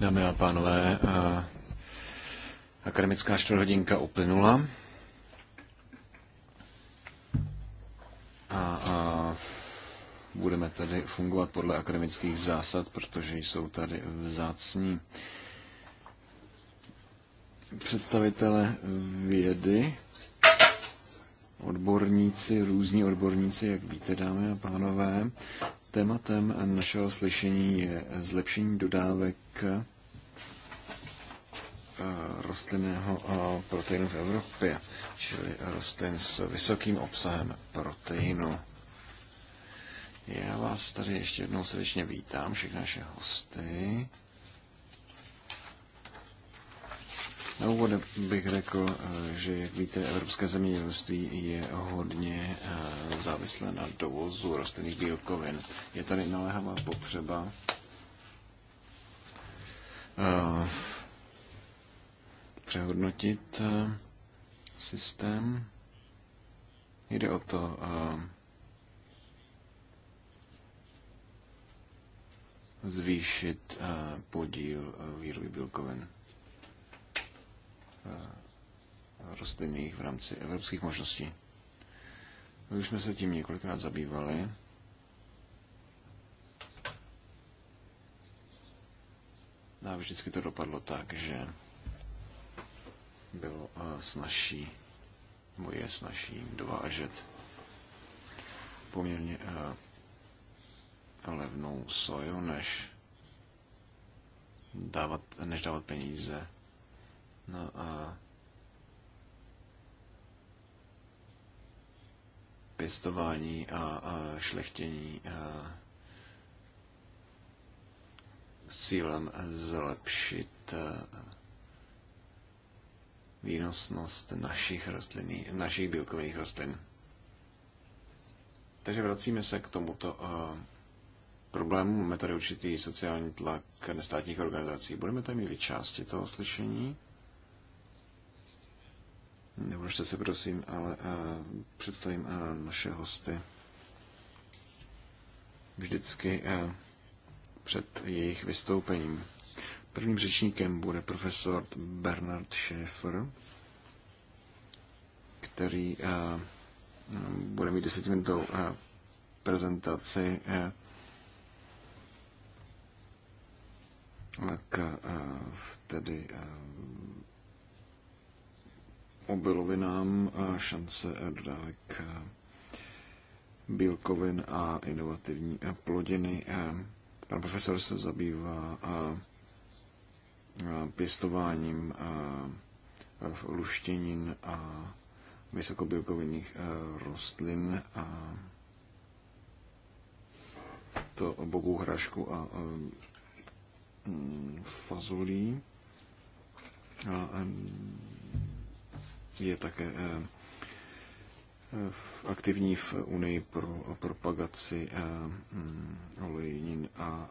Dámy a pánové, eh, akademická čtvrthodinka uplynula. A, a budeme tady fungovat podle akademických zásad, protože jsou tady vzácní představitele vědy, odborníci, různí odborníci, jak víte, dámy a pánové. Tématem našeho slyšení je zlepšení dodávek eh, rostlinného proteinu v Evropě, čili rostlin s vysokým obsahem proteinu. Já vás tady ještě jednou srdečně vítám, všech naše hosty. Na úvod bych řekl, eh, že, jak víte, evropské zemědělství je hodně eh, závislé na dovozu rostlinných bílkovin. Je tady naléhavá potřeba eh, přehodnotit systém. Jde o to, zvýšit podíl výroby bílkovin. Eh, rostlinných v rámci evropských možností. My už jsme se tím několikrát zabývali. A vždycky to dopadlo tak, že bylo eh, snažší, nebo je snažší dovážet poměrně eh, levnou soju, než dávat, než dávat peníze No a pěstování a, a šlechtění a s cílem zlepšit výnosnost našich, rostlin, našich bílkových rostlin. Takže vracíme se k tomuto problému. Máme tady určitý sociální tlak nestátních organizací. Budeme tam mít části toho slyšení. Nevražte se prosím, ale eh, představím eh, naše hosty vždycky eh, před jejich vystoupením. Prvním řečníkem bude profesor Bernard Schäfer, který bude mít desetiminutovou prezentaci k tedy obilovinám šance dodávek bílkovin a inovativní plodiny. Pan profesor se zabývá pěstováním luštěnin a vysokobílkovinných rostlin a to bogu hrašku a mm, fazolí. A je také eh, eh, aktivní v Unii pro propagaci eh, mm, olejnin a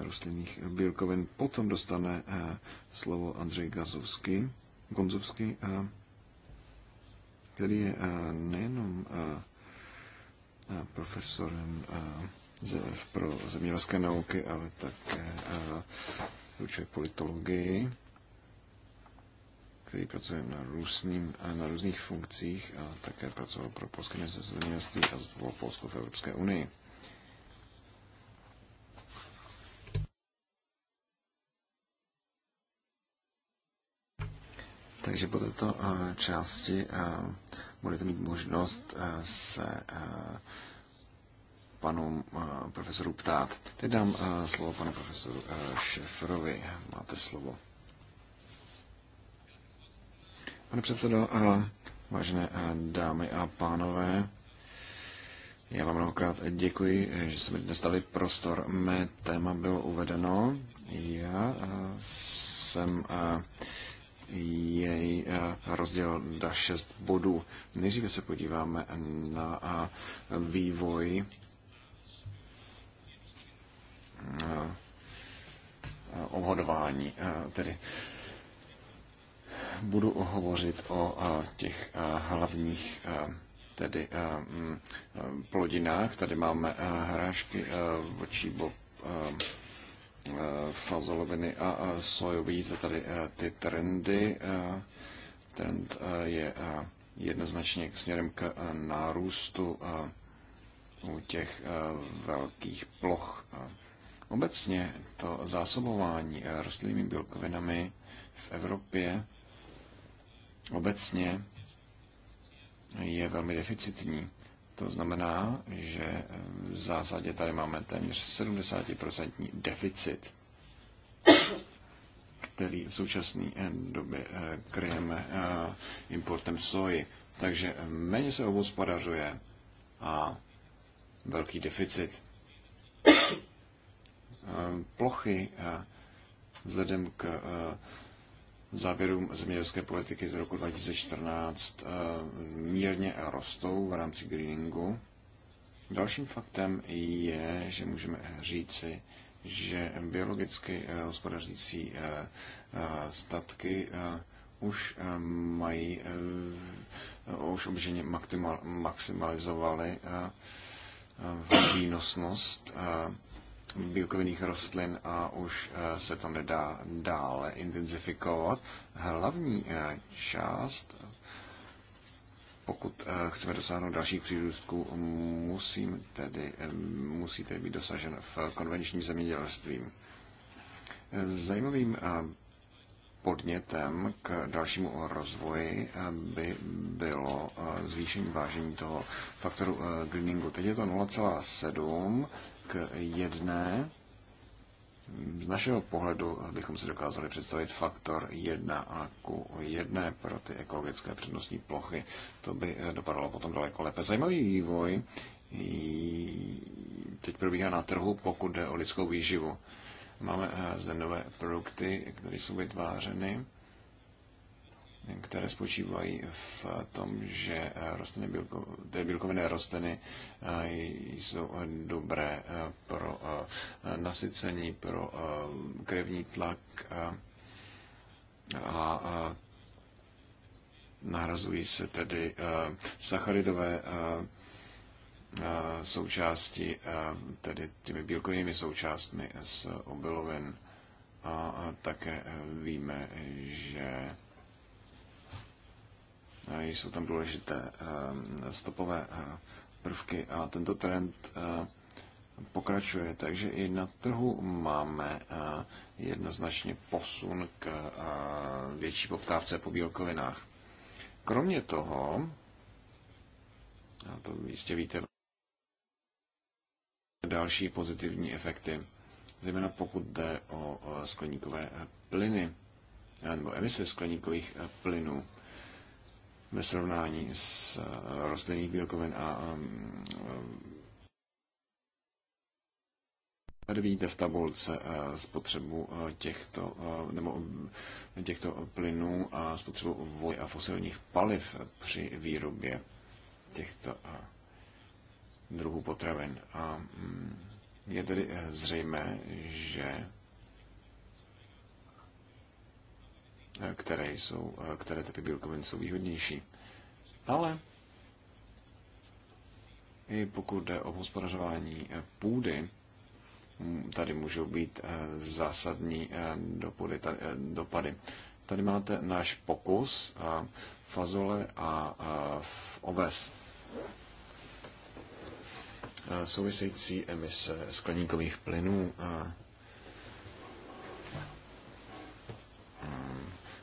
rostlinných bílkovin. Potom dostane slovo Andřej Gazovský, Gonzovský, který je nejenom profesorem pro zemědělské nauky, ale také učuje politologii který pracuje na, různým, na různých funkcích a také pracoval pro Polské ministerstvo zemědělství a zastupoval Polsku v Evropské unii. Takže po této části budete mít možnost se panu profesoru ptát. Teď dám slovo panu profesoru Šeferovi. Máte slovo. Pane předsedo, vážené dámy a pánové, já vám mnohokrát děkuji, že jsme dnes dali prostor. Mé téma bylo uvedeno. Já jsem jej rozdělil na šest bodů. Nejdříve se podíváme na vývoj obhodování, tedy budu hovořit o těch hlavních tedy mm, plodinách. Tady máme hrášky, vlčí bob, fazoloviny a sojový. Vidíte tady ty trendy. Trend je jednoznačně k směrem k nárůstu u těch velkých ploch. Obecně to zásobování rostlinnými bílkovinami v Evropě obecně je velmi deficitní. To znamená, že v zásadě tady máme téměř 70% deficit, který v současné eh, době eh, kryjeme eh, importem soji. Takže méně se podařuje a velký deficit. Plochy vzhledem k závěrům zemědělské politiky z roku 2014 eh, mírně rostou v rámci greeningu. Dalším faktem je, že můžeme říci, že biologicky eh, hospodařící eh, statky už mají, už obyčejně maximalizovali výnosnost bílkovinných rostlin a už eh, se to nedá dále intenzifikovat. Hlavní eh, část, pokud eh, chceme dosáhnout dalších přírůstků, musím tedy, musí tedy být dosažen v konvenčním zemědělství. Zajímavým podnětem k dalšímu rozvoji by bylo zvýšení vážení toho faktoru greeningu. Teď je to 0,7 k jedné. Z našeho pohledu bychom si dokázali představit faktor 1 a ku 1 pro ty ekologické přednostní plochy. To by dopadalo potom daleko lépe. Zajímavý vývoj teď probíhá na trhu, pokud jde o lidskou výživu. Máme eh, zde nové produkty, které jsou vytvářeny které spočívají v tom, že rostliny bílko, ty bílkoviny rostliny eh, jsou dobré eh, pro eh, nasycení, pro krevní tlak a nahrazují se tedy sacharidové součásti, tedy těmi bílkovinými součástmi z obilovin. A také víme, že jsou tam důležité eh, stopové eh, prvky a tento trend eh, pokračuje. Takže i na trhu máme jednoznačně posun k větší poptávce po bílkovinách. Kromě toho, a to jistě víte, další pozitivní efekty, zejména pokud jde o skleníkové plyny nebo emise skleníkových plynů ve srovnání s eh, rostlinných bílkovin a eh, eh, Tady vidíte v tabulce spotřebu těchto, nebo těchto plynů a spotřebu vody a fosilních paliv při výrobě těchto druhů potravin. A mm, je tedy zřejmé, že které, jsou, které typy bílkovin jsou výhodnější. Ale i pokud jde o hospodařování půdy, tady můžou být eh, zásadní eh, dopady. Eh, dopady. Tady máte náš pokus fazole a oves. Související emise skleníkových plynů hmm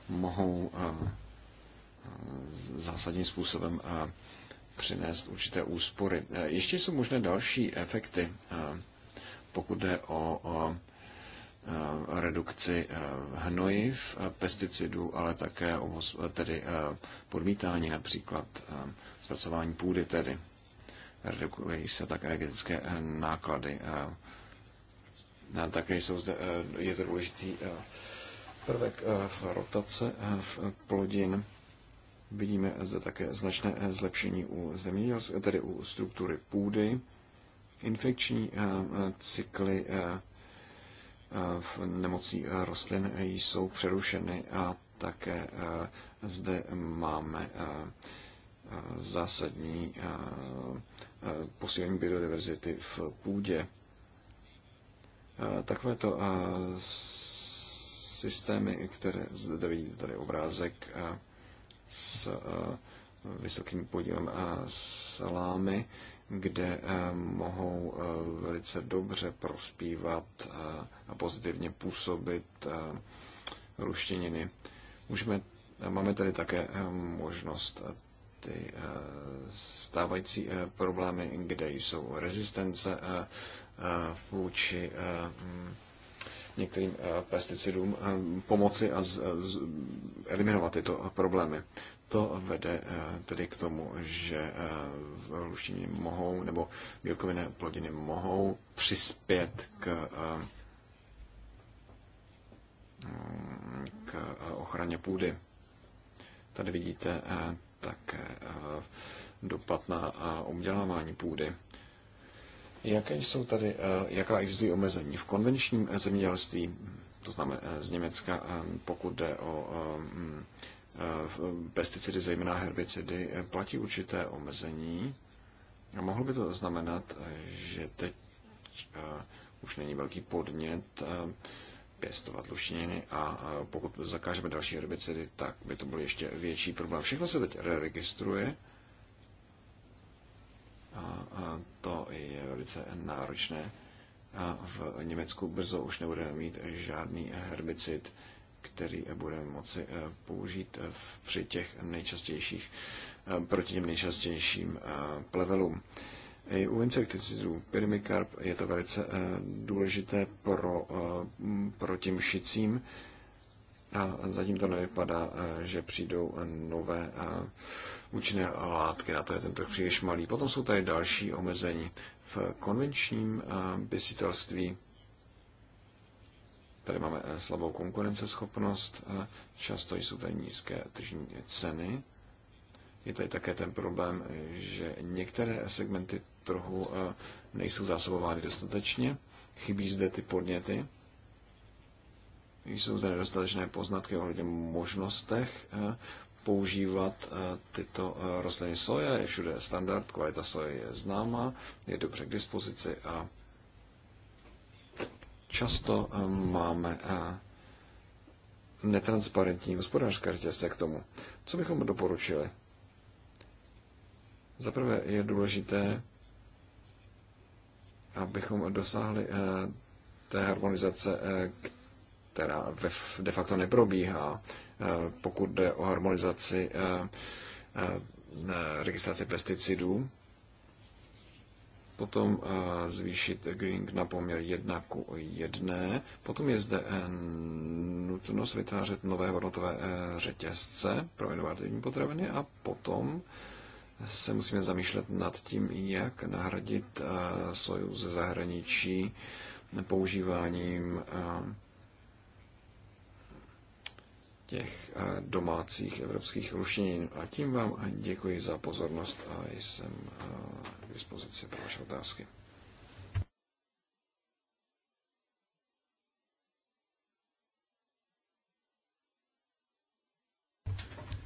mohou eh, zásadním způsobem eh, přinést určité úspory. Eh, ještě jsou možné další efekty, pokud jde o redukci hnojiv, pesticidů, ale také tedy podmítání například zpracování půdy tedy. Redukují se tak energetické náklady. Také jsou zde, je to důležitý prvek eh, v rotace eh, v plodin. Vidíme zde také značné eh, zlepšení u zemědělství, tedy u struktury půdy. Infekční cykly v nemocí rostlin jsou přerušeny a také zde máme zásadní posílení biodiverzity v půdě. Takovéto systémy, které zde vidíte tady obrázek s e, vysokým podílem salámy, kde e, mohou e, velice dobře prospívat a pozitivně působit ruštěniny. Můžeme, máme tady také možnost ty stávající problémy, kde jsou rezistence vůči některým eh, pesticidům eh, pomoci a eh, eliminovat tyto problémy. To vede tedy k tomu, že luštiny mohou, nebo bílkovinné plodiny mohou přispět k k ochraně půdy. Tady vidíte také dopad na obdělávání půdy. Jaké jsou tady, eh, jaká existují omezení v konvenčním eh, zemědělství, to znamená eh, z Německa, pokud jde o mm, pesticidy, zejména herbicidy, platí určité omezení. A mohlo by to znamenat, že teď už není velký podnět pěstovat luštěniny a pokud zakážeme další herbicidy, tak by to byl ještě větší problém. Všechno se teď reregistruje a to je velice náročné. A v Německu brzo už nebudeme mít žádný herbicid, který budeme moci e, použít při těch nejčastějších, e, proti těm nejčastějším e, plevelům. I u insekticidů pyrimikarp je to velice důležité pro, proti mšicím, a zatím to nevypadá, eh, že přijdou eh, nové eh, účinné látky, na to je ten trh příliš malý. Potom jsou tady další omezení. V konvenčním pěstitelství tady máme slabou konkurenceschopnost, často jsou tady nízké tržní ceny. Je tady také ten problém, že některé segmenty trhu nejsou zásobovány dostatečně, chybí zde ty podněty jsou zde nedostatečné poznatky ohledně možnostech eh, používat eh, tyto eh, rostliny soje. Je všude standard, kvalita soje je známa, je dobře k dispozici a často máme netransparentní hospodářské řetězce k tomu. Co bychom doporučili? Za prvé je důležité, abychom dosáhli té harmonizace, která de facto neprobíhá, eh, pokud jde o harmonizaci eh, eh, registrace pesticidů, potom zvýšit greening na poměr 1 k 1. Potom je zde nutnost vytvářet nové hodnotové řetězce pro inovativní potraviny a potom se musíme zamýšlet nad tím, jak nahradit soju ze zahraničí používáním těch eh, domácích evropských rušenin. A tím vám děkuji za pozornost a jsem eh, k dispozici pro vaše otázky.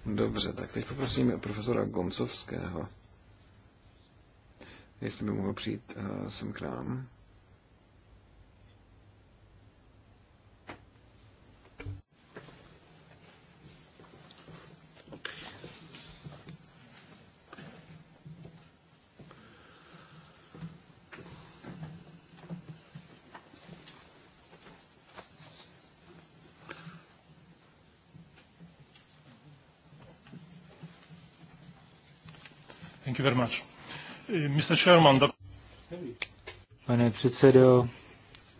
Dobře, tak teď poprosím profesora Goncovského, jestli by mohl přijít eh, sem k nám. Thank you very much. Mr. Sherman, Pane předsedo,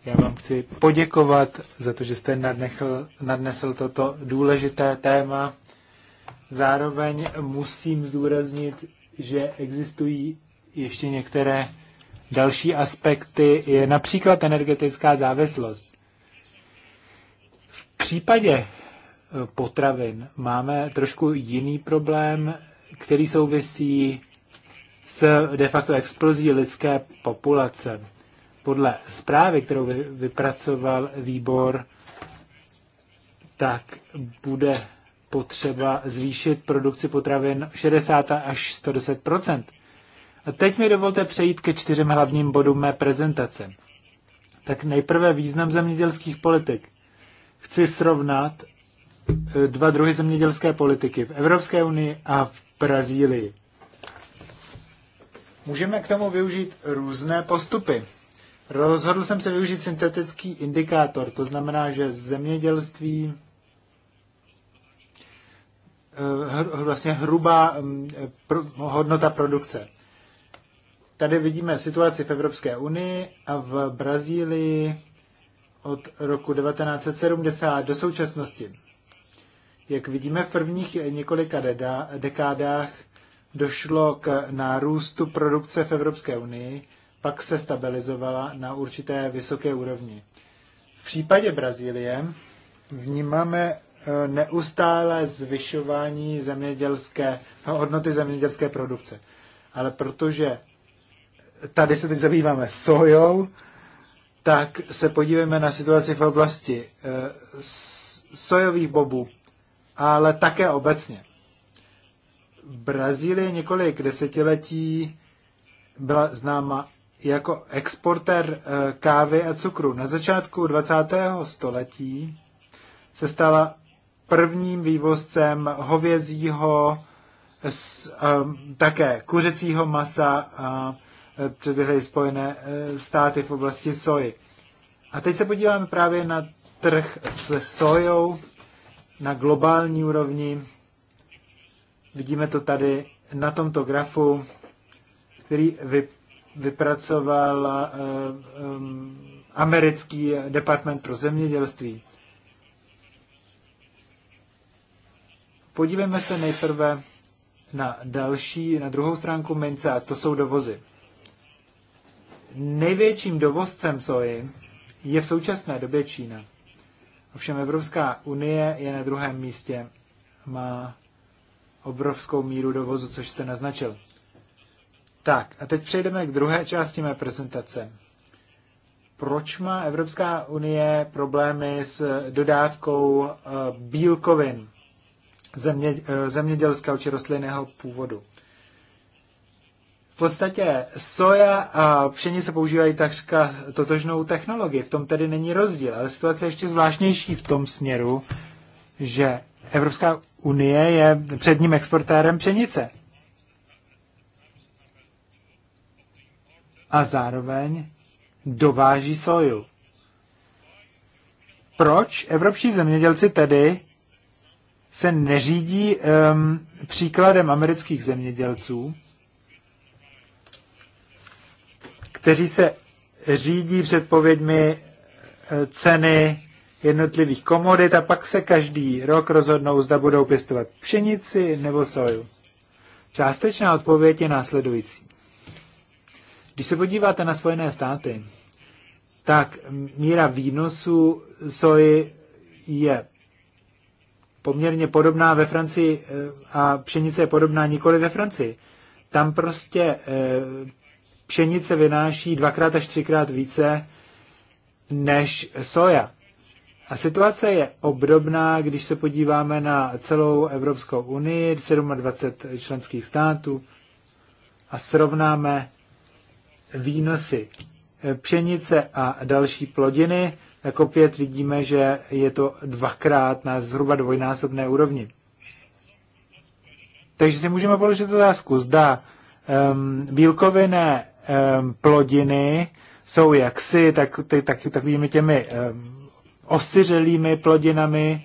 já vám chci poděkovat za to, že jste nadnechl, nadnesl toto důležité téma. Zároveň musím zdůraznit, že existují ještě některé další aspekty, je například energetická závislost. V případě eh, potravin máme trošku jiný problém, který souvisí s de facto explozí lidské populace. Podle zprávy, kterou vypracoval výbor, tak bude potřeba zvýšit produkci potravin 60 až 110 A teď mi dovolte přejít ke čtyřem hlavním bodům mé prezentace. Tak nejprve význam zemědělských politik. Chci srovnat eh, dva druhy zemědělské politiky v Evropské unii a v Brazílii. Můžeme k tomu využít různé postupy. Rozhodl jsem se využít syntetický indikátor, to znamená, že zemědělství, eh, vlastně hrubá mm, hodnota produkce. Tady vidíme situaci v Evropské unii a v Brazílii od roku 1970 do současnosti. Jak vidíme v prvních několika dekádách, došlo k nárůstu produkce v Evropské unii, pak se stabilizovala na určité vysoké úrovni. V případě Brazílie vnímáme e, neustále zvyšování zemědělské, hodnoty zemědělské produkce. Ale protože tady se teď zabýváme sojou, tak se podívejme na situaci v oblasti e, sojových bobů, ale také obecně. Brazílie několik desetiletí byla známa jako exportér eh, kávy a cukru. Na začátku 20. století se stala prvním vývozcem hovězího, eh, také kuřecího masa a eh, předběhly Spojené státy v oblasti soji. A teď se podíváme právě na trh s sojou na globální úrovni. Vidíme to tady na tomto grafu, který vy, vypracoval um, americký department pro zemědělství. Podívejme se nejprve na další, na druhou stránku mince, a to jsou dovozy. Největším dovozcem soji je v současné době Čína. Ovšem Evropská unie je na druhém místě, má obrovskou míru dovozu, což jste naznačil. Tak, a teď přejdeme k druhé části mé prezentace. Proč má Evropská unie problémy s dodávkou eh, bílkovin země, eh, zemědělského či rostlinného původu? V podstatě soja a pšení se používají takřka totožnou technologii, v tom tedy není rozdíl, ale situace je ještě zvláštnější v tom směru, že Evropská Unie je předním exportérem pšenice. A zároveň dováží soju. Proč evropští zemědělci tedy se neřídí um, příkladem amerických zemědělců, kteří se řídí předpověďmi eh, ceny jednotlivých komodit a pak se každý rok rozhodnou, zda budou pěstovat pšenici nebo soju. Částečná odpověď je následující. Když se podíváte na Spojené státy, tak míra výnosu soji je poměrně podobná ve Francii eh, a pšenice je podobná nikoli ve Francii. Tam prostě eh, pšenice vynáší dvakrát až třikrát více než soja. A situace je obdobná, když se podíváme na celou Evropskou unii, 27 členských států a srovnáme výnosy pšenice a další plodiny, tak opět vidíme, že je to dvakrát na zhruba dvojnásobné úrovni. Takže si můžeme položit otázku, zda um, bílkovinné um, plodiny jsou jaksi tak, tak, tak, takovými těmi um, osyřelými plodinami,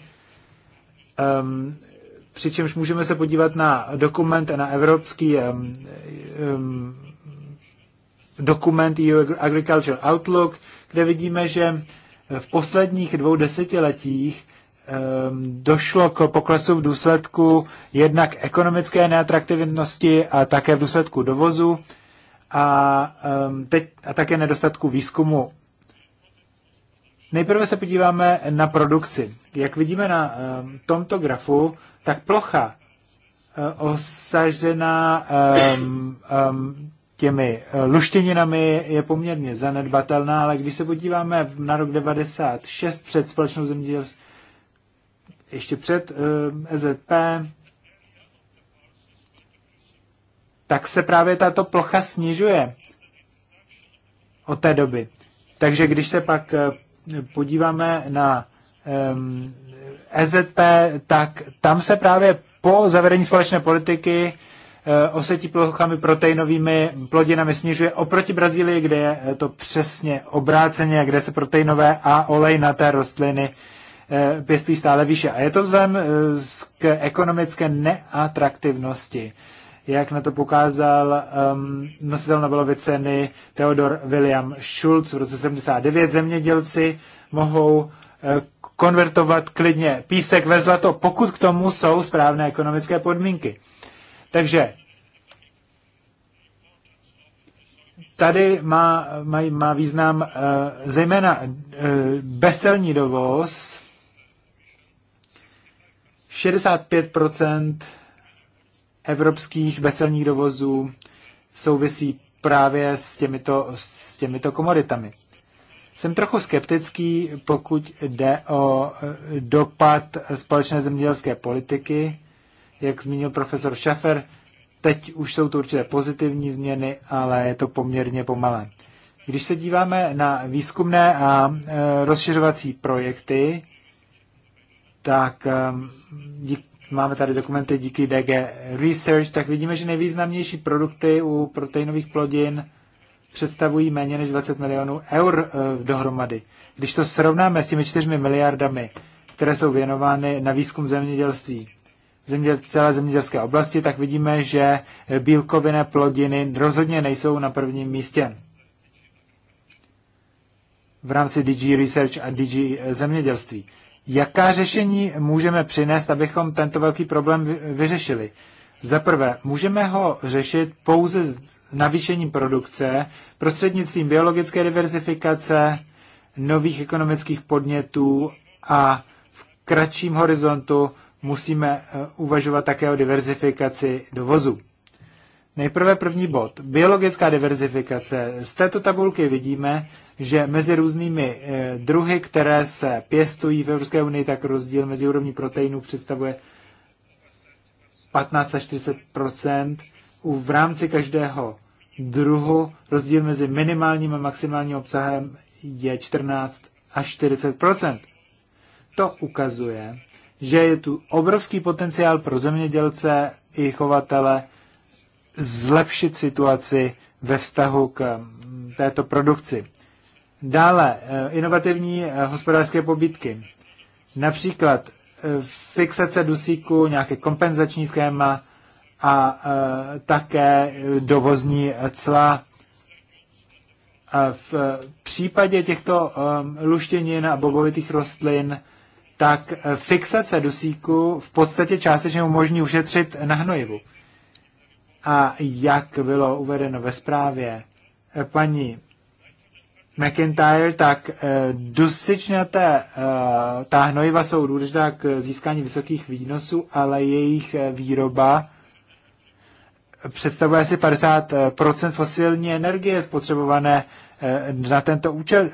um, přičemž můžeme se podívat na dokument, na evropský um, um, dokument EU agricultural Outlook, kde vidíme, že v posledních dvou desetiletích došlo k poklesu v důsledku jednak ekonomické neatraktivnosti a také v důsledku dovozu a, teď, a také nedostatku výzkumu Nejprve se podíváme na produkci. Jak vidíme na eh, tomto grafu, tak plocha eh, osažená eh, těmi luštěninami je poměrně zanedbatelná, ale když se podíváme na rok 96 před společnou zemědělství, ještě před EZP, e tak se právě tato plocha snižuje od té doby. Takže když se pak podíváme na um, EZP, tak tam se právě po zavedení společné politiky uh, eh, osetí plochami proteinovými plodinami snižuje oproti Brazílii, kde je eh, to přesně obráceně, kde se proteinové a olej na té rostliny uh, eh, pěstují stále výše. A je to vzhledem uh, k ekonomické neatraktivnosti. Uh, jak na to pokázal um, nositel Nobelovy ceny Theodor William Schulz v roce 79. Zemědělci mohou uh, konvertovat klidně písek ve zlato, pokud k tomu jsou správné ekonomické podmínky. Takže tady má, má, má význam uh, zejména uh, bezcelní dovoz, 65 evropských veselních dovozů souvisí právě s těmito, s těmito komoditami. Jsem trochu skeptický, pokud jde o eh, dopad společné zemědělské politiky. Jak zmínil profesor Schaffer, teď už jsou to určité pozitivní změny, ale je to poměrně pomalé. Když se díváme na výzkumné a eh, rozšiřovací projekty, tak ehm, máme tady dokumenty díky DG Research, tak vidíme, že nejvýznamnější produkty u proteinových plodin představují méně než 20 milionů eur eh, dohromady. Když to srovnáme s těmi 4 miliardami, které jsou věnovány na výzkum zemědělství zeměděl, celé zemědělské oblasti, tak vidíme, že eh, bílkovinné plodiny rozhodně nejsou na prvním místě v rámci DG Research a DG eh, Zemědělství. Jaká řešení můžeme přinést, abychom tento velký problém vyřešili? Za prvé, můžeme ho řešit pouze navýšením produkce, prostřednictvím biologické diverzifikace, nových ekonomických podnětů a v kratším horizontu musíme eh, uvažovat také o diverzifikaci dovozu. Nejprve první bod. Biologická diverzifikace. Z této tabulky vidíme, že mezi různými eh, druhy, které se pěstují v Evropské unii, tak rozdíl mezi úrovní proteinů představuje 15 až 40 V rámci každého druhu rozdíl mezi minimálním a maximálním obsahem je 14 až 40 To ukazuje, že je tu obrovský potenciál pro zemědělce i chovatele zlepšit situaci ve vztahu k této produkci. Dále e, inovativní e, hospodářské pobídky. Například e, fixace dusíku, nějaké kompenzační schéma a také dovozní cla. A v případě těchto luštěnin a bobovitých rostlin tak fixace dusíku v podstatě částečně umožní ušetřit na hnojivu. A jak bylo uvedeno ve zprávě eh, paní McIntyre, tak eh, dusičnaté eh, ta hnojiva jsou důležitá k získání vysokých výnosů, ale jejich výroba představuje asi 50 fosilní energie spotřebované na tento účel,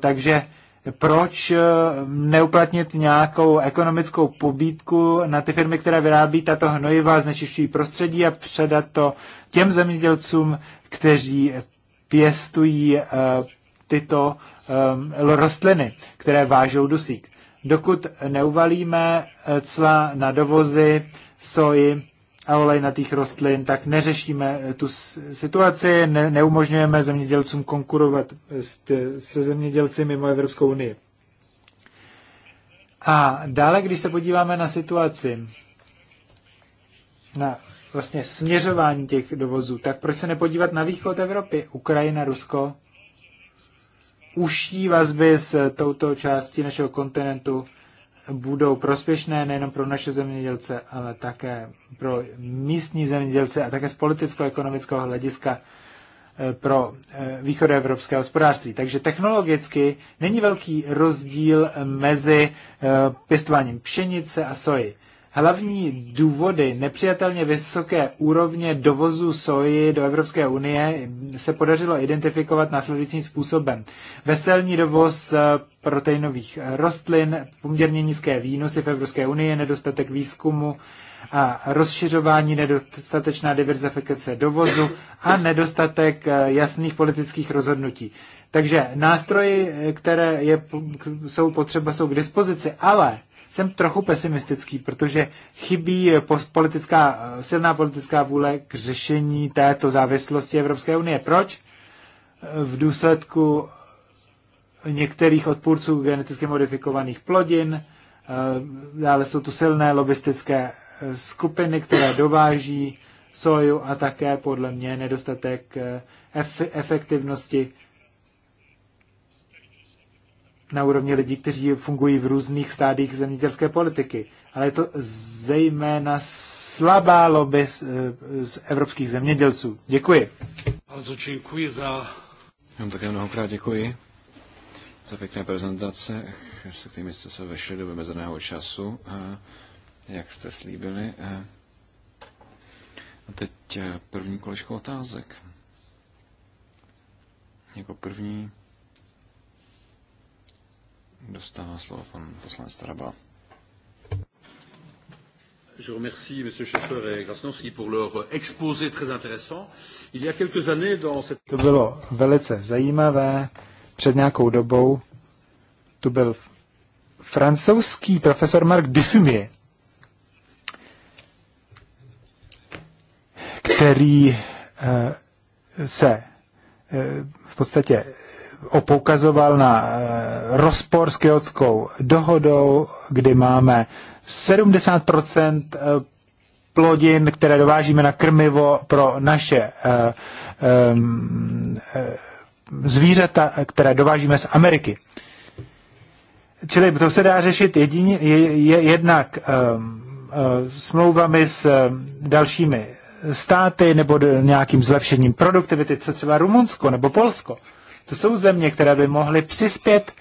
takže proč eh, neuplatnit nějakou ekonomickou pobídku na ty firmy, které vyrábí tato hnojiva, znečišťují prostředí a předat to těm zemědělcům, kteří pěstují eh, tyto eh, rostliny, které vážou dusík. Dokud neuvalíme cla na dovozy soji, a těch rostlin, tak neřešíme tu situaci, ne, neumožňujeme zemědělcům konkurovat se zemědělci mimo Evropskou unii. A dále, když se podíváme na situaci, na vlastně směřování těch dovozů, tak proč se nepodívat na východ Evropy? Ukrajina, Rusko, užší vazby s touto částí našeho kontinentu budou prospěšné nejen pro naše zemědělce, ale také pro místní zemědělce a také z politicko-ekonomického hlediska eh, pro eh, východoevropské hospodářství. Takže technologicky není velký rozdíl mezi eh, pěstováním pšenice a soji. Hlavní důvody nepřijatelně vysoké úrovně dovozu soji do Evropské unie se podařilo identifikovat následujícím způsobem. Veselní dovoz eh, proteinových rostlin, poměrně nízké výnosy v Evropské unii, nedostatek výzkumu a rozšiřování, nedostatečná diverzifikace dovozu a nedostatek eh, jasných politických rozhodnutí. Takže nástroje, eh, které je, jsou potřeba, jsou k dispozici, ale jsem trochu pesimistický, protože chybí eh, politická, eh, silná politická vůle k řešení této závislosti Evropské unie. Proč? Eh, v důsledku některých odpůrců geneticky modifikovaných plodin, dále jsou tu silné lobistické skupiny, které dováží soju a také podle mě nedostatek efektivnosti na úrovni lidí, kteří fungují v různých stádích zemědělské politiky. Ale je to zejména slabá lobby z, eh, z evropských zemědělců. Děkuji. Bardzo děkuji za... Já také mnohokrát děkuji za pěkné prezentace, se kterými jste se vešli do vymezeného času, jak jste slíbili. A teď eh, první kolečko otázek. Jako první Dostává slovo pan poslanec Taraba. Je remercie M. Schaeffer et Krasnowski pour leur exposé très intéressant. Il y a quelques années dans cette... To bylo velice zajímavé. Před nějakou dobou tu byl francouzský profesor Marc Dufumier, který eh, se eh, v podstatě poukazoval na eh, rozpor s kyotskou dohodou, kdy máme 70 eh, plodin, které dovážíme na krmivo pro naše eh, zvířata, které dovážíme z Ameriky. Čili to se dá řešit jedině, je, je, jednak um, uh, smlouvami s um, dalšími státy nebo nějakým zlepšením produktivity, co třeba Rumunsko nebo Polsko. To jsou země, které by mohly přispět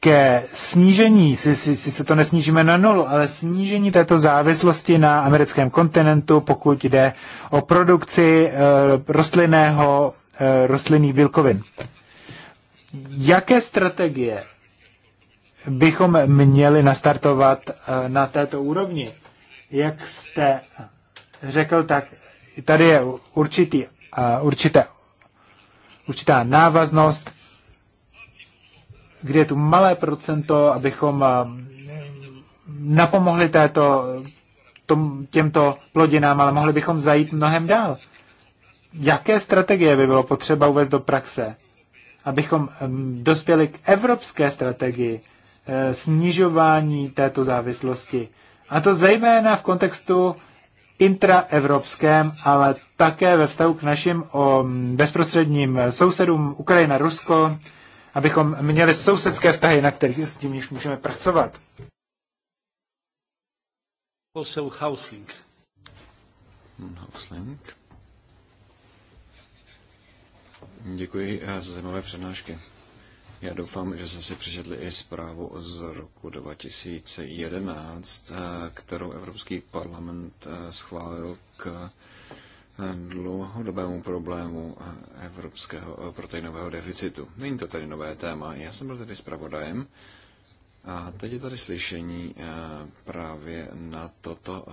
ke snížení, si, si, si se to nesnížíme na nulu, ale snížení této závislosti na americkém kontinentu, pokud jde o produkci e, rostlinného, e, rostlinných bílkovin. Jaké strategie bychom měli nastartovat e, na této úrovni? Jak jste řekl, tak tady je určitý, e, určité určitá návaznost, kde je tu malé procento, abychom eh, napomohli této, tom, těmto plodinám, ale mohli bychom zajít mnohem dál. Jaké strategie by bylo potřeba uvést do praxe, abychom dospěli k evropské strategii eh, snižování této závislosti? A to zejména v kontextu intraevropském, ale také ve vztahu k našim o bezprostředním sousedům Ukrajina, Rusko, abychom měli sousedské vztahy, na kterých s tím již můžeme pracovat. Posel Hausling. Hausling. Děkuji eh, za zajímavé přednášky. Já doufám, že jste si přečetli i zprávu z roku 2011, kterou Evropský parlament eh, schválil k eh, dlouhodobému problému eh, evropského proteinového deficitu. Není to tady nové téma, já jsem byl tady zpravodajem a teď je tady slyšení právě na toto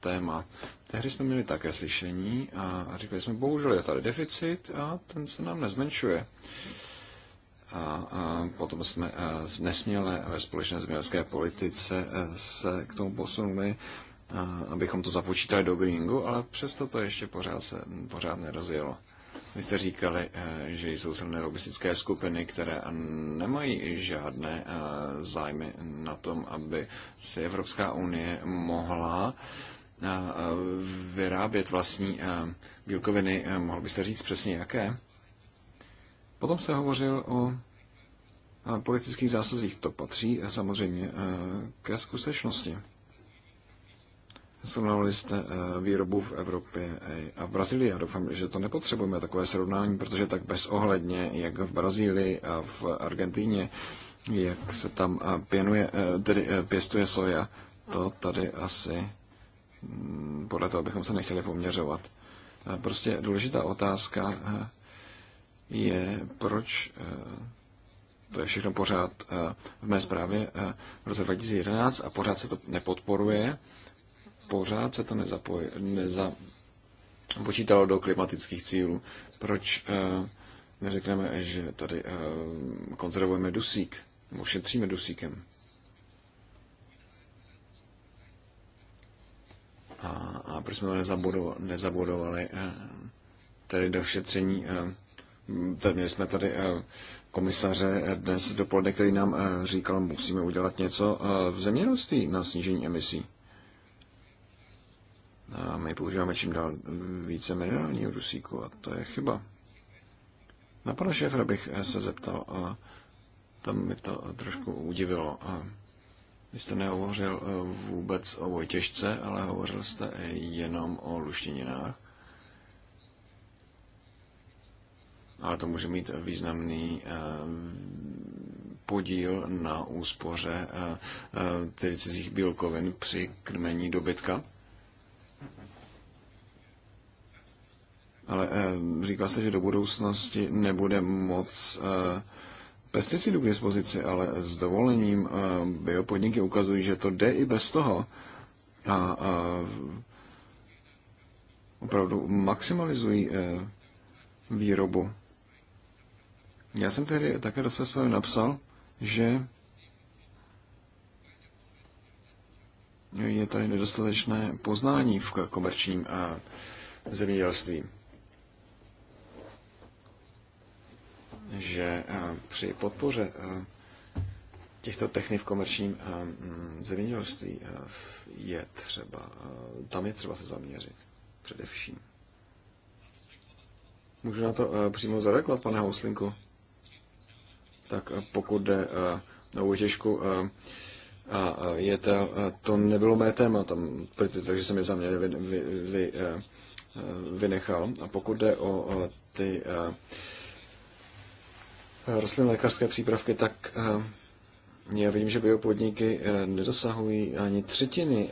téma. Tehdy jsme měli také slyšení a říkali jsme, bohužel je tady deficit a ten se nám nezmenšuje a, potom jsme z e, nesměle ve společné zemědělské politice e, se k tomu posunuli, e, abychom to započítali do greeningu, ale přesto to ještě pořád se pořád nerozjelo. Vy jste říkali, že jsou silné lobistické skupiny, které nemají žádné zájmy na tom, aby si Evropská unie mohla vyrábět vlastní bílkoviny. Mohl byste říct přesně jaké? Potom se hovořil o politických zásazích. To patří eh, samozřejmě eh, ke skutečnosti. Srovnali jste eh, výrobu v Evropě a v Brazílii. Já doufám, že to nepotřebujeme, takové srovnání, protože tak bezohledně, jak v Brazílii a v Argentíně, jak se tam pěnuje, tedy pěstuje soja, to tady asi mm, podle toho bychom se nechtěli poměřovat. Prostě důležitá otázka je, proč eh, to je všechno pořád eh, v mé zprávě eh, v roce 2011 a pořád se to nepodporuje, pořád se to nezapočítalo neza, do klimatických cílů. Proč neřekneme, že tady konzervujeme dusík, nebo šetříme dusíkem? A, a proč jsme to nezabudovali, nezabudovali tedy do šetření Měli jsme tady eh, komisaře eh, dnes dopoledne, který nám eh, říkal, musíme udělat něco v zemědělství na snížení emisí. A my používáme čím dál více minerálního dusíku a to je chyba. Na pana šéfra bych se zeptal a tam mi to trošku udivilo. A vy jste nehovořil vůbec o Vojtěžce, ale hovořil jste jenom o luštěninách ale to může mít významný eh, podíl na úspoře eh, eh, tedy cizích bílkovin při krmení dobytka. Ale říká se, že do budoucnosti nebude moc pesticidů k dispozici, ale s dovolením biopodniky ukazují, že to jde i bez toho. A, a opravdu maximalizují výrobu. Já jsem tedy také do své zprávy napsal, že je tady nedostatečné poznání v komerčním a zemědělství. Že při podpoře těchto technik v komerčním zemědělství je třeba, tam je třeba se zaměřit především. Můžu na to přímo zareklat, pane Houslinku? tak pokud jde o útěžku, a je to, to nebylo mé téma tam, takže jsem je za mě vy, vy, vy, vynechal. A pokud jde o ty rostlinné lékařské přípravky, tak já vidím, že biopodniky e, nedosahují ani třetiny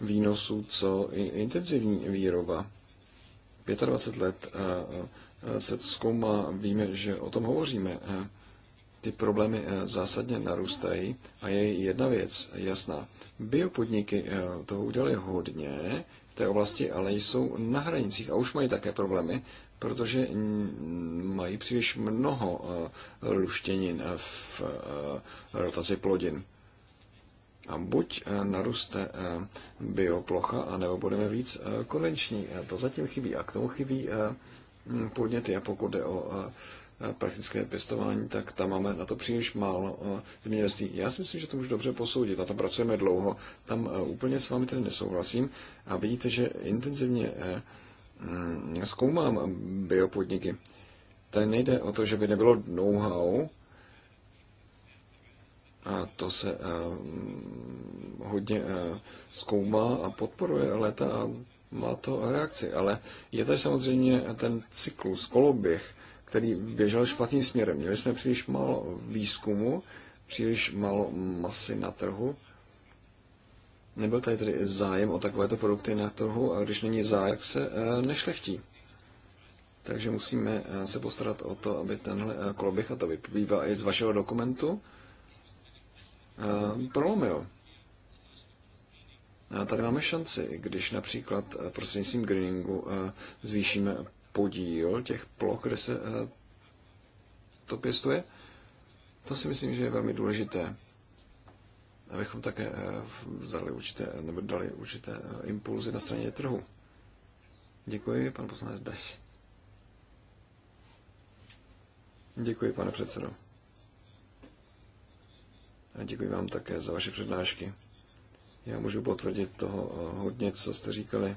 výnosů, co intenzivní výroba. 25 let se to zkoumá, víme, že o tom hovoříme ty problémy eh, zásadně narůstají a je jedna věc jasná. Biopodniky eh, toho udělali hodně v té oblasti, ale jsou na hranicích a už mají také problémy, protože mají příliš mnoho eh, luštěnin v rotaci plodin. A buď naruste bioplocha, anebo budeme víc konvenční. To zatím chybí. A k tomu chybí podněty. A pokud jde o Eh, praktické pěstování, tak tam máme na to příliš málo eh, zemědělství. Já si myslím, že to můžu dobře posoudit. Na to pracujeme dlouho. Tam eh, úplně s vámi tedy nesouhlasím. A vidíte, že intenzivně mm, zkoumám biopodniky. Tady nejde o to, že by nebylo know-how, a to se uh, hodně uh, zkoumá a podporuje léta a má to reakci. Ale je tady samozřejmě ten cyklus, koloběh, který běžel špatným směrem. Měli jsme příliš málo výzkumu, příliš málo masy na trhu. Nebyl tady tedy zájem o takovéto produkty na trhu a když není zájem, tak se eh, nešlechtí. Takže musíme eh, se postarat o to, aby tenhle eh, koloběh, a to vyplývá i z vašeho dokumentu, prolomil. A tady máme šanci, když například prostřednictvím greeningu zvýšíme podíl těch ploch, kde se eh, to pěstuje. To si myslím, že je velmi důležité, abychom také eh, vzali určité, nebo dali určité eh, impulzy na straně trhu. Děkuji, pan poslanec Des. Děkuji, pane předsedo. A děkuji vám také za vaše přednášky. Já můžu potvrdit toho hodně, co jste říkali.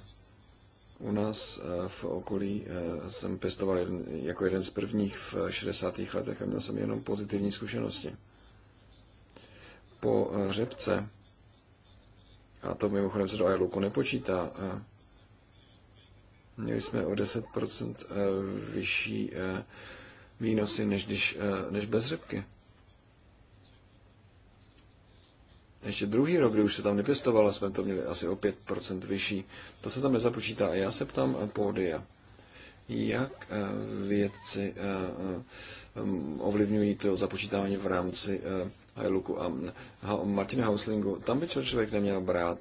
U nás eh, v okolí eh, jsem pěstoval jako jeden z prvních v 60. letech a měl jsem jenom pozitivní zkušenosti. Po eh, řepce, a to mimochodem se do Ajluku nepočítá, měli jsme o 10% vyšší výnosy, než, než bez řepky. ještě druhý rok, kdy už se tam nepěstovalo, jsme to měli asi o 5% vyšší. To se tam nezapočítá. A já se ptám eh, pódia, jak eh, vědci eh, ovlivňují to započítávání v rámci Luku a Martina Hauslingu. Tam by člověk neměl brát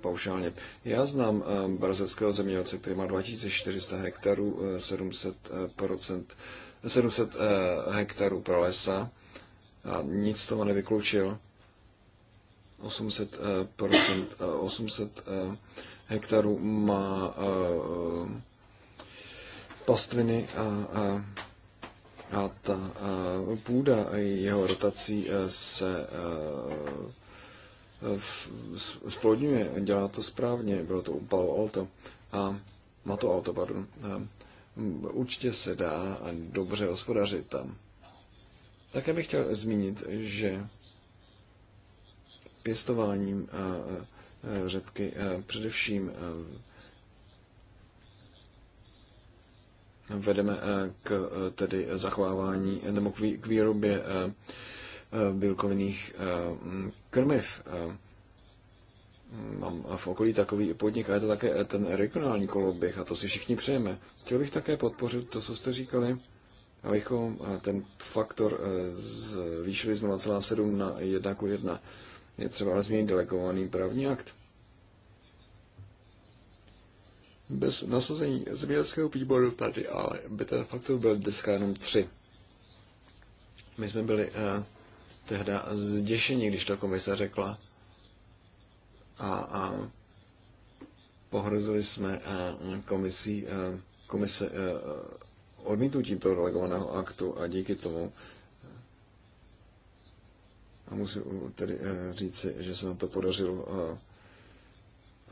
paušálně. Já znám brazilského zemědělce, který má 2400 hektarů, 700, 700 hektarů lesa a nic z toho nevyklučil 800, 800 eh, eh, eh, hektarů má pastviny a, a, a ta půda a jeho rotací se splodňuje, dělá to správně, bylo to u Palo Alto a má to auto, pardon. Určitě se dá a dobře hospodařit tam. Také bych chtěl zmínit, že pěstováním eh, eh, řepky, eh, především vedeme k tedy zachovávání nebo k výrobě bílkovinných krmiv. Mám v okolí takový podnik a je to také ten regionální koloběh a to si všichni přejeme. Chtěl bych také podpořit to, co jste říkali, abychom ten faktor zvýšili z 0,7 na 1 k 1 je třeba změnit delegovaný právní akt. Bez nasazení zemědělského výboru tady ale by ten faktor byl dneska jenom tři. My jsme byli eh, tehdy zděšeni, když ta komise řekla a, a pohrozili jsme eh, komisí, eh, komise eh, odmítnutím toho delegovaného aktu a díky tomu eh, a můžu tedy eh, říci, že se nám to podařilo eh,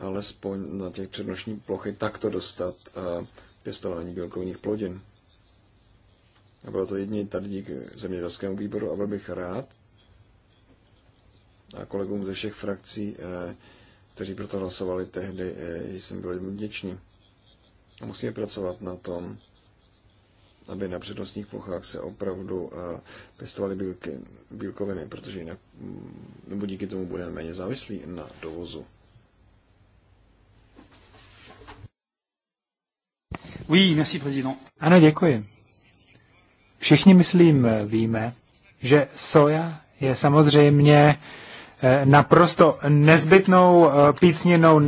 alespoň na těch přednoční plochy takto dostat eh, pěstování bílkovinných plodin. A bylo to jedině tady díky zemědělskému výboru a byl bych rád a kolegům ze všech frakcí, kteří proto hlasovali tehdy, jsem byl jim vděčný. A musíme pracovat na tom, aby na přednostních plochách se opravdu eh, pěstovaly bílky, bílkoviny, protože jinak, mm, nebo díky tomu budeme méně závislí na dovozu. Oui, merci, président. Ano, děkuji. Všichni, myslím, víme, že soja je samozřejmě eh, naprosto nezbytnou eh, pícninou,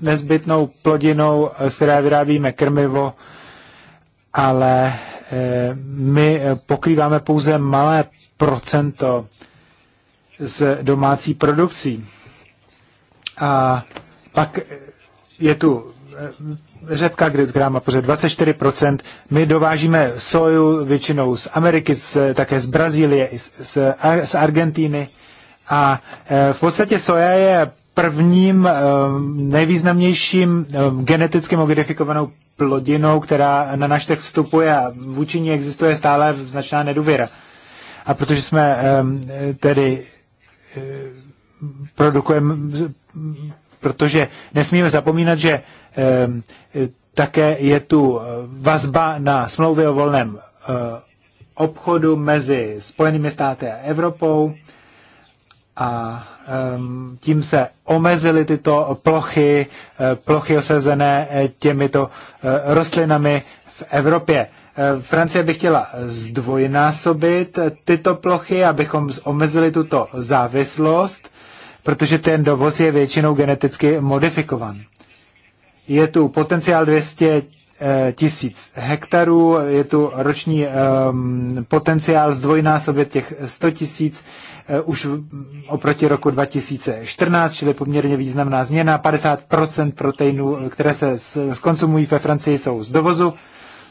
nezbytnou plodinou, z které vyrábíme krmivo, ale Eh, my eh, pokrýváme pouze malé procento z domácí produkcí. A pak eh, je tu řepka, která má pořád 24%. My dovážíme soju většinou z Ameriky, z, také z Brazílie, z, z Argentíny. A v podstatě soja je prvním eh, nejvýznamnějším eh, geneticky modifikovanou plodinou, která na náš trh vstupuje a vůči ní existuje stále značná nedůvěra. A protože jsme ehm, tedy eh, produkujeme, protože nesmíme zapomínat, že ehm, také je tu vazba na smlouvy o volném obchodu mezi Spojenými státy a Evropou, a um, tím se omezily tyto plochy, eh, plochy osazené eh, těmito eh, rostlinami v Evropě. Francie by chtěla zdvojnásobit tyto plochy, abychom omezili tuto závislost, protože ten dovoz je většinou geneticky modifikovan. Je tu potenciál 200 tisíc hektarů, je tu roční um, potenciál zdvojnásobit těch 100 tisíc uh, už oproti roku 2014, čili poměrně významná změna. 50% proteinů, které se skonsumují ve Francii, jsou z dovozu,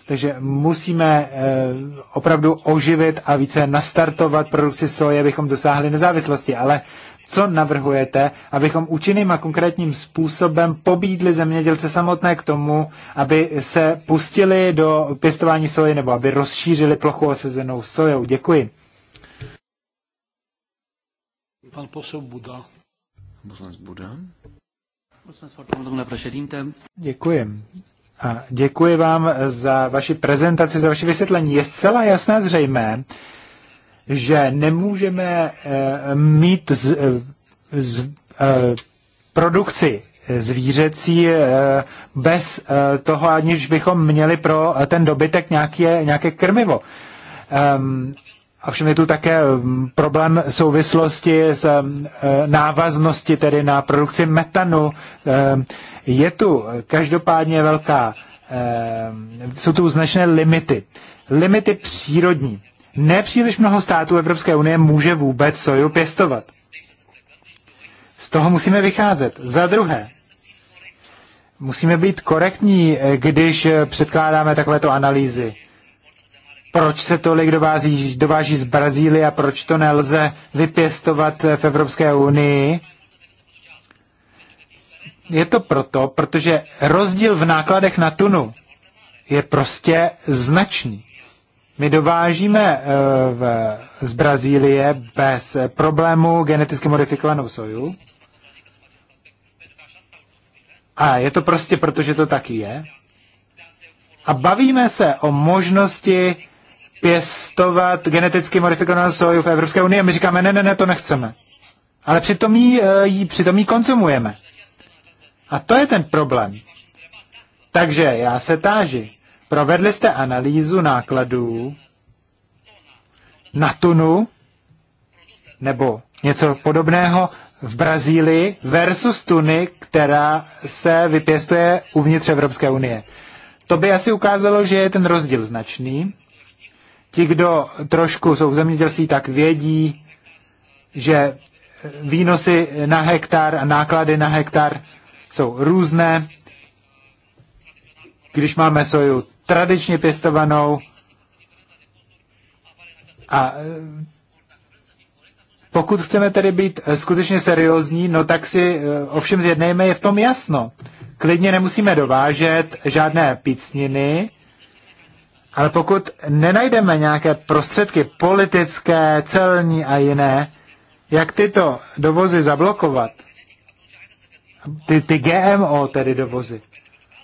takže musíme uh, opravdu oživit a více nastartovat produkci soje, abychom dosáhli nezávislosti, ale co navrhujete, abychom účinným a konkrétním způsobem pobídli zemědělce samotné k tomu, aby se pustili do pěstování soje nebo aby rozšířili plochu osazenou sojou? Děkuji. Pan posel Buda. Poslanec Buda. Děkuji. A děkuji vám za vaši prezentaci, za vaše vysvětlení. Je zcela jasné zřejmé, že nemůžeme eh, mít z, eh, z, eh, produkci zvířecí bez toho, aniž bychom měli pro ten dobytek nějaké, nějaké krmivo. Ehm, A všem je tu také mm, problém souvislosti s návaznosti tedy na produkci metanu. Ehm, je tu každopádně velká, ehm, jsou tu značné limity. Limity přírodní nepříliš mnoho států Evropské unie může vůbec soju pěstovat. Z toho musíme vycházet. Za druhé, musíme být korektní, když předkládáme takovéto analýzy. Proč se tolik dováží, dováží z Brazílie a proč to nelze vypěstovat v Evropské unii? Je to proto, protože rozdíl v nákladech na tunu je prostě značný. My dovážíme eh, v, z Brazílie bez problému geneticky modifikovanou soju. A je to prostě proto, že to taky je. A bavíme se o možnosti pěstovat geneticky modifikovanou soju v Evropské unii a my říkáme, ne, ne, ne, to nechceme. Ale přitom jí, eh, jí, přitom jí konzumujeme. A to je ten problém. Takže já se táži. Provedli jste analýzu nákladů na tunu nebo něco podobného v Brazílii versus tuny, která se vypěstuje uvnitř Evropské unie. To by asi ukázalo, že je ten rozdíl značný. Ti, kdo trošku jsou v zemědělství, tak vědí, že výnosy na hektar a náklady na hektar jsou různé když máme soju tradičně pěstovanou a eh, pokud chceme tedy být eh, skutečně seriózní, no tak si eh, ovšem zjednejme je v tom jasno. Klidně nemusíme dovážet žádné pícniny, ale pokud nenajdeme nějaké prostředky politické, celní a jiné, jak tyto dovozy zablokovat, ty, ty GMO tedy dovozy,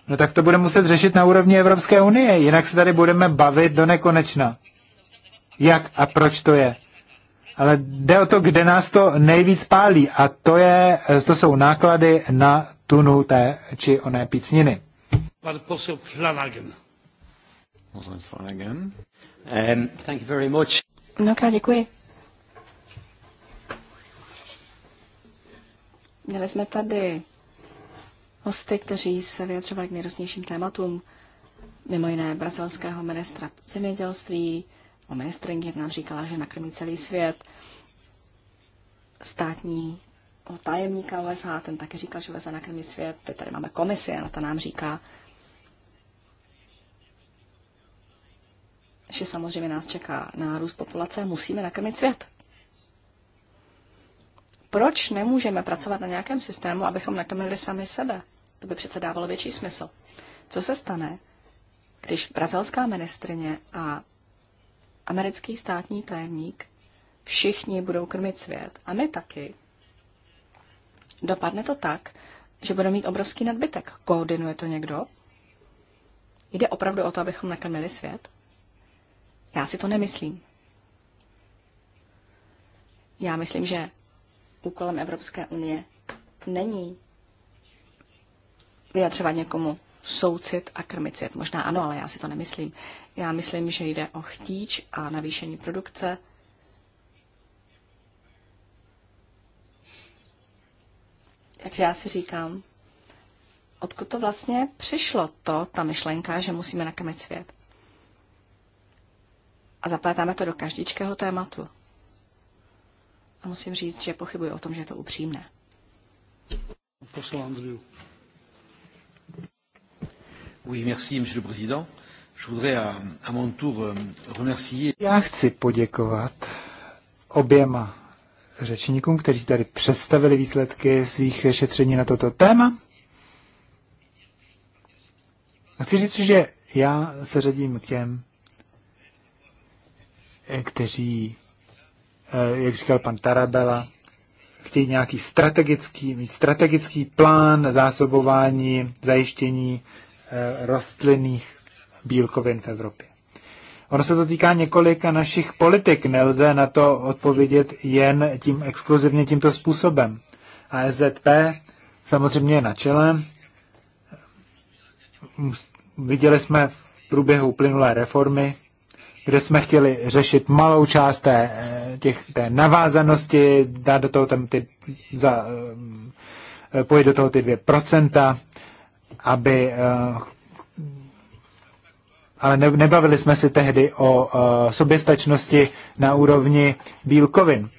No tak to budeme muset řešit na úrovni Evropské unie, jinak se tady budeme bavit do nekonečna. Jak a proč to je? Ale jde o to, kde nás to nejvíc pálí a to, je, to jsou náklady na tunu té či oné pícniny. Pan posel Flanagen. Poslanec Flanagen. Um, thank you very much. No, krát děkuji. Měli jsme tady hosty, kteří se vyjadřovali k nejrůznějším tématům, mimo jiné brazilského ministra zemědělství, o ministrině nám říkala, že nakrmí celý svět, státní o tajemníka USA, ten taky říkal, že USA nakrmí svět, teď tady máme komisi a ta nám říká, že samozřejmě nás čeká nárůst populace a musíme nakrmit svět. Proč nemůžeme pracovat na nějakém systému, abychom nakrmili sami sebe? To by přece dávalo větší smysl. Co se stane, když brazilská ministrině a americký státní tajemník všichni budou krmit svět a my taky? Dopadne to tak, že budeme mít obrovský nadbytek. Koordinuje to někdo? Jde opravdu o to, abychom nakrmili svět? Já si to nemyslím. Já myslím, že úkolem Evropské unie není vyjadřovat někomu soucit a krmit svět. Možná ano, ale já si to nemyslím. Já myslím, že jde o chtíč a navýšení produkce. Takže já si říkám, odkud to vlastně přišlo to, ta myšlenka, že musíme nakrmit svět. A zaplétáme to do každičkého tématu. A musím říct, že pochybuji o tom, že je to upřímné. Euh, já chci poděkovat oběma řečníkům, kteří tady představili výsledky svých šetření na toto téma. A chci říct, že já se řadím k těm, kteří Eh, jak říkal pan Tarabela, chtějí nějaký strategický, mít strategický plán zásobování, zajištění eh, rostlinných bílkovin v Evropě. Ono se to týká několika našich politik, nelze na to odpovědět jen tím exkluzivně tímto způsobem. A SZP samozřejmě je na čele. Viděli jsme v průběhu uplynulé reformy, kde jsme chtěli řešit malou část té, těch, té navázanosti, dát do toho tam ty, za, eh, pojít do toho ty 2%, aby eh, ale nebavili jsme se tehdy o eh, soběstačnosti na úrovni bílkovin.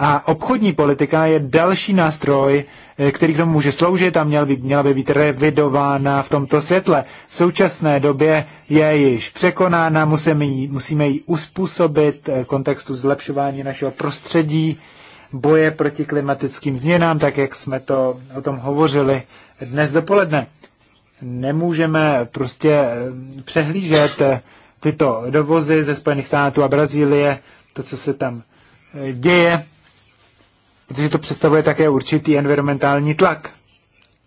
A obchodní politika je další nástroj, eh, který k tomu může sloužit a měl by, měla by být revidována v tomto světle. V současné době je již překonána, musíme ji, musíme ji uspůsobit eh, kontextu zlepšování našeho prostředí, boje proti klimatickým změnám, tak jak jsme to o tom hovořili dnes dopoledne. Nemůžeme prostě eh, přehlížet tyto dovozy ze Spojených států a Brazílie, to, co se tam děje protože to představuje také určitý environmentální tlak.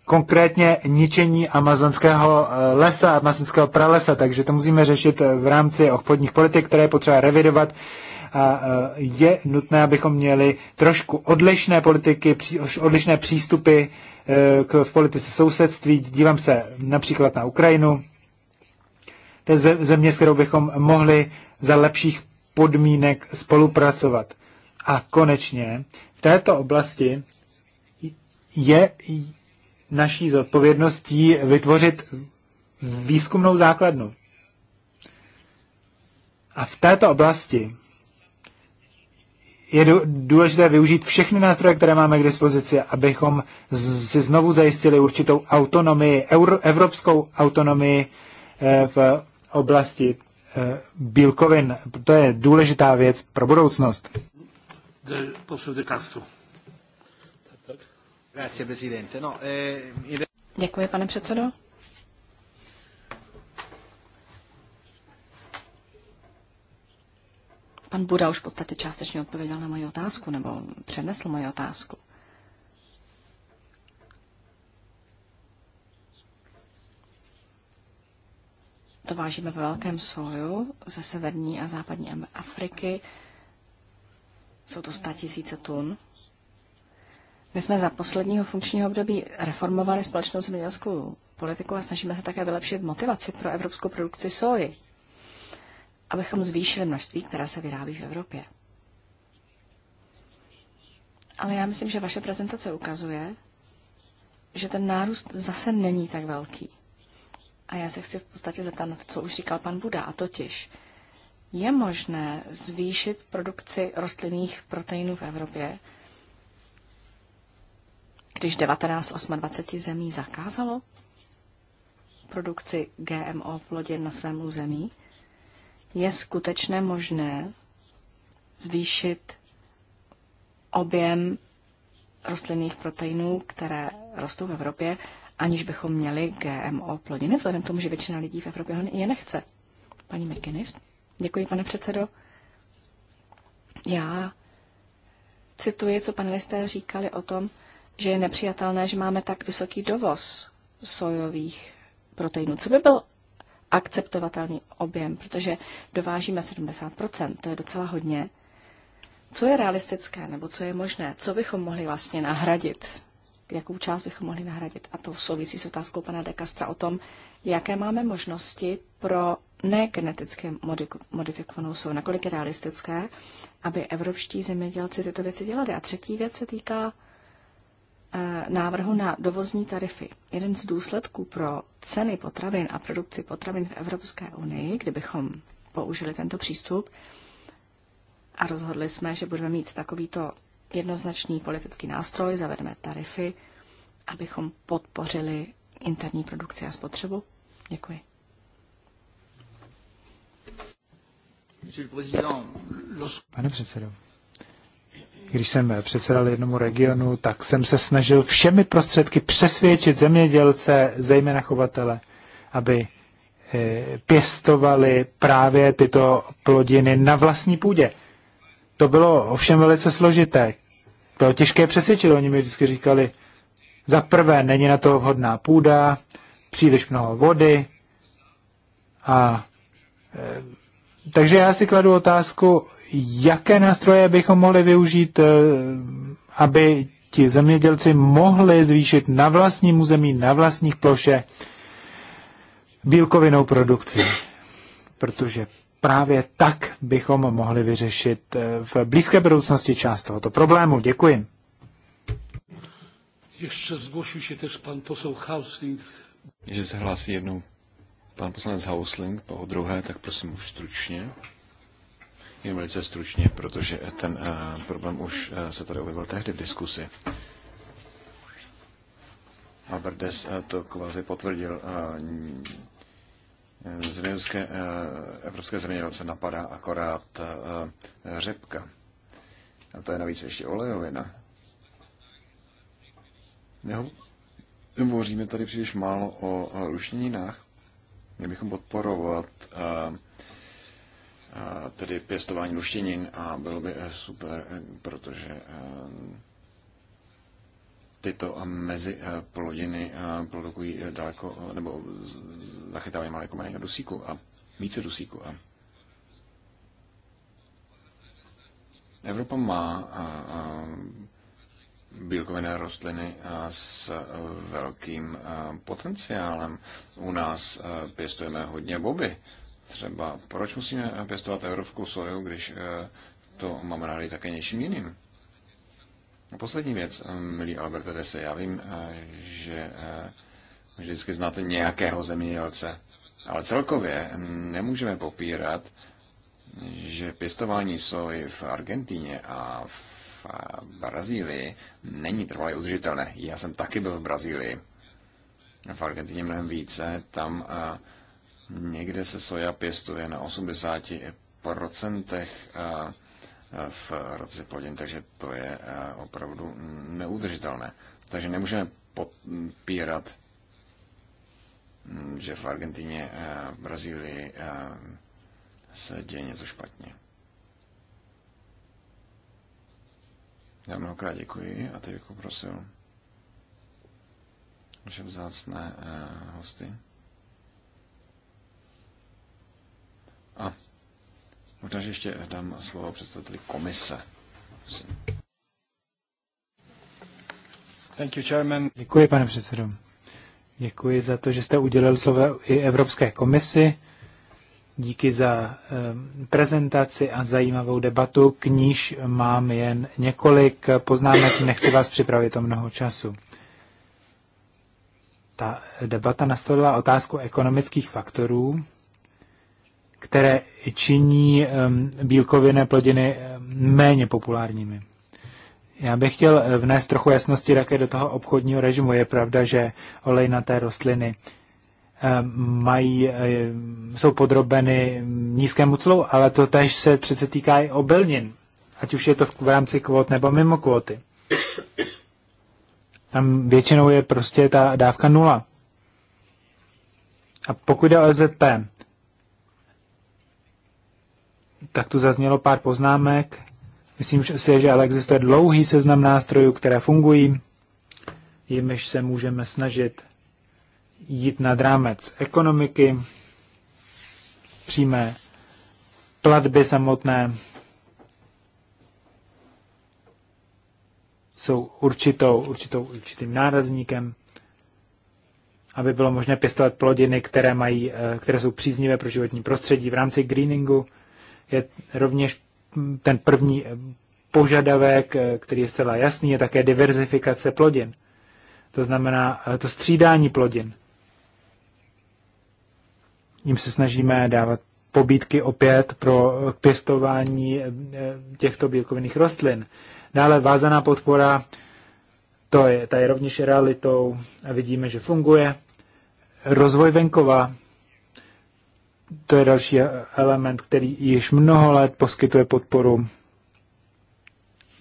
Konkrétně ničení amazonského eh, lesa, amazonského pralesa, takže to musíme řešit eh, v rámci obchodních politik, které je potřeba revidovat a eh, je nutné, abychom měli trošku odlišné politiky, odlišné přístupy k, v politice sousedství. Dívám se například na Ukrajinu. To je země, s kterou bychom mohli za lepších podmínek spolupracovat. A konečně této oblasti je naší zodpovědností vytvořit výzkumnou základnu. A v této oblasti je důležité využít všechny nástroje, které máme k dispozici, abychom si znovu zajistili určitou autonomii, evropskou autonomii eh, v oblasti eh, bílkovin. To je důležitá věc pro budoucnost. No, eh, Děkuji, pane předsedo. Pan Buda už v podstatě částečně odpověděl na moji otázku, nebo přednesl moji otázku. To vážíme ve velkém soju ze severní a západní Afriky. Jsou to 100 tisíce tun. My jsme za posledního funkčního období reformovali společnou zemědělskou politiku a snažíme se také vylepšit motivaci pro evropskou produkci soji, abychom zvýšili množství, které se vyrábí v Evropě. Ale já myslím, že vaše prezentace ukazuje, že ten nárůst zase není tak velký. A já se chci v podstatě zeptat na to, co už říkal pan Buda, a totiž, je možné zvýšit produkci rostlinných proteinů v Evropě, když 19 z 28 zemí zakázalo produkci GMO plodin na svém území, je skutečně možné zvýšit objem rostlinných proteinů, které rostou v Evropě, aniž bychom měli GMO plodiny, vzhledem k tomu, že většina lidí v Evropě je nechce. Paní McInnes, Děkuji, pane předsedo. Já cituji, co panelisté říkali o tom, že je nepřijatelné, že máme tak vysoký dovoz sojových proteinů. Co by byl akceptovatelný objem, protože dovážíme 70%, to je docela hodně. Co je realistické, nebo co je možné? Co bychom mohli vlastně nahradit? Jakou část bychom mohli nahradit? A to souvisí s otázkou pana Dekastra o tom, jaké máme možnosti pro ne geneticky modifikovanou jsou, nakolik je realistické, aby evropští zemědělci tyto věci dělali. A třetí věc se týká eh, návrhu na dovozní tarify. Jeden z důsledků pro ceny potravin a produkci potravin v Evropské unii, kdybychom použili tento přístup a rozhodli jsme, že budeme mít takovýto jednoznačný politický nástroj, zavedeme tarify, abychom podpořili interní produkci a spotřebu. Děkuji. Pane předsedo, když jsem eh, předsedal jednomu regionu, tak jsem se snažil všemi prostředky přesvědčit zemědělce, zejména chovatele, aby eh, pěstovali právě tyto plodiny na vlastní půdě. To bylo ovšem velice složité. Bylo těžké přesvědčit, oni mi vždycky říkali, za prvé není na to vhodná půda, příliš mnoho vody a eh, takže já si kladu otázku, jaké nástroje bychom mohli využít, eh, aby ti zemědělci mohli zvýšit na vlastním území, na vlastních ploše bílkovinou produkci. Protože právě tak bychom mohli vyřešit eh, v blízké budoucnosti část tohoto problému. Děkuji. Ještě zgłosił že pan poslouchal Že se hlásí jednou Pan poslanec Hausling po druhé, tak prosím už stručně. Je velice stručně, protože ten uh, problém už uh, se tady objevil tehdy v diskusi. A Des uh, eh, to kvázi potvrdil. Uh, zemědělské, uh, evropské zemědělce napadá akorát uh, řepka. A to je navíc ještě olejovina. Nehovoříme tady příliš málo o lušninách, Měli bychom podporovat eh, eh, tedy pěstování luštěnin a bylo by eh, super, protože tyto a mezi plodiny produkují daleko, nebo zachytávají daleko jako méně dusíku a více dusíku. A Evropa má bílkovinné rostliny s e, velkým e, potenciálem. U nás e, pěstujeme hodně boby. Třeba proč musíme pěstovat evropskou soju, když to máme rádi také něčím jiným? Poslední věc, milý Alberte Dese, já vím, že vždycky znáte nějakého zemědělce, ale celkově nemůžeme popírat, že pěstování soji v Argentíně a v v eh, Brazílii není trvalé udržitelné. Já jsem taky byl v Brazílii. V Argentině mnohem více. Tam eh, někde se soja pěstuje na 80% eh, v roce plodin, takže to je opravdu neudržitelné. Takže nemůžeme podpírat, mm, že v Argentině, v Brazílii se děje něco špatně. Já mnohokrát děkuji a teď bych poprosil naše vzácné uh, hosty. A možná, že ještě dám slovo představiteli komise. Prosím. Thank you, chairman. Děkuji, pane předsedo. Děkuji za to, že jste udělal slovo i Evropské komisi díky za eh, prezentaci a zajímavou debatu, Kníž mám jen několik poznámek, nechci vás připravit o mnoho času. Ta debata nastolila otázku ekonomických faktorů, které činí ehm, bílkovinné plodiny ehm, méně populárními. Já bych chtěl eh, vnést trochu jasnosti také do toho obchodního režimu. Je pravda, že olejnaté rostliny Eh, mají, eh, jsou podrobeny nízkému clu, ale to tež se přece týká i obilnin, ať už je to v rámci kvót nebo mimo kvóty. Tam většinou je prostě ta dávka nula. A pokud jde o LZP, e tak tu zaznělo pár poznámek. Myslím si, že ale existuje dlouhý seznam nástrojů, které fungují, jimiž se můžeme snažit jít nad rámec ekonomiky, přímé platby samotné jsou určitou, určitou, určitým nárazníkem, aby bylo možné pěstovat plodiny, které, mají, eh, které jsou příznivé pro životní prostředí. V rámci greeningu je rovněž ten první eh, požadavek, eh, který je zcela jasný, je také diverzifikace plodin. To znamená to střídání plodin jim se snažíme dávat pobídky opět pro pěstování eh, těchto bílkovinných rostlin. Dále vázaná podpora, to je, ta je rovněž realitou a vidíme, že funguje. Rozvoj venkova, to je další element, který již mnoho let poskytuje podporu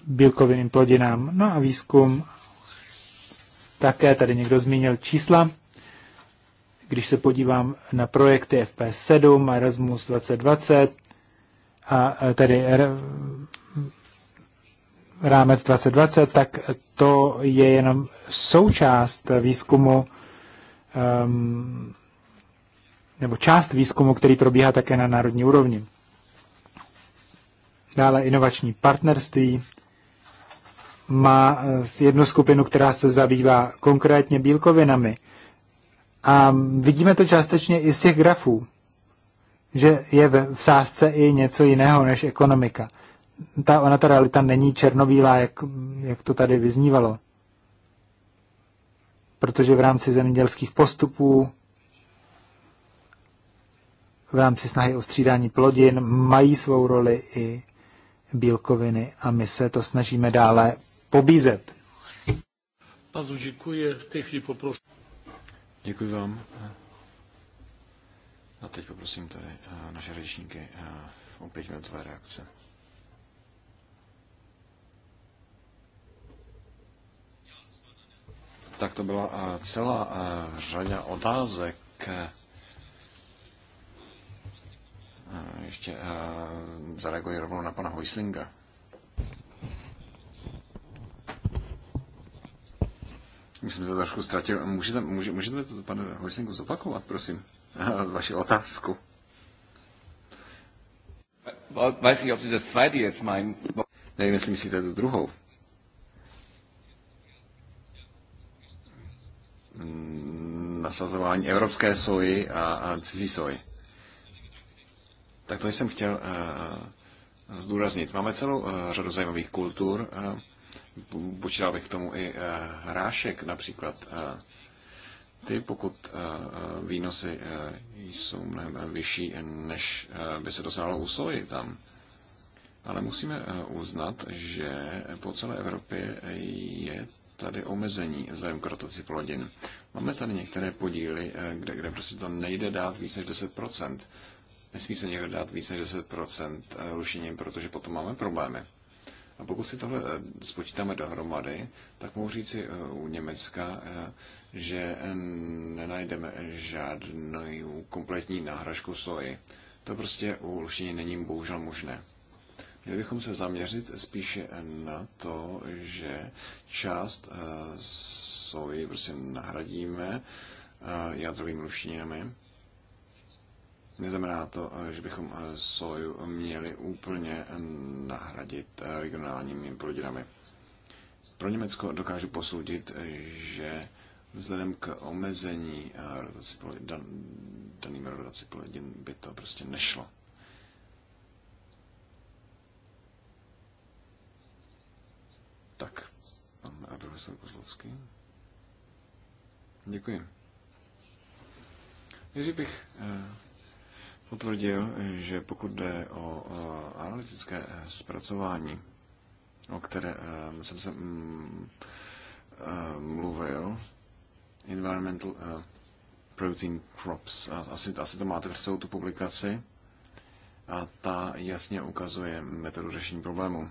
bílkovinným plodinám. No a výzkum, také tady někdo zmínil čísla když se podívám na projekty FP7, Erasmus 2020 a e, tedy rámec 2020, tak to je jenom součást výzkumu um, nebo část výzkumu, který probíhá také na národní úrovni. Dále inovační partnerství má e, jednu skupinu, která se zabývá konkrétně bílkovinami a vidíme to částečně i z těch grafů, že je v sázce i něco jiného než ekonomika. Ta, ona ta realita není černobílá, jak, jak to tady vyznívalo. Protože v rámci zemědělských postupů, v rámci snahy o střídání plodin, mají svou roli i bílkoviny a my se to snažíme dále pobízet. Bardzo dziękuję. W tej chwili Děkuji vám. A teď poprosím tady eh, naše řečníky eh, o minutové reakce. Tak to byla eh, celá řada otázek. Ještě zareaguji rovnou na pana Hojslinga. Myslím, že to trošku ztratil. Můžete, může, můžete to, pane Hojsinku, zopakovat, prosím, vaši otázku? Weiß nicht, ob Sie das zweite jetzt meinen. Nevím, jestli myslíte tu druhou. Nasazování evropské soji a, a cizí soji. Tak to jsem chtěl uh, zdůraznit. Máme celou uh, řadu zajímavých kultur. Uh, počítal bych k tomu i eh, hrášek například. Eh, ty, pokud eh, výnosy jsou mnohem vyšší, než by se dosáhlo u soji tam, ale musíme uznat, že po celé Evropě je tady omezení vzhledem k rotaci plodin. Máme tady některé podíly, kde, kde prostě to nejde dát více než 10%. Nesmí se někde dát více než 10% rušením, protože potom máme problémy. A pokud si tohle eh, spočítáme dohromady, tak mohu říci eh, u Německa, eh, že nenajdeme žádnou kompletní náhražku soji. To prostě u lšiny není bohužel možné. Měli bychom se zaměřit spíše na to, že část soji prostě nahradíme jádrovými lušninami Neznamená to, že bychom soju měli úplně nahradit regionálními plodinami. Pro Německo dokážu posoudit, že vzhledem k omezení rotaci dan, daným rotaci plodin by to prostě nešlo. Tak, pan profesor Kozlovský. Děkuji. Jestli bych eh, potvrdil, že pokud jde o analytické zpracování, o které eh, jsem se mm, eh, mluvil, Environmental eh, Protein Crops, asi, asi to máte v celou tu publikaci, a ta jasně ukazuje metodu řešení problému.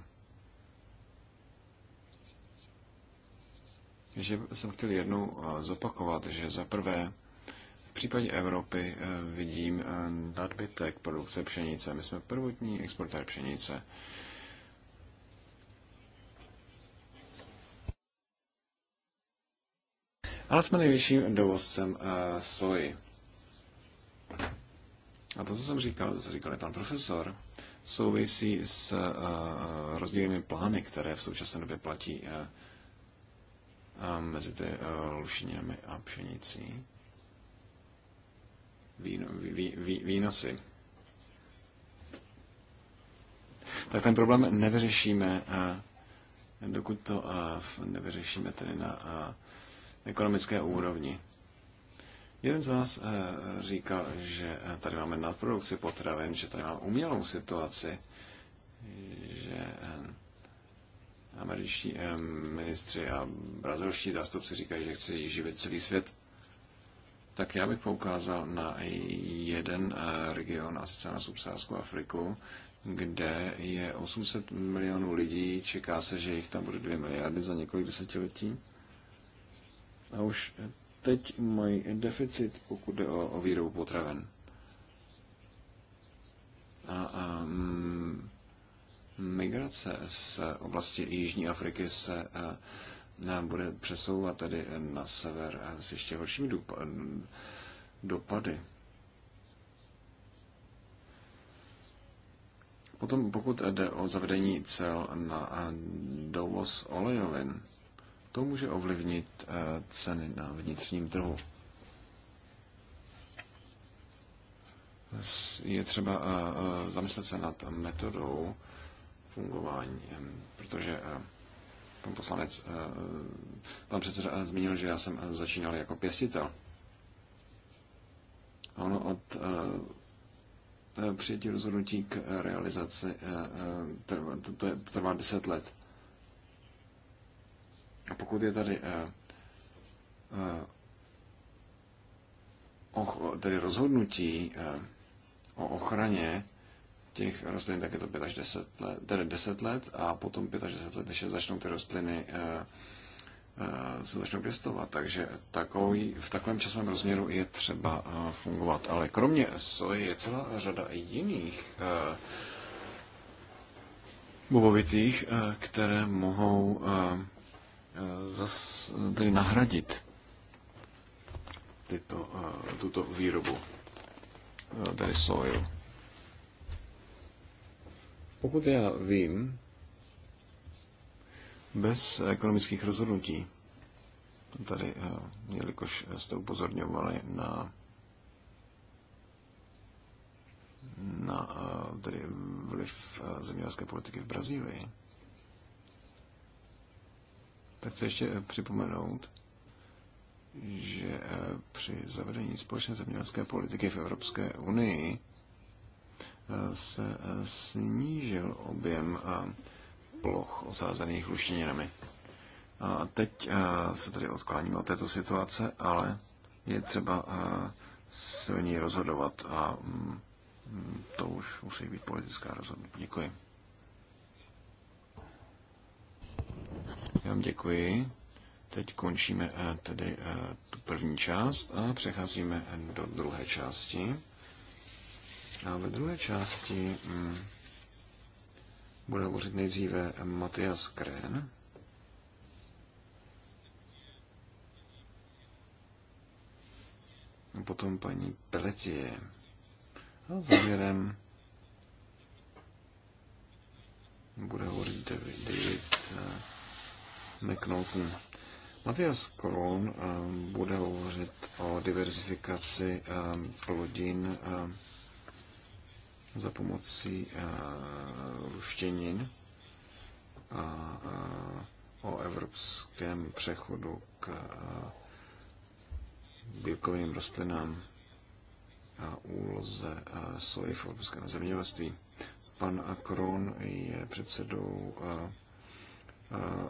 Že jsem chtěl jednou zopakovat, že za prvé v případě Evropy eh, vidím eh, nadbytek produkce pšenice. My jsme prvotní exportér pšenice. Ale jsme největším dovozcem eh, soji. A to, co jsem říkal, co říkal i pan profesor, souvisí s rozdílnými plány, které v současné době platí mezi ty uh, a pšenicí výnosy. Tak ten problém nevyřešíme, dokud to nevyřešíme tedy na ekonomické úrovni. Jeden z vás e, říkal, že e, tady máme nadprodukci potravin, že tady máme umělou situaci, že e, američtí ministři a brazilští zástupci říkají, že chce živit celý svět tak já bych poukázal na jeden eh, region, a sice na subsaharskou Afriku, kde je 800 milionů lidí, čeká se, že jich tam bude 2 miliardy za několik desetiletí. A už teď mají deficit, pokud jde o, o výrobu potraven. A, a mm, migrace z oblasti Jižní Afriky se a, eh, bude přesouvat tedy na sever s ještě horšími dopady. Potom pokud jde o zavedení cel na dovoz olejovin, to může ovlivnit eh, ceny na vnitřním trhu. Je třeba eh, eh, zamyslet se nad metodou fungování, protože Pan poslanec, eh, pan předseda eh, zmínil, že já jsem eh, začínal jako pěstitel. Ono od přijetí rozhodnutí k realizaci trvá, to, je, to trvá 10 let. A pokud je tady tedy rozhodnutí o ochraně těch rostlin, tak je to 5 až 10 let, tedy 10 let a potom 5 až 10 let, když se začnou ty rostliny eh, eh, se začnou pěstovat. Takže takový, v takovém časovém rozměru je třeba eh, fungovat. Ale kromě soji je celá řada jiných bubovitých, které mohou zas, tedy nahradit tyto, tuto výrobu, tedy soju. Pokud já vím, bez ekonomických rozhodnutí, tady, eh, jelikož jste upozorňovali na na eh, tedy vliv eh, zemědělské politiky v Brazílii, tak chci ještě připomenout, že při zavedení společné zemědělské politiky v Evropské unii se eh, snížil objem eh, ploch osázených luštěninami. A teď eh, se tady odkláníme od této situace, ale je třeba se ní rozhodovat a mm, to už musí být politická rozhodnutí. Děkuji. Já vám děkuji. Teď končíme tedy tu první část a přecházíme do druhé části. A ve druhé části mm, bude hovořit nejdříve Matias Kren. A potom paní Peletie. A závěrem bude hovořit David, David eh, McNaughton. Matias uh, eh, bude hovořit o diverzifikaci eh, plodin za pomocí uh, ruštěnin a, uh, o evropském přechodu k uh, eh, bílkovým rostlinám a úloze uh, soji v evropském zemědělství. Pan Akron je předsedou uh,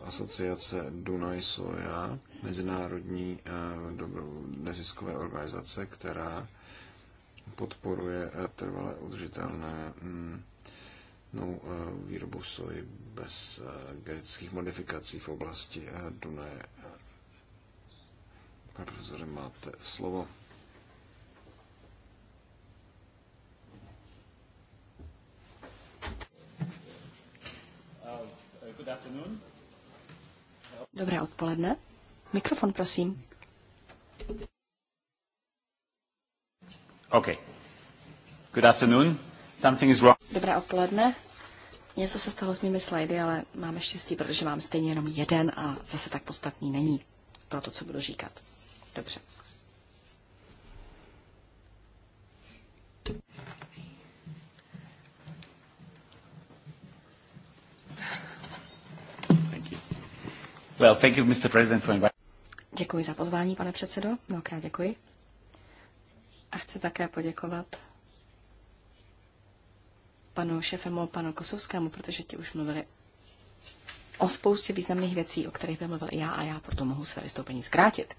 asociace Dunaj Soja, mezinárodní neziskové organizace, která podporuje eh, trvalé udržitelné no, výrobu soji bez eh, genetických modifikací v oblasti Dunaje. Pane profesore, máte slovo. Dobré odpoledne. Mikrofon, prosím. Okay. Good afternoon. Something is wrong. Dobré odpoledne. Něco se stalo s mými slajdy, ale máme štěstí, protože mám stejně jenom jeden a zase tak podstatný není pro to, co budu říkat. Dobře. Thank you. Well, thank you, Mr. President, for inviting. Děkuji za pozvání, pane předsedo. Mnohokrát děkuji. A chci také poděkovat panu šefemu, panu Kosovskému, protože ti už mluvili o spoustě významných věcí, o kterých by mluvil i já a já proto mohu své vystoupení zkrátit.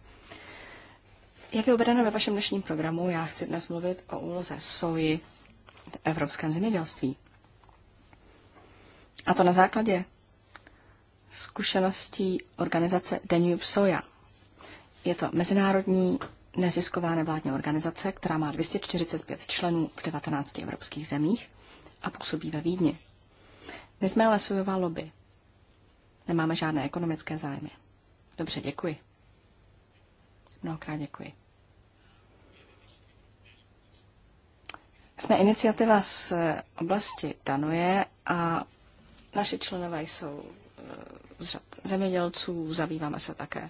Jak je uvedeno ve vašem dnešním programu, já chci dnes mluvit o úloze soji v evropském zemědělství. A to na základě zkušeností organizace Denube Soja. Je to mezinárodní nezisková nevládní organizace, která má 245 členů v 19 evropských zemích a působí ve Vídni. My jsme ale sujová lobby. Nemáme žádné ekonomické zájmy. Dobře, děkuji. Mnohokrát děkuji. Jsme iniciativa z eh, oblasti Danuje a naši členové jsou eh, z řad zemědělců, zabýváme se také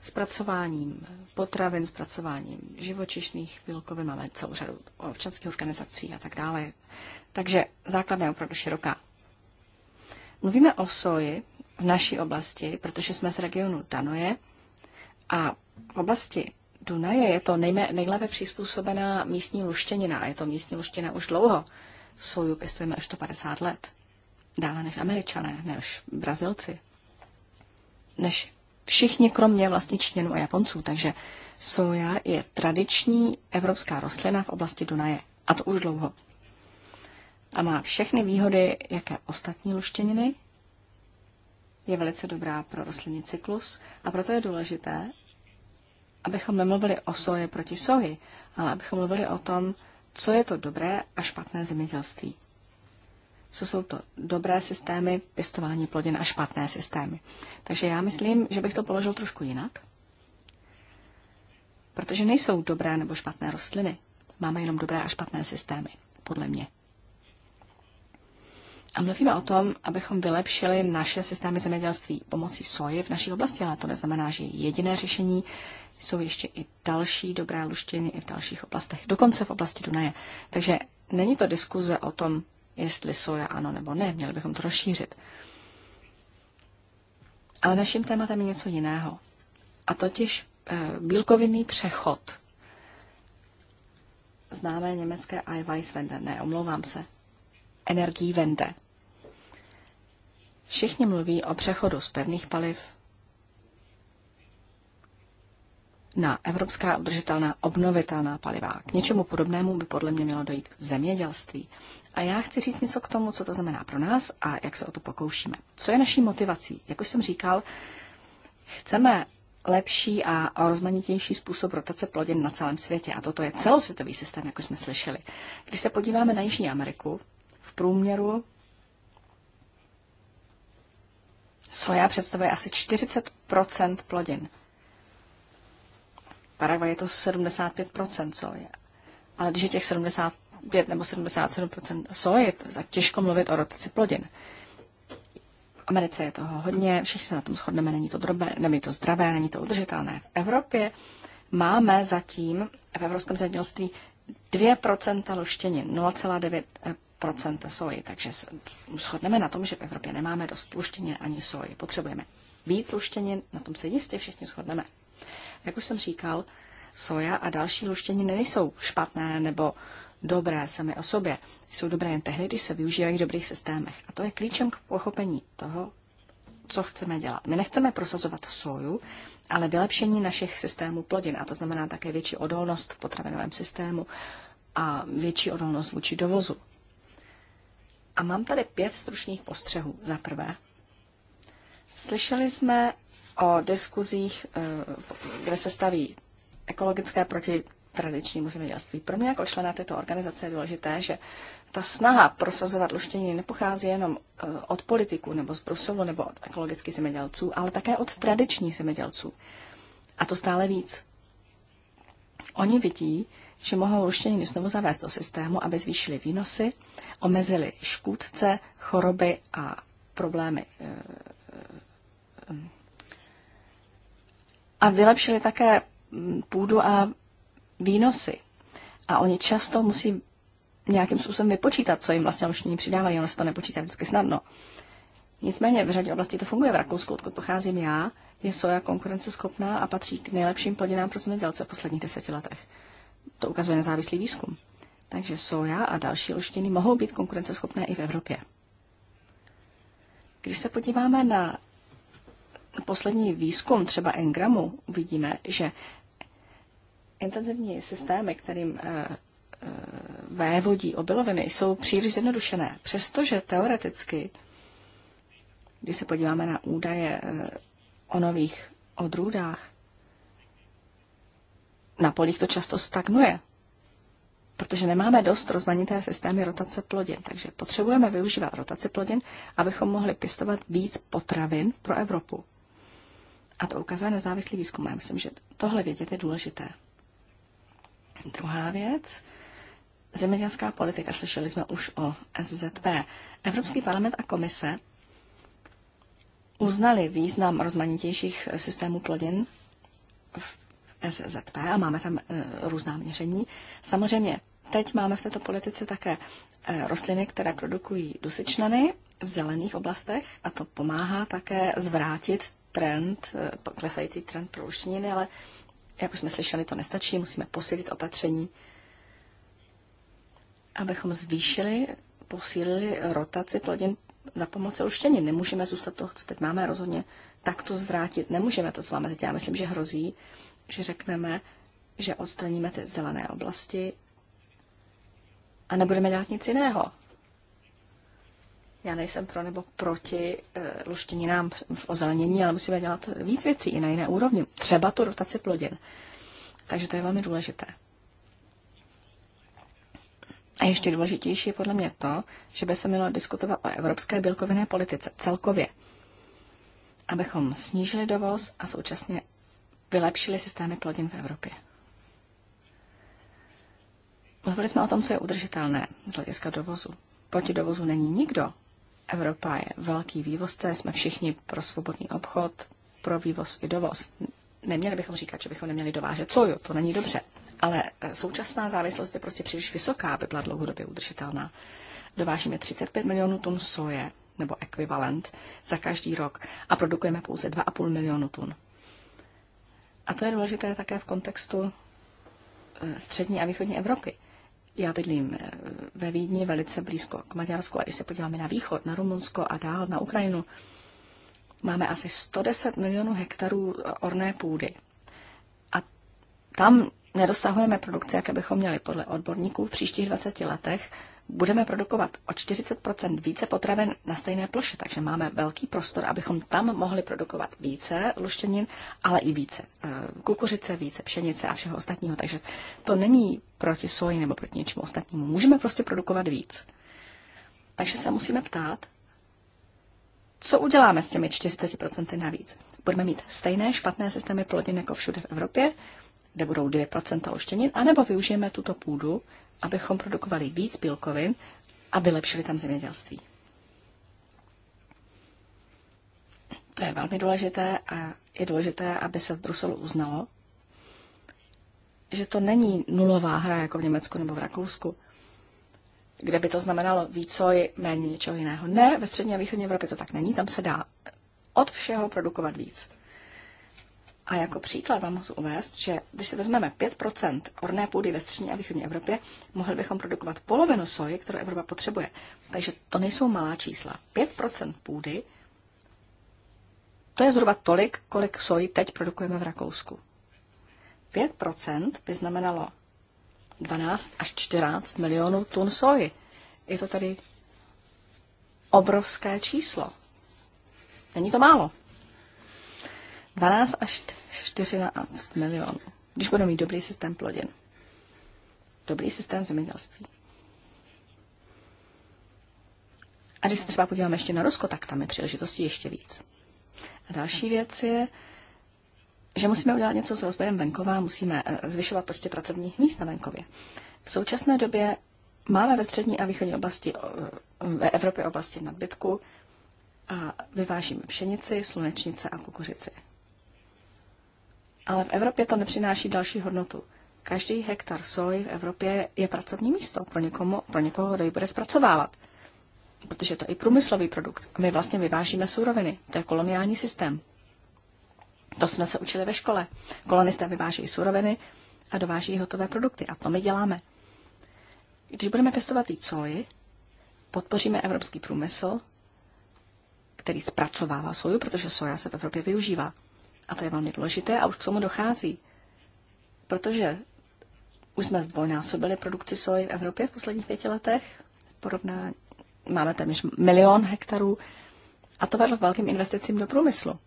zpracováním potravin, zpracováním živočišných bílkovin, máme celou řadu občanských organizací a tak dále. Takže základna je opravdu široká. Mluvíme o soji v naší oblasti, protože jsme z regionu Danoje a v oblasti Dunaje je to nejme, nejlépe přizpůsobená místní luštěnina a je to místní luštěna už dlouho. Soju pěstujeme už to 50 let. Dále než američané, než brazilci, než Všichni kromě vlastně Číňanů a Japonců, takže soja je tradiční evropská rostlina v oblasti Dunaje. A to už dlouho. A má všechny výhody, jaké ostatní luštěniny. Je velice dobrá pro rostlinný cyklus a proto je důležité, abychom nemluvili o soje proti soji, ale abychom mluvili o tom, co je to dobré a špatné zemědělství co jsou to dobré systémy pěstování plodin a špatné systémy. Takže já myslím, že bych to položil trošku jinak, protože nejsou dobré nebo špatné rostliny. Máme jenom dobré a špatné systémy, podle mě. A mluvíme o tom, abychom vylepšili naše systémy zemědělství pomocí soji v naší oblasti, ale to neznamená, že jediné řešení jsou ještě i další dobré luštiny i v dalších oblastech, dokonce v oblasti Dunaje. Takže není to diskuze o tom, jestli soja ano nebo ne, měli bychom to rozšířit. Ale naším tématem je něco jiného. A totiž eh, bílkovinný přechod. Známé německé Eiweißwende, ne, omlouvám se, Energii vende. Všichni mluví o přechodu z pevných paliv na evropská udržitelná obnovitelná paliva. K něčemu podobnému by podle mě mělo dojít v zemědělství. A já chci říct něco k tomu, co to znamená pro nás a jak se o to pokoušíme. Co je naší motivací? Jak už jsem říkal, chceme lepší a rozmanitější způsob rotace plodin na celém světě. A toto je celosvětový systém, jak už jsme slyšeli. Když se podíváme na Jižní Ameriku, v průměru soja představuje asi 40 plodin. Paraguay je to 75 soje. Ale když je těch 75 75 nebo 77 soji, tak těžko mluvit o rotaci plodin. V Americe je toho hodně, všichni se na tom shodneme, není to, drobé, není to zdravé, není to udržitelné. V Evropě máme zatím v evropském zemědělství 2% luštěnin, 0,9% soji. Takže shodneme na tom, že v Evropě nemáme dost luštěnin ani soji. Potřebujeme víc luštěnin, na tom se jistě všichni shodneme. Jak už jsem říkal, soja a další luštěniny nejsou špatné nebo dobré sami o sobě. Jsou dobré jen tehdy, když se využívají v dobrých systémech. A to je klíčem k pochopení toho, co chceme dělat. My nechceme prosazovat soju, ale vylepšení našich systémů plodin, a to znamená také větší odolnost v potravinovém systému a větší odolnost vůči dovozu. A mám tady pět stručných postřehů. Za prvé, slyšeli jsme o diskuzích, eh, kde se staví ekologické proti tradičnímu zemědělství. Pro mě jako člena této organizace je důležité, že ta snaha prosazovat luštění nepochází jenom eh, od politiků nebo z Bruselu nebo od ekologických zemědělců, ale také od tradičních zemědělců. A to stále víc. Oni vidí, že mohou luštění znovu zavést do systému, aby zvýšili výnosy, omezili škůdce, choroby a problémy eh, eh, mm, a vylepšili také mm, půdu a výnosy. A oni často musí nějakým způsobem vypočítat, co jim vlastně roční přidávají. Ono se to nepočítá vždycky snadno. Nicméně v řadě oblastí to funguje. V Rakousku, odkud pocházím já, je soja konkurenceschopná a patří k nejlepším plodinám pro zemědělce v posledních deseti letech. To ukazuje nezávislý výzkum. Takže soja a další luštiny mohou být konkurenceschopné i v Evropě. Když se podíváme na poslední výzkum třeba Engramu, uvidíme, že Intenzivní systémy, kterým eh, eh, vévodí obiloviny, jsou příliš zjednodušené. Přestože teoreticky, když se podíváme na údaje eh, o nových odrůdách, na polích to často stagnuje, protože nemáme dost rozmanité systémy rotace plodin. Takže potřebujeme využívat rotaci plodin, abychom mohli pěstovat víc potravin pro Evropu. A to ukazuje nezávislý výzkum. Já myslím, že tohle vědět je důležité. Druhá věc. Zemědělská politika, slyšeli jsme už o SZP. Evropský parlament a komise uznali význam rozmanitějších systémů plodin v SZP a máme tam e, různá měření. Samozřejmě teď máme v této politice také e, rostliny, které produkují dusičnany v zelených oblastech a to pomáhá také zvrátit trend, e, klesající trend pro luštěniny, ale jak už jsme slyšeli, to nestačí, musíme posílit opatření, abychom zvýšili, posílili rotaci plodin za pomoci luštění. Nemůžeme zůstat toho, co teď máme, rozhodně tak to zvrátit. Nemůžeme to, co máme teď. Já myslím, že hrozí, že řekneme, že odstraníme ty zelené oblasti a nebudeme dělat nic jiného. Já nejsem pro nebo proti e, luštěninám v ozelenění, ale musíme dělat víc věcí i na jiné úrovni. Třeba tu rotaci plodin. Takže to je velmi důležité. A ještě důležitější je podle mě to, že by se mělo diskutovat o evropské bílkovinné politice celkově. Abychom snížili dovoz a současně vylepšili systémy plodin v Evropě. Mluvili jsme o tom, co je udržitelné z hlediska dovozu. Proti dovozu není nikdo, Evropa je velký vývozce, jsme všichni pro svobodný obchod, pro vývoz i dovoz. Neměli bychom říkat, že bychom neměli dovážet jo, to není dobře. Ale eh, současná závislost je prostě příliš vysoká, aby byla dlouhodobě udržitelná. Dovážíme 35 milionů tun soje, nebo ekvivalent, za každý rok a produkujeme pouze 2,5 milionu tun. A to je důležité také v kontextu eh, střední a východní Evropy. Já bydlím eh, ve Vídni, velice blízko k Maďarsku a když se podíváme na východ, na Rumunsko a dál na Ukrajinu, máme asi 110 milionů hektarů eh, orné půdy. A tam nedosahujeme produkce, jaké bychom měli podle odborníků v příštích 20 letech budeme produkovat o 40 více potravin na stejné ploše, takže máme velký prostor, abychom tam mohli produkovat více luštěnin, ale i více eh, kukuřice, více pšenice a všeho ostatního. Takže to není proti soji nebo proti něčemu ostatnímu. Můžeme prostě produkovat víc. Takže se musíme ptát, co uděláme s těmi 40% navíc? Budeme mít stejné špatné systémy plodin jako všude v Evropě, kde budou 2% luštěnin, anebo využijeme tuto půdu abychom produkovali víc bílkovin a vylepšili tam zemědělství. To je velmi důležité a je důležité, aby se v Bruselu uznalo, že to není nulová hra jako v Německu nebo v Rakousku, kde by to znamenalo výcoj, méně něčeho jiného. Ne, ve střední a východní Evropě to tak není, tam se dá od všeho produkovat víc. A jako příklad vám musím uvést, že když se vezmeme 5% orné půdy ve střední a východní Evropě, mohli bychom produkovat polovinu soji, kterou Evropa potřebuje. Takže to nejsou malá čísla. 5% půdy, to je zhruba tolik, kolik soji teď produkujeme v Rakousku. 5% by znamenalo 12 až 14 milionů tun soji. Je to tady obrovské číslo. Není to málo. 12 až 14 milionů, když budeme mít dobrý systém plodin. Dobrý systém zemědělství. A když se třeba podíváme ještě na Rusko, tak tam je příležitostí ještě víc. A další věc je, že musíme udělat něco s rozvojem venkova, musíme eh, zvyšovat počty pracovních míst na venkově. V současné době máme ve střední a východní oblasti, ve Evropě oblasti nadbytku a vyvážíme pšenici, slunečnice a kukuřici. Ale v Evropě to nepřináší další hodnotu. Každý hektar soji v Evropě je pracovní místo. Pro, někomu, pro někoho, kdo ji bude zpracovávat. Protože to je i průmyslový produkt. A my vlastně vyvážíme suroviny. To je koloniální systém. To jsme se učili ve škole. Kolonisté vyváží suroviny a dováží hotové produkty. A to my děláme. Když budeme pěstovat i soji, podpoříme evropský průmysl, který zpracovává soju, protože soja se v Evropě využívá. A to je velmi důležité a už k tomu dochází. Protože už jsme zdvojnásobili produkci soji v Evropě v posledních pěti letech. Porovná, máme téměř milion hektarů a to vedlo k velkým investicím do průmyslu.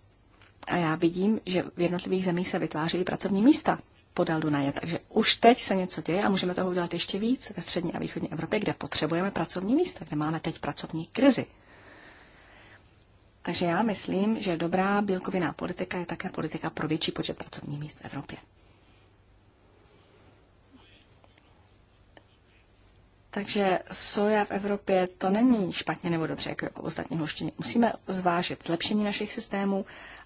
A já vidím, že v jednotlivých zemích se vytvářejí pracovní místa podél Dunaje. Takže už teď se něco děje a můžeme toho udělat ještě víc ve střední a východní Evropě, kde potřebujeme pracovní místa, kde máme teď pracovní krizi. Takže já myslím, že dobrá bílkovinná politika je také politika pro větší počet pracovních míst v Evropě. Takže soja v Evropě to není špatně nebo dobře, jako, jako ostatní luštění. Musíme zvážit zlepšení našich systémů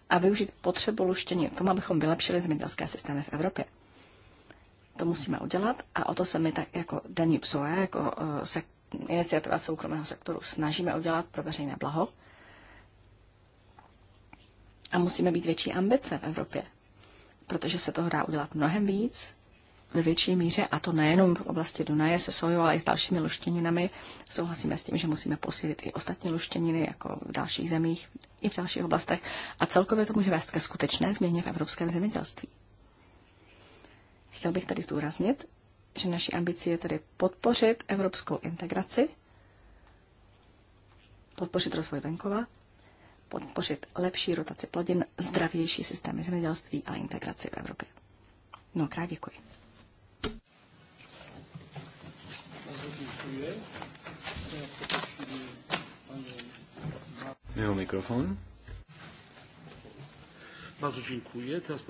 a využít potřebu luštění k tomu, abychom vylepšili zemědělské systémy v Evropě. To musíme udělat a o to se my tak jako Danube Soja, jako eh, se, iniciativa soukromého sektoru, snažíme udělat pro veřejné blaho. A musíme být větší ambice v Evropě, protože se toho dá udělat mnohem víc, ve větší míře, a to nejenom v oblasti Dunaje se sojou, ale i s dalšími luštěninami. Souhlasíme s tím, že musíme posílit i ostatní luštěniny, jako v dalších zemích, i v dalších oblastech. A celkově to může vést ke skutečné změně v evropském zemědělství. Chtěl bych tady zdůraznit, že naší ambicí je tedy podpořit evropskou integraci, podpořit rozvoj venkova podpořit lepší rotaci plodin, zdravější systémy zemědělství a integraci v Evropě. krát děkuji. Měl mikrofon. Bardzo dziękuję. Teraz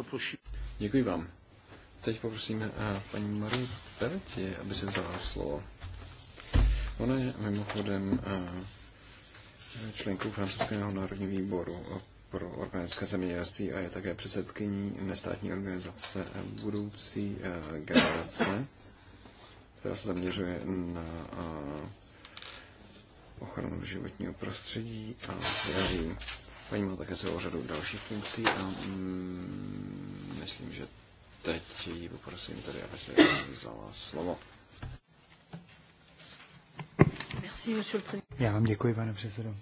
Děkuji vám. Teď poprosím eh, paní Marie Pertě, aby se vzala slovo. Ona je mimochodem eh, členkou francouzského národního výboru pro organické zemědělství a je také předsedkyní nestátní organizace budoucí eh, generace, která se zaměřuje na eh, ochranu životního prostředí a zdraví. Paní má také celou řadu dalších funkcí a mm, myslím, že teď ji poprosím tady, aby se vzala slovo. Merci, já vám děkuji, pane předsedo.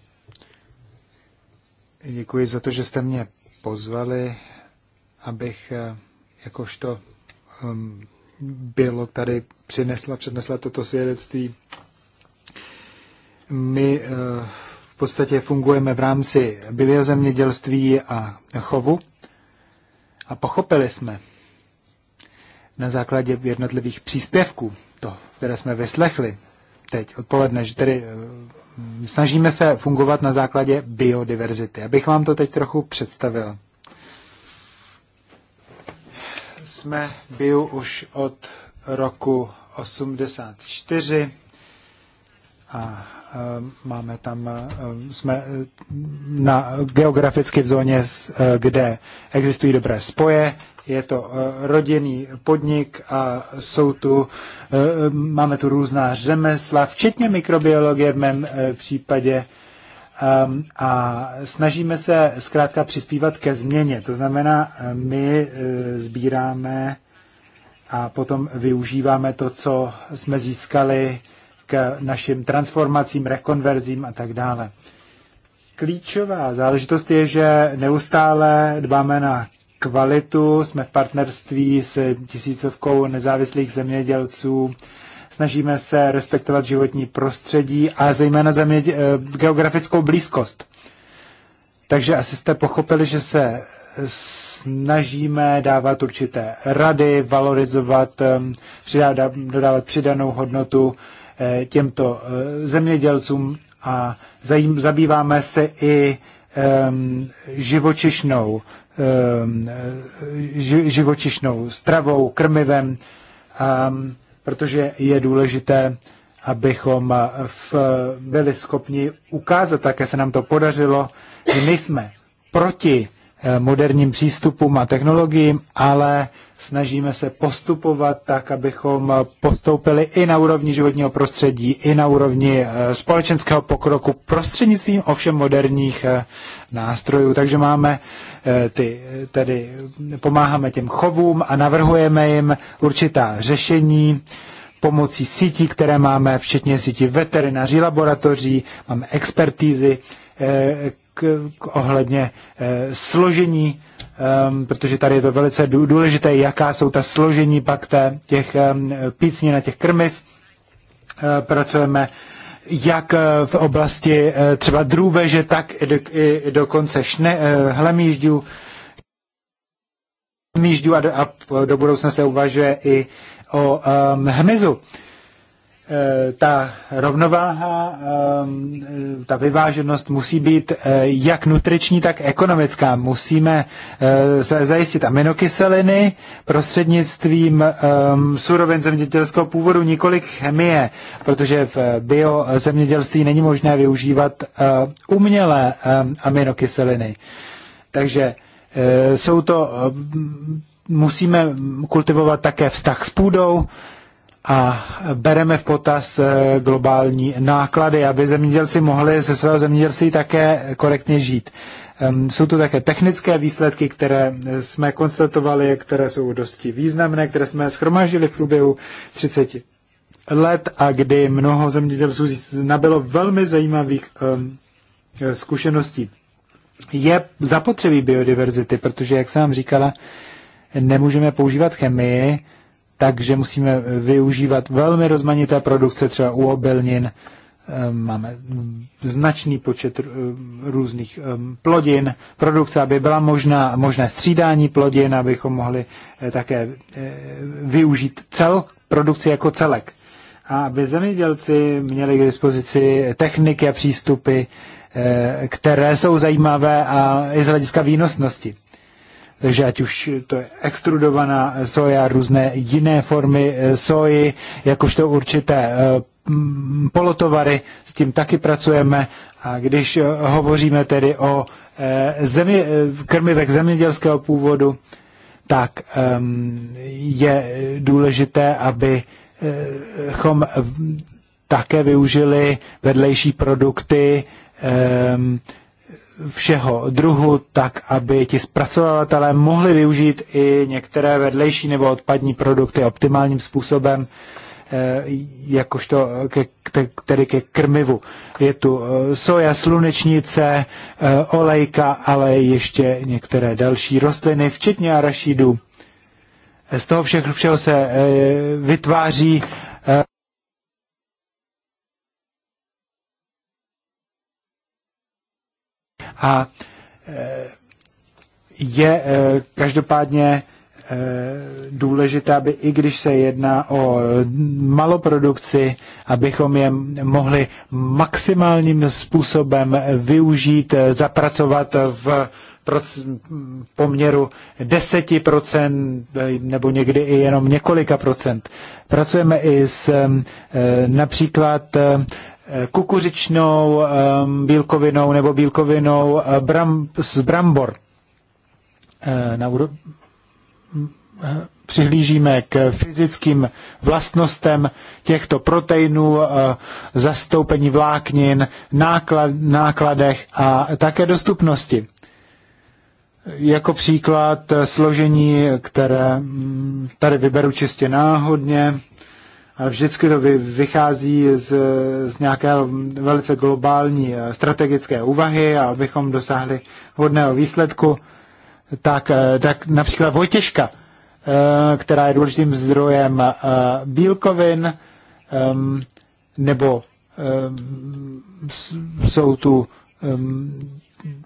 Děkuji za to, že jste mě pozvali, abych eh, jakožto um, ehm, bylo tady přinesla, přednesla toto svědectví. My uh, v podstatě fungujeme v rámci biozemědělství a chovu a pochopili jsme na základě jednotlivých příspěvků, to, které jsme vyslechli teď odpoledne, že tedy uh, snažíme se fungovat na základě biodiverzity. Abych vám to teď trochu představil. Jsme bio už od roku 84 a e, máme tam, e, jsme e, na, geograficky v zóně, kde existují dobré spoje je to eh, rodinný podnik a jsou tu, eh, máme tu různá řemesla, včetně mikrobiologie v mém eh, případě ehm, a snažíme se zkrátka přispívat ke změně. To znamená, my sbíráme a potom využíváme to, co jsme získali k našim transformacím, rekonverzím a tak dále. Klíčová záležitost je, že neustále dbáme na kvalitu. Jsme v partnerství s tisícovkou nezávislých zemědělců. Snažíme se respektovat životní prostředí a zejména eh, geografickou blízkost. Takže asi jste pochopili, že se snažíme dávat určité rady, valorizovat, ehm, přidávat, dodávat přidanou hodnotu eh, těmto eh, zemědělcům a zabýváme se i Ehm, živočišnou, ehm, živočišnou stravou, krmivem, ehm, protože je důležité, abychom eh, v, byli schopni ukázat, také se nám to podařilo, že nejsme proti eh, moderním přístupům a technologiím, ale Snažíme se postupovat tak, abychom postoupili i na úrovni životního prostředí, i na úrovni eh, společenského pokroku, prostřednictvím ovšem moderních eh, nástrojů. Takže máme eh, ty, tedy pomáháme těm chovům a navrhujeme jim určitá řešení pomocí sítí, které máme, včetně sítí veterináří, laboratoří, máme expertízy, Eh, k, k ohledně eh, složení, ehm, protože tady je to velice důležité, jaká jsou ta složení pak té, těch ehm, pícní na těch krmiv. Eh, pracujeme jak v oblasti třeba drůbeže, tak i, do, i dokonce šne, hlemíždů, hlemíždů a do, a do budoucna se uvažuje i o um, hmyzu. Eh, ta rovnováha, ehm, eh, ta vyváženost musí být eh, jak nutriční, tak ekonomická. Musíme zajistit aminokyseliny prostřednictvím ehm, surovin zemědělského původu, nikoli chemie, protože v biozemědělství není možné využívat umělé ehm, aminokyseliny. Takže jsou to, musíme kultivovat také vztah s půdou, a bereme v potaz eh, globální náklady, aby zemědělci mohli ze svého zemědělství také korektně žít. Jsou to také technické výsledky, které eh, jsme konstatovali, které jsou dosti významné, které jsme schromažili v průběhu 30 let a kdy mnoho zemědělců nabylo velmi zajímavých eh, zkušeností. Je zapotřebí biodiverzity, protože, jak jsem vám říkala, nemůžeme používat chemii, takže musíme využívat velmi rozmanité produkce, třeba u obelnin ehm, máme značný počet různých ehm, plodin, produkce, aby byla možná, možné střídání plodin, abychom mohli eh, také eh, využít cel, produkci jako celek. A aby zemědělci měli k dispozici techniky a přístupy, eh, které jsou zajímavé a i z hlediska výnosnosti. Takže ať už to je extrudovaná soja, různé jiné formy eh, soji, jakožto určité eh, polotovary, s tím taky pracujeme. A když eh, hovoříme tedy o zemi, krmivek zemědělského původu, tak ehm, je důležité, abychom také využili vedlejší produkty, ehm, všeho druhu, tak aby ti zpracovatelé mohli využít i některé vedlejší nebo odpadní produkty optimálním způsobem, eh, jakožto ke, tedy ke krmivu. Je tu eh, soja, slunečnice, eh, olejka, ale ještě některé další rostliny, včetně arašídu. Z toho všeho všeho se vytváří A e, je e, každopádně e, důležité, aby i když se jedná o maloprodukci, abychom je mohli maximálním způsobem využít, zapracovat v poměru 10% nebo někdy i jenom několika procent. Pracujeme i s například kukuřičnou bílkovinou nebo bílkovinou eh, bram, z brambor. Eh, na úro... Přihlížíme k fyzickým vlastnostem těchto proteinů, eh, zastoupení vláknin, náklad, nákladech a také dostupnosti. Jako příklad složení, které mm, tady vyberu čistě náhodně, Vždycky to vychází z, z nějaké velice globální eh, strategické úvahy a abychom dosáhli hodného výsledku, tak, eh, tak například Vojtěžka, eh, která je důležitým zdrojem bílkovin, ehm, nebo ehm, jsou tu ehm,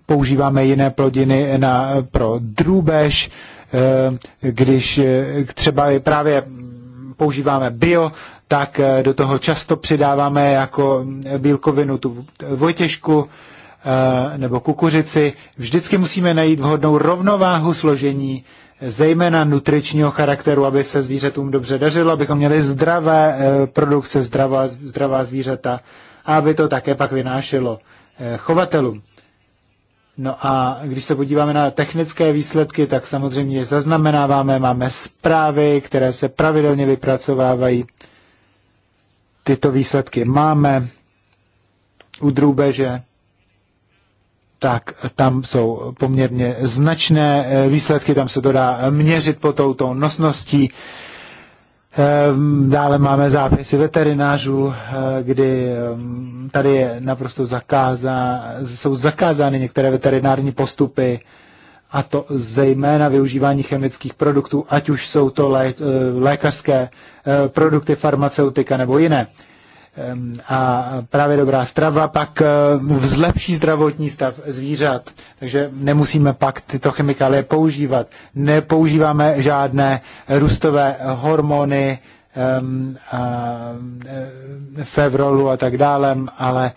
používáme jiné plodiny na, pro drůbež, když třeba právě používáme bio, tak eh, do toho často přidáváme jako mm, bílkovinu tu vojtěžku eh, nebo kukuřici. Vždycky musíme najít vhodnou rovnováhu složení eh, zejména nutričního charakteru, aby se zvířatům dobře dařilo, abychom měli zdravé produkce, zdravá, zdravá zvířata a aby to také pak vynášelo chovatelům. No a když se podíváme na technické výsledky, tak samozřejmě je zaznamenáváme, máme zprávy, které se pravidelně vypracovávají. Tyto výsledky máme u drůbeže, tak tam jsou poměrně značné eh, výsledky, tam se to dá měřit po touto nosností. Ehm, dále máme zápisy veterinářů, eh, kdy ehm, tady je naprosto zakázá, jsou zakázány některé veterinární postupy, a to zejména využívání chemických produktů, ať už jsou to lé, eh, lékařské eh, produkty, farmaceutika nebo jiné a právě dobrá strava pak eh, vzlepší zdravotní stav zvířat, takže nemusíme pak tyto chemikálie používat. Nepoužíváme žádné růstové hormony, eh, fevrolu a tak dále, ale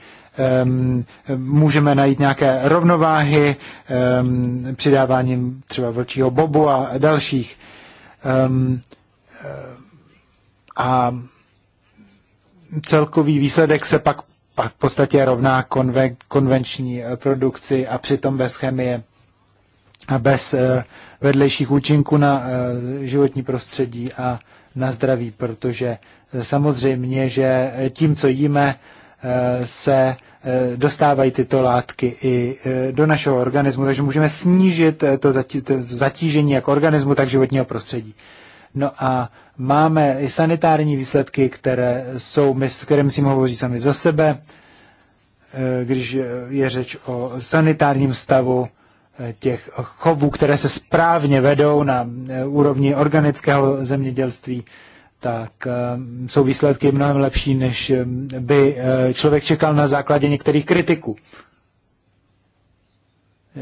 můžeme najít nějaké rovnováhy přidáváním třeba vlčího bobu a dalších. Eh, a celkový výsledek se pak, pak v podstatě rovná konve, konvenční eh, produkci a přitom bez chemie a bez eh, vedlejších účinků na eh, životní prostředí a na zdraví, protože samozřejmě, že tím, co jíme, se dostávají tyto látky i do našeho organismu, takže můžeme snížit to zatížení jak organismu, tak životního prostředí. No a Máme i sanitární výsledky, které jsou, které musím hovořit sami za sebe, eh, když je řeč o sanitárním stavu eh, těch chovů, které se správně vedou na eh, úrovni organického zemědělství, tak jsou výsledky mnohem lepší, než by člověk čekal na základě některých kritiků.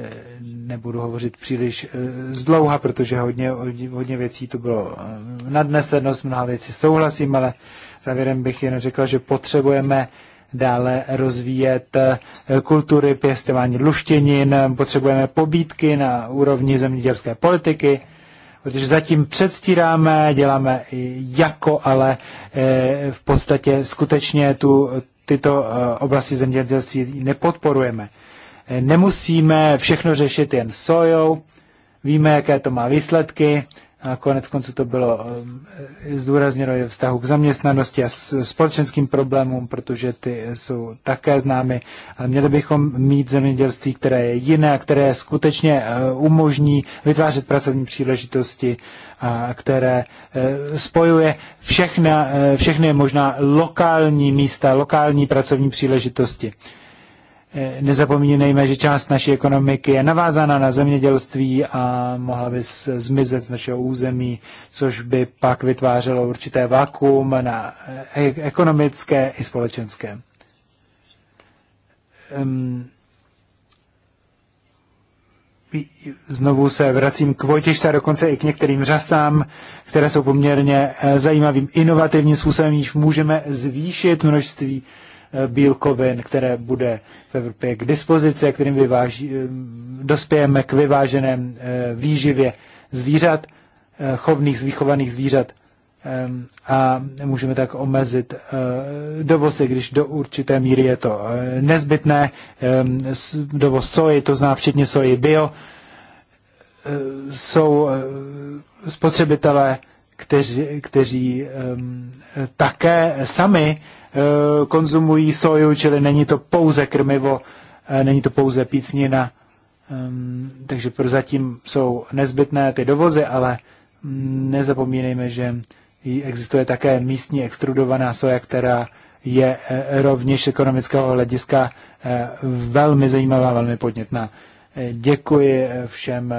Eh, nebudu hovořit příliš eh, zdlouha, protože hodně, hodně věcí to bylo eh, nadneseno, s mnoha věcí souhlasím, ale závěrem bych jen řekl, že potřebujeme dále rozvíjet kultury pěstování luštěnin, potřebujeme pobídky na úrovni zemědělské politiky, protože zatím předstíráme, děláme jako, ale v podstatě skutečně tu, tyto oblasti zemědělství nepodporujeme nemusíme všechno řešit jen sojou, víme, jaké to má výsledky, a konec konců to bylo eh, zdůrazněno je vztahu k zaměstnanosti a společenským problémům, protože ty jsou také známy, ale měli bychom mít zemědělství, které je jiné, které skutečně eh, umožní vytvářet pracovní příležitosti a které eh, spojuje všechny, všechny možná lokální místa, lokální pracovní příležitosti. Eh, nezapomínejme, že část naší ekonomiky je navázána na zemědělství a mohla by zmizet z našeho území, což by pak vytvářelo určité vakuum na eh, e- ekonomické i společenské. Znovu se vracím k Vojtěšce a dokonce i k některým řasám, které jsou poměrně eh, zajímavým inovativním způsobem, již můžeme zvýšit množství Eh, bílkovin, které bude v Evropě k dispozici, kterým vyváží, eh, dospějeme k vyváženém eh, výživě zvířat, chovných zvýchovaných zvířat a můžeme tak omezit dovozy, když do určité míry je to nezbytné. Dovoz soji, to zná včetně soji bio, jsou spotřebitelé, kteří, kteří také sami Eh, konzumují soju, čili není to pouze krmivo, eh, není to pouze pícnina, ehm, takže prozatím jsou nezbytné ty dovozy, ale mm, nezapomínejme, že existuje také místní extrudovaná soja, která je eh, rovněž ekonomického hlediska velmi zajímavá, velmi podnětná. Děkuji všem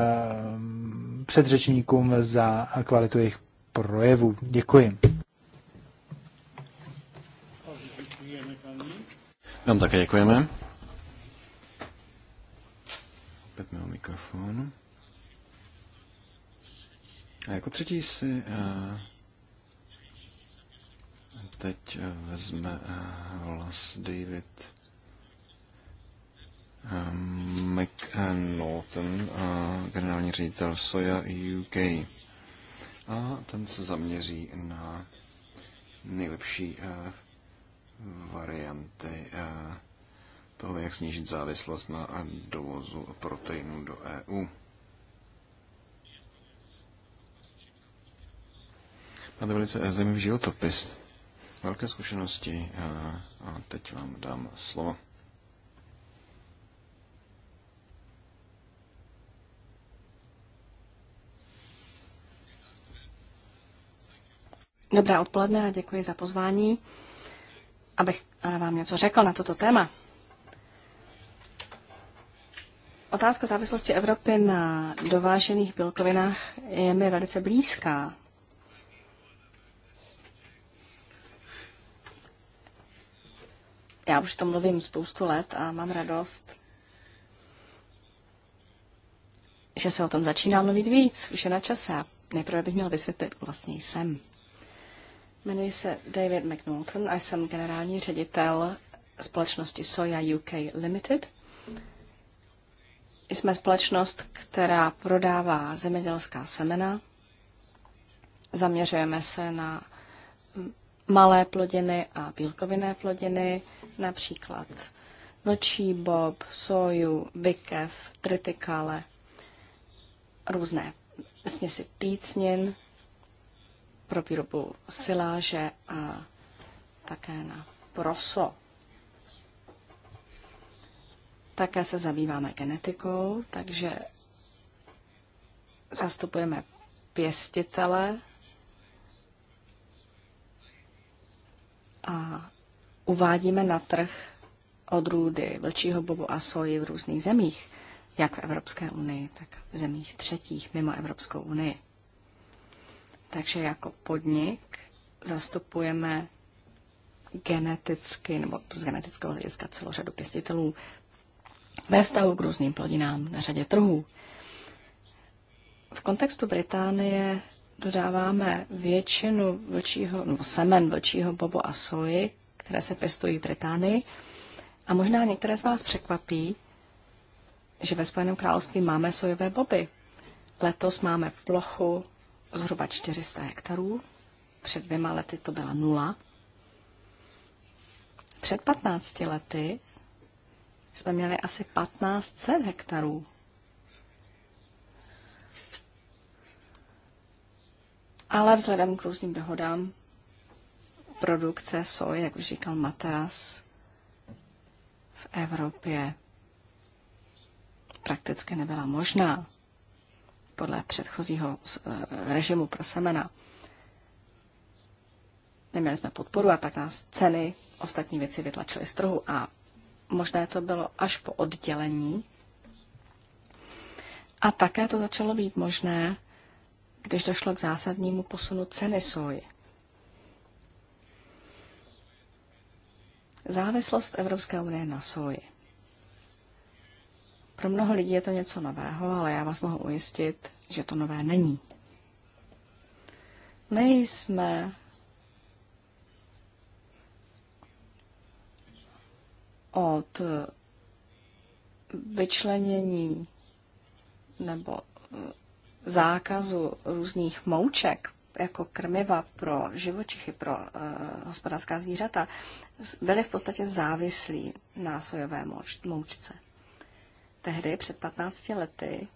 předřečníkům za kvalitu jejich projevů. Děkuji. Vám také děkujeme. Opět mého mikrofonu. A jako třetí si eh, teď eh, vezme eh, hlas David McNaughton, generální ředitel Soja UK. A ten se zaměří na nejlepší varianty eh, toho, jak snížit závislost na dovozu proteinů do EU. Máte velice eh, zajímavý životopis, velké zkušenosti eh, a teď vám dám slovo. Dobrá odpoledne a děkuji za pozvání abych eh, vám něco řekl na toto téma. Otázka závislosti Evropy na dovážených bílkovinách je mi velice blízká. Já už to mluvím spoustu let a mám radost, že se o tom začíná mluvit víc, už je na čase. Nejprve bych měl vysvětlit, vlastně jsem. Jmenuji se David McNaughton a jsem generální ředitel společnosti Soja UK Limited. Jsme společnost, která prodává zemědělská semena. Zaměřujeme se na malé plodiny a bílkovinné plodiny, například vlčí bob, soju, vykev, tritikale, různé směsi pícnin, pro výrobu siláže a také na proso. Také se zabýváme genetikou, takže zastupujeme pěstitele a uvádíme na trh odrůdy vlčího bobu a soji v různých zemích, jak v Evropské unii, tak v zemích třetích mimo Evropskou unii. Takže jako podnik zastupujeme geneticky nebo z genetického hlediska celou řadu pěstitelů ve vztahu k různým plodinám na řadě trhů. V kontextu Británie dodáváme většinu vlčího, nebo semen vlčího bobo a soji, které se pěstují v Británii. A možná některé z vás překvapí, že ve Spojeném království máme sojové boby. Letos máme v plochu zhruba 400 hektarů. Před dvěma lety to byla nula. Před 15 lety jsme měli asi 1500 hektarů. Ale vzhledem k různým dohodám produkce soji, jak už říkal Mateas, v Evropě prakticky nebyla možná podle předchozího eh, režimu pro semena. Neměli jsme podporu a tak nás ceny ostatní věci vytlačily z trhu a možné to bylo až po oddělení. A také to začalo být možné, když došlo k zásadnímu posunu ceny soji. Závislost Evropské unie na soji. Pro mnoho lidí je to něco nového, ale já vás mohu ujistit, že to nové není. My jsme od vyčlenění nebo eh, zákazu různých mouček jako krmiva pro živočichy, pro uh, hospodářská zvířata, byli v podstatě závislí na sojové moučce. Tehdy, před 15 lety,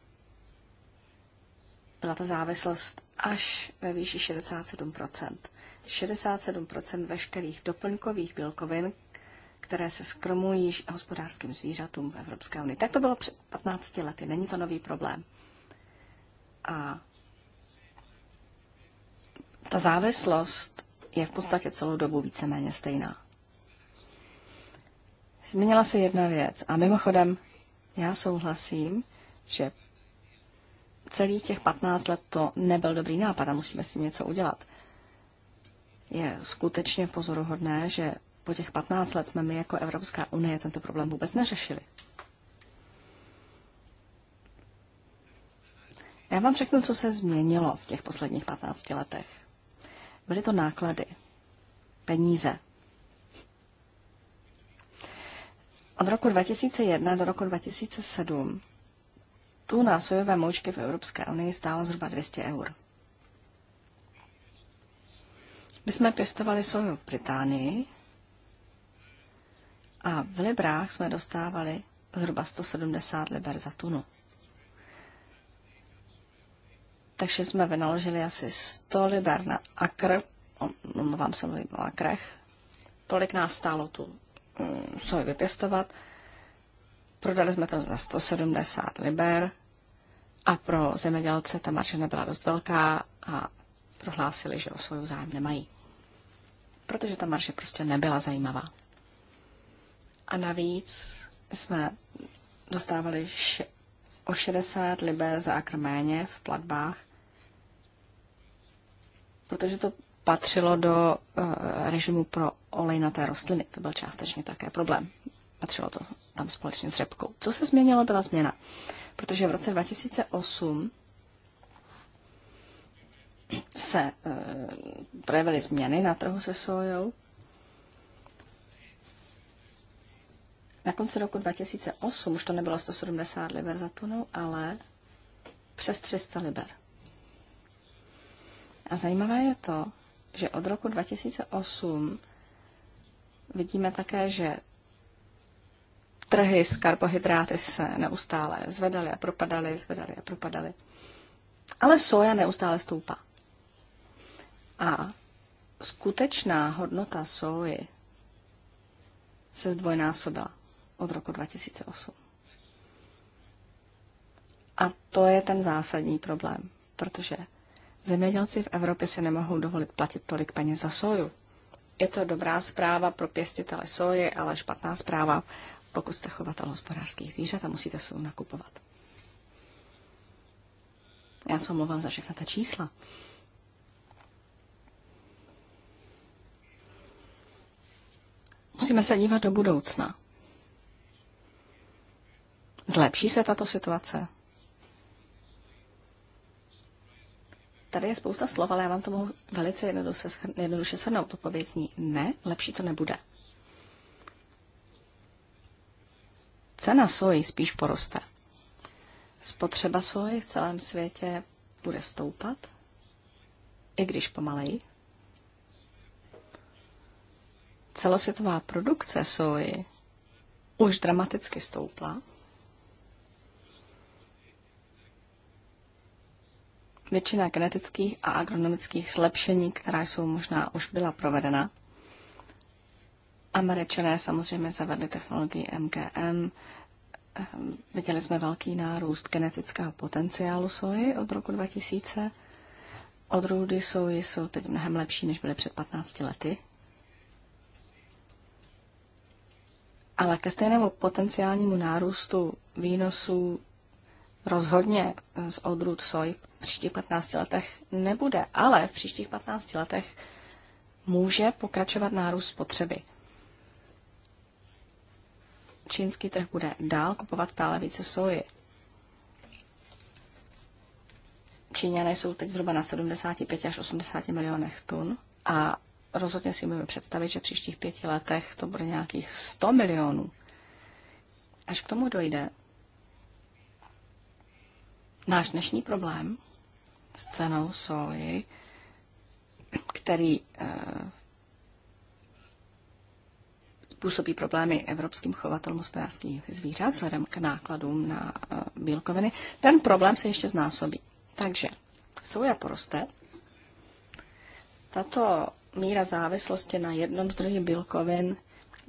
byla ta závislost až ve výši 67%. 67% veškerých doplňkových bílkovin, které se skromují hospodářským zvířatům v Evropské unii. Tak to bylo před 15 lety, není to nový problém. A ta závislost je v podstatě celou dobu víceméně stejná. Změnila se jedna věc a mimochodem já souhlasím, že celých těch 15 let to nebyl dobrý nápad a musíme s tím něco udělat. Je skutečně pozoruhodné, že po těch 15 let jsme my jako Evropská unie tento problém vůbec neřešili. Já vám řeknu, co se změnilo v těch posledních 15 letech. Byly to náklady, peníze, Od roku 2001 do roku 2007 tu na sojové moučky v Evropské unii stálo zhruba 200 eur. My jsme pěstovali soju v Británii a v librách jsme dostávali zhruba 170 liber za tunu. Takže jsme vynaložili asi 100 liber na akr, omlouvám no, no, no, se, mluvím o akrech, tolik nás stálo tu soj mm, vypěstovat. Prodali jsme to za 170 liber a pro zemědělce ta marže nebyla dost velká a prohlásili, že o svůj zájem nemají. Protože ta marže prostě nebyla zajímavá. A navíc jsme dostávali o 60 liber za akr méně v platbách, protože to patřilo do eh, režimu pro olejnaté rostliny. To byl částečně také problém. Patřilo to tam společně s řepkou. Co se změnilo, byla změna. Protože v roce 2008 se e, projevily změny na trhu se sojou. Na konci roku 2008 už to nebylo 170 liber za tunu, ale přes 300 liber. A zajímavé je to, že od roku 2008 vidíme také, že trhy s karbohydráty se neustále zvedaly a propadaly, zvedaly a propadaly. Ale soja neustále stoupá. A skutečná hodnota soji se zdvojnásobila od roku 2008. A to je ten zásadní problém, protože Zemědělci v Evropě se nemohou dovolit platit tolik peněz za soju. Je to dobrá zpráva pro pěstitele soje, ale špatná zpráva, pokud jste chovatel hospodářských zvířat a musíte soju nakupovat. Já se omlouvám za všechna ta čísla. Musíme se dívat do budoucna. Zlepší se tato situace? Tady je spousta slov, ale já vám to mohu velice jednoduše, jednoduše shrnout. Odpověď zní ne, lepší to nebude. Cena soji spíš poroste. Spotřeba soji v celém světě bude stoupat, i když pomaleji. Celosvětová produkce soji už dramaticky stoupla většina genetických a agronomických zlepšení, která jsou možná už byla provedena. Američané samozřejmě zavedli technologii MGM. Ehm, viděli jsme velký nárůst genetického potenciálu soji od roku 2000. Odrůdy soji jsou teď mnohem lepší, než byly před 15 lety. Ale ke stejnému potenciálnímu nárůstu výnosů rozhodně z odrůd soj v příštích 15 letech nebude, ale v příštích 15 letech může pokračovat nárůst spotřeby. Čínský trh bude dál kupovat stále více soji. Číňané jsou teď zhruba na 75 až 80 milionech tun a rozhodně si můžeme představit, že v příštích pěti letech to bude nějakých 100 milionů. Až k tomu dojde, náš dnešní problém scénou soli, který který eh, působí problémy evropským chovatelům hospodářských zvířat vzhledem k nákladům na eh, bílkoviny, ten problém se ještě znásobí. Takže soja poroste. Tato míra závislosti na jednom zdroji bílkovin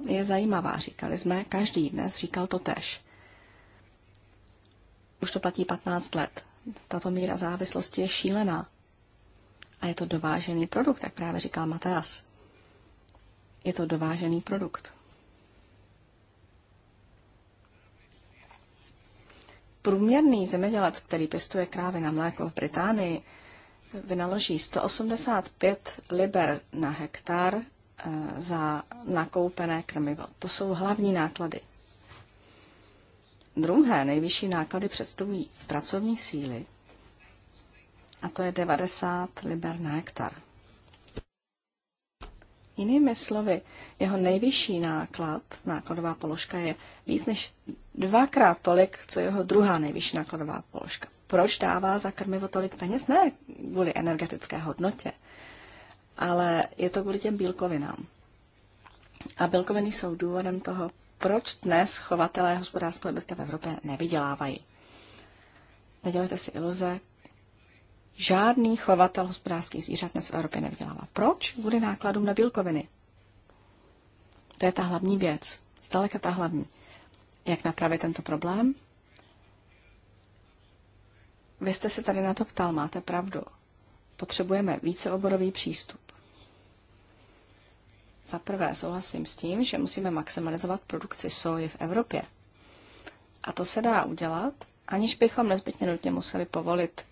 je zajímavá, říkali jsme. Každý dnes říkal to tež. Už to platí 15 let tato míra závislosti je šílená. A je to dovážený produkt, jak právě říkal Matas. Je to dovážený produkt. Průměrný zemědělec, který pěstuje krávy na mléko v Británii, vynaloží 185 liber na hektar eh, za nakoupené krmivo. To jsou hlavní náklady druhé nejvyšší náklady představují pracovní síly, a to je 90 liber na hektar. Jinými slovy, jeho nejvyšší náklad, nákladová položka, je víc než dvakrát tolik, co jeho druhá nejvyšší nákladová položka. Proč dává za krmivo tolik peněz? Ne kvůli energetické hodnotě, ale je to kvůli těm bílkovinám. A bílkoviny jsou důvodem toho, proč dnes chovatelé hospodářského dobytka v Evropě nevydělávají. Nedělejte si iluze, žádný chovatel hospodářských zvířat dnes v Evropě nevydělává. Proč? Bude nákladům na bílkoviny. To je ta hlavní věc, zdaleka ta hlavní. Jak napravit tento problém? Vy jste se tady na to ptal, máte pravdu. Potřebujeme více oborový přístup. Za prvé souhlasím s tím, že musíme maximalizovat produkci soji v Evropě. A to se dá udělat, aniž bychom nezbytně nutně museli povolit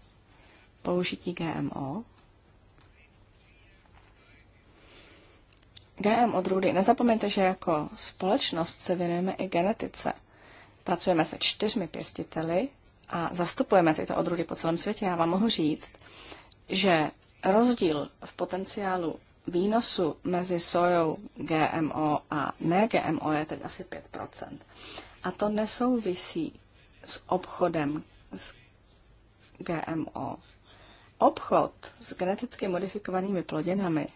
použití GMO. GM odrůdy. Nezapomeňte, že jako společnost se věnujeme i genetice. Pracujeme se čtyřmi pěstiteli a zastupujeme tyto odrůdy po celém světě. Já vám mohu říct, že rozdíl v potenciálu výnosu mezi sojou GMO a ne GMO je teď asi 5 A to nesouvisí s obchodem s GMO. Obchod s geneticky modifikovanými plodinami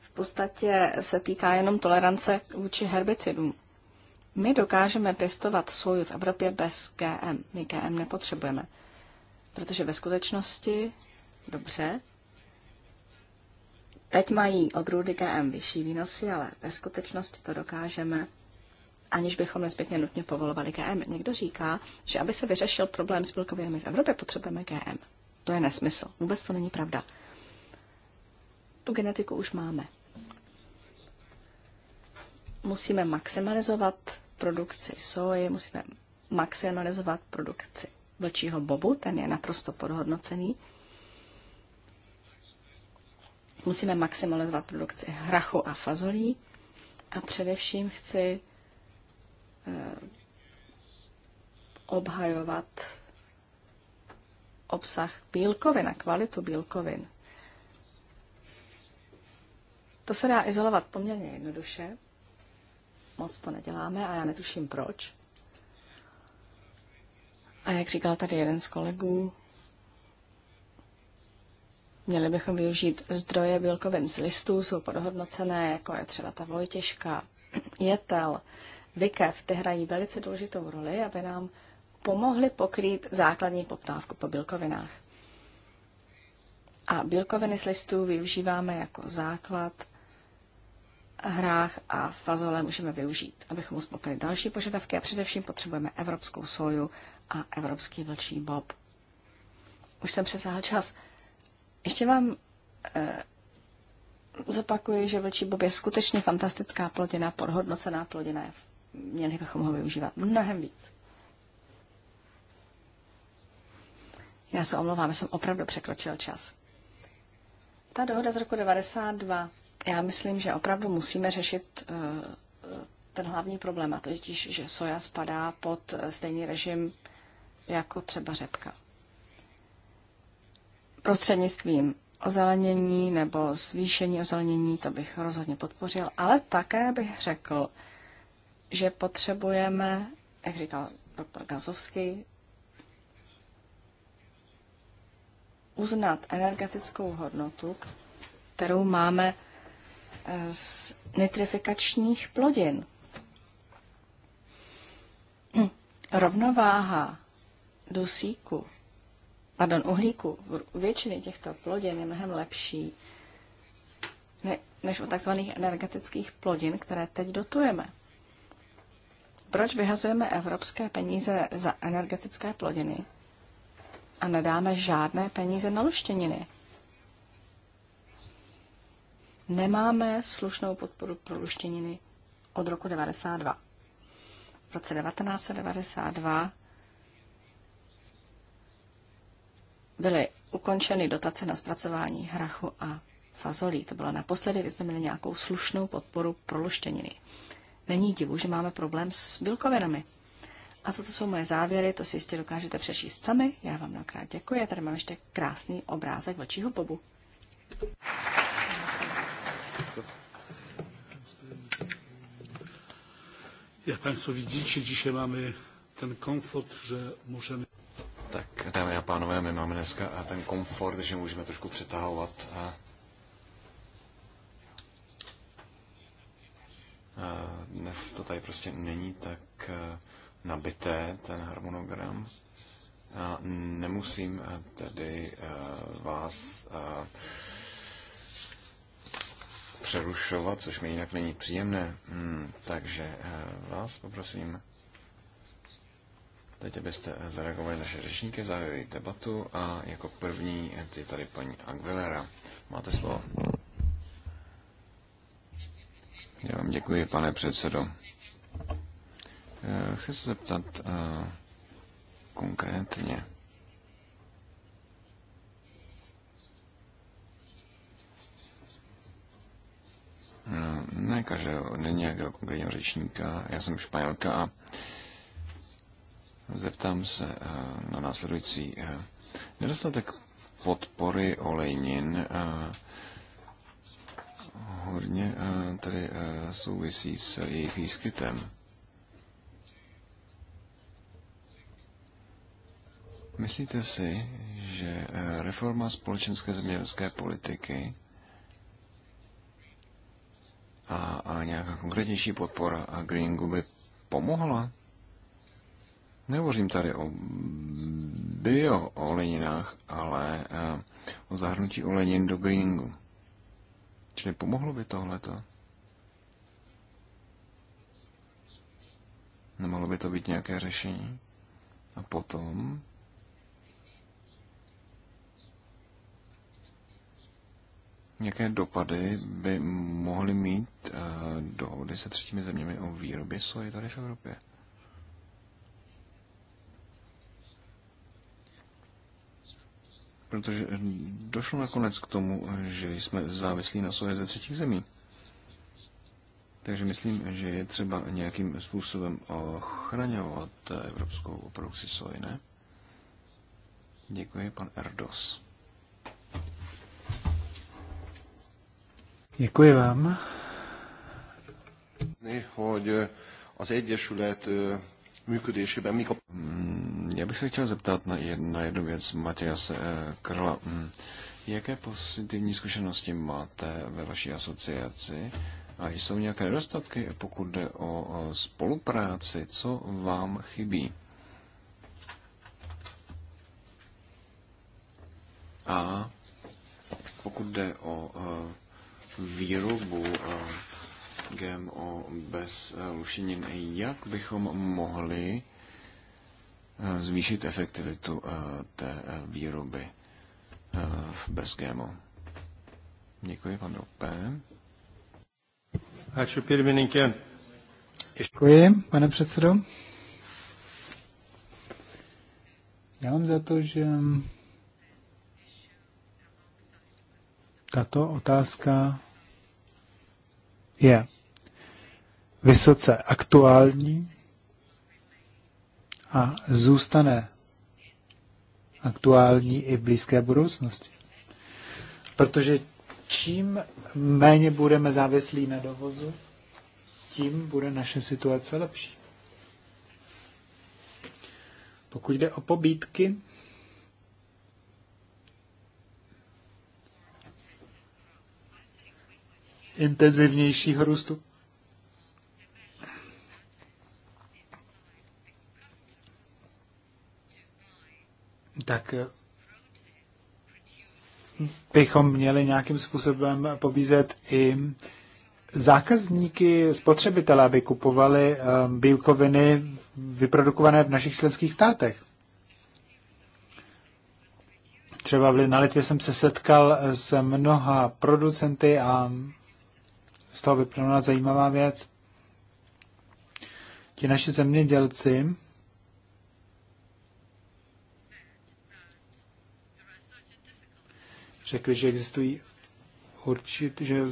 v podstatě se týká jenom tolerance vůči herbicidům. My dokážeme pěstovat soju v Evropě bez GM. My GM nepotřebujeme. Protože ve skutečnosti, dobře, teď mají odrůdy GM vyšší výnosy, ale ve skutečnosti to dokážeme, aniž bychom nezbytně nutně povolovali GM. Někdo říká, že aby se vyřešil problém s bílkovinami v Evropě, potřebujeme GM. To je nesmysl. Vůbec to není pravda. Tu genetiku už máme. Musíme maximalizovat produkci soji, musíme maximalizovat produkci vlčího bobu, ten je naprosto podhodnocený. Musíme maximalizovat produkci hrachu a fazolí a především chci eh, obhajovat obsah bílkovin a kvalitu bílkovin. To se dá izolovat poměrně jednoduše. Moc to neděláme a já netuším proč. A jak říkal tady jeden z kolegů, měli bychom využít zdroje bílkovin z listů, jsou podhodnocené, jako je třeba ta vojtěžka, jetel, vykev, ty hrají velice důležitou roli, aby nám pomohly pokrýt základní poptávku po bílkovinách. A bílkoviny z listů využíváme jako základ hrách a fazole můžeme využít, abychom uspokojili další požadavky a především potřebujeme evropskou soju a Evropský vlčí bob. Už jsem přesáhl čas. Ještě vám e, zopakuji, že vlčí bob je skutečně fantastická plodina, podhodnocená plodina. Měli bychom ho využívat mnohem víc. Já se omlouvám, jsem opravdu překročil čas. Ta dohoda z roku 92, já myslím, že opravdu musíme řešit eh, ten hlavní problém, a to je tíž, že soja spadá pod eh, stejný režim jako třeba řepka. Prostřednictvím ozelenění nebo zvýšení ozelenění, to bych rozhodně podpořil, ale také bych řekl, že potřebujeme, jak říkal doktor Gazovský, uznat energetickou hodnotu, kterou máme eh, z nitrifikačních plodin. Hm. Rovnováha dusíku, pardon, uhlíku většiny těchto plodin je mnohem lepší ne, než u tzv. energetických plodin, které teď dotujeme. Proč vyhazujeme evropské peníze za energetické plodiny a nedáme žádné peníze na luštěniny? Nemáme slušnou podporu pro luštěniny od roku 92. V roce 1992 byly ukončeny dotace na zpracování hrachu a fazolí. To bylo naposledy, kdy jsme měli nějakou slušnou podporu pro luštěniny. Není divu, že máme problém s bílkovinami. A toto jsou moje závěry, to si jistě dokážete přečíst sami. Já vám mnohokrát děkuji a tady mám ještě krásný obrázek vlčího bobu. Jak Państwo widzicie, dzisiaj mamy ten komfort, że możemy... Tak dámy a pánové, my máme dneska ten komfort, že můžeme trošku přetahovat a Dnes to tady prostě není tak e, nabité, ten harmonogram. A nemusím e, tedy e, vás přerušovat, což mi jinak není příjemné. Hmm, takže vás poprosím Teď, abyste zareagovali naše řečníky, zahajují debatu a jako první je tady paní Aguilera. Máte slovo. Já vám děkuji, pane předsedo. Eh, chci se zeptat eh, konkrétně. Eh, ne každého, ne nějakého konkrétního řečníka. Já jsem Španělka a Zeptám se eh, na následující. Eh, nedostatek podpory olejnin eh, hodně tady souvisí s jejich výskytem. Myslíte si, že reforma společenské zemědělské politiky a, a nějaká konkrétnější podpora a greeningu by pomohla Nehovořím tady o bio-oleninách, ale eh, o zahrnutí olenin do greeningu. Čili pomohlo by tohleto? Nemohlo by to být nějaké řešení? A potom jaké dopady by mohly mít uh, dohody se třetími zeměmi o výrobě soji tady v Evropě. protože došlo nakonec k tomu, že jsme závislí na soli ze třetích zemí. Takže myslím, že je třeba nějakým způsobem ochraňovat evropskou produkci soji, ne? Děkuji, pan Erdos. Děkuji vám. Hogy az Egyesület működésében mik a... Mm, já bych se chtěl zeptat na, jed, na jednu věc Matias eh, Krla. Mm, jaké pozitivní zkušenosti máte ve vaší asociaci? A jsou nějaké nedostatky, pokud jde o spolupráci? Co vám chybí? A pokud jde o eh, výrobu eh, GMO bez eh, lušenin, jak bychom mohli eh, zvýšit efektivitu eh, té výroby bez GMO. Děkuji, pan Rope. Ačiū pirmininkė. Děkuji, pane předsedo. Já mám za to, že tato otázka je vysoce aktuální a zůstane aktuální i v blízké budoucnosti. Protože čím méně budeme závislí na dovozu, tím bude naše situace lepší. Pokud jde o pobídky, intenzivnějšího růstu. tak eh, bychom měli nějakým způsobem pobízet i zákazníky, spotřebitele, aby kupovali eh, bílkoviny vyprodukované v našich členských státech. Třeba na Litvě jsem se setkal eh, s mnoha producenty a z toho vyplnula zajímavá věc. Ti naši zemědělci řekli, že existují určit, že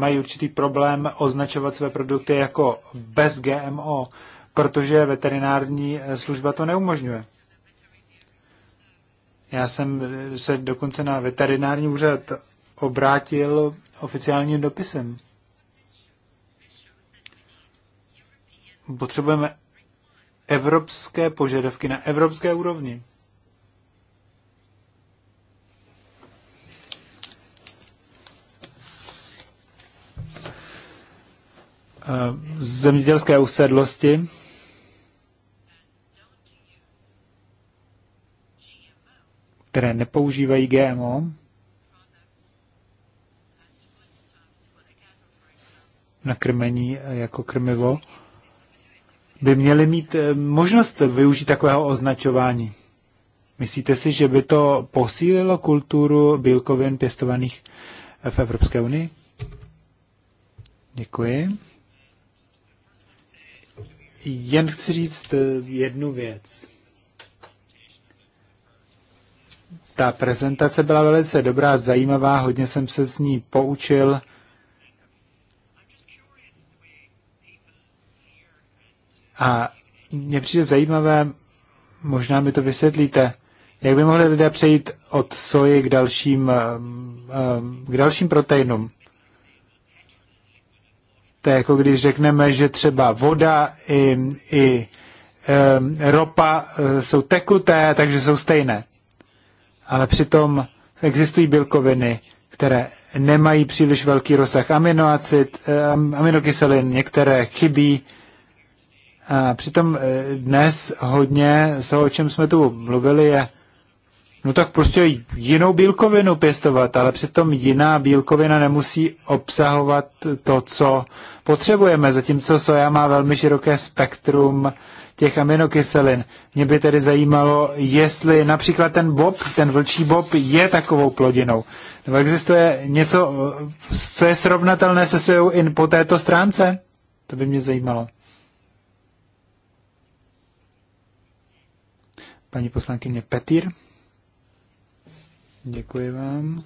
mají určitý problém označovat své produkty jako bez GMO, protože veterinární eh, služba to neumožňuje. Já jsem eh, se dokonce na veterinární úřad obrátil oficiálním dopisem. Potřebujeme evropské požadavky na evropské úrovni. Eh, zemědělské usedlosti. které nepoužívají GMO. na krmení eh, jako krmivo, by měli mít eh, možnost využít takového označování. Myslíte si, že by to posílilo kulturu bílkovin pěstovaných v Evropské unii? Děkuji. Jen chci říct eh, jednu věc. Ta prezentace byla velice dobrá, zajímavá, hodně jsem se z ní poučil. A mě přijde zajímavé, možná mi to vysvětlíte, jak by mohli lidé přejít od soji k dalším, eh, eh, k dalším proteinům. To je jako když řekneme, že třeba voda i, i e, ropa eh, jsou tekuté, takže jsou stejné. Ale přitom existují bílkoviny, které nemají příliš velký rozsah aminoacid, aminokyselin, některé chybí. A přitom eh, dnes hodně z toho, o čem jsme tu mluvili, je no tak prostě jinou bílkovinu pěstovat, ale přitom jiná bílkovina nemusí obsahovat to, co potřebujeme, zatímco soja má velmi široké spektrum těch aminokyselin. Mě by tedy zajímalo, jestli například ten bob, ten vlčí bob, je takovou plodinou. Nebo existuje něco, co je srovnatelné se sojou i po této stránce? To by mě zajímalo. Paní poslankyně Petýr. Děkuji vám.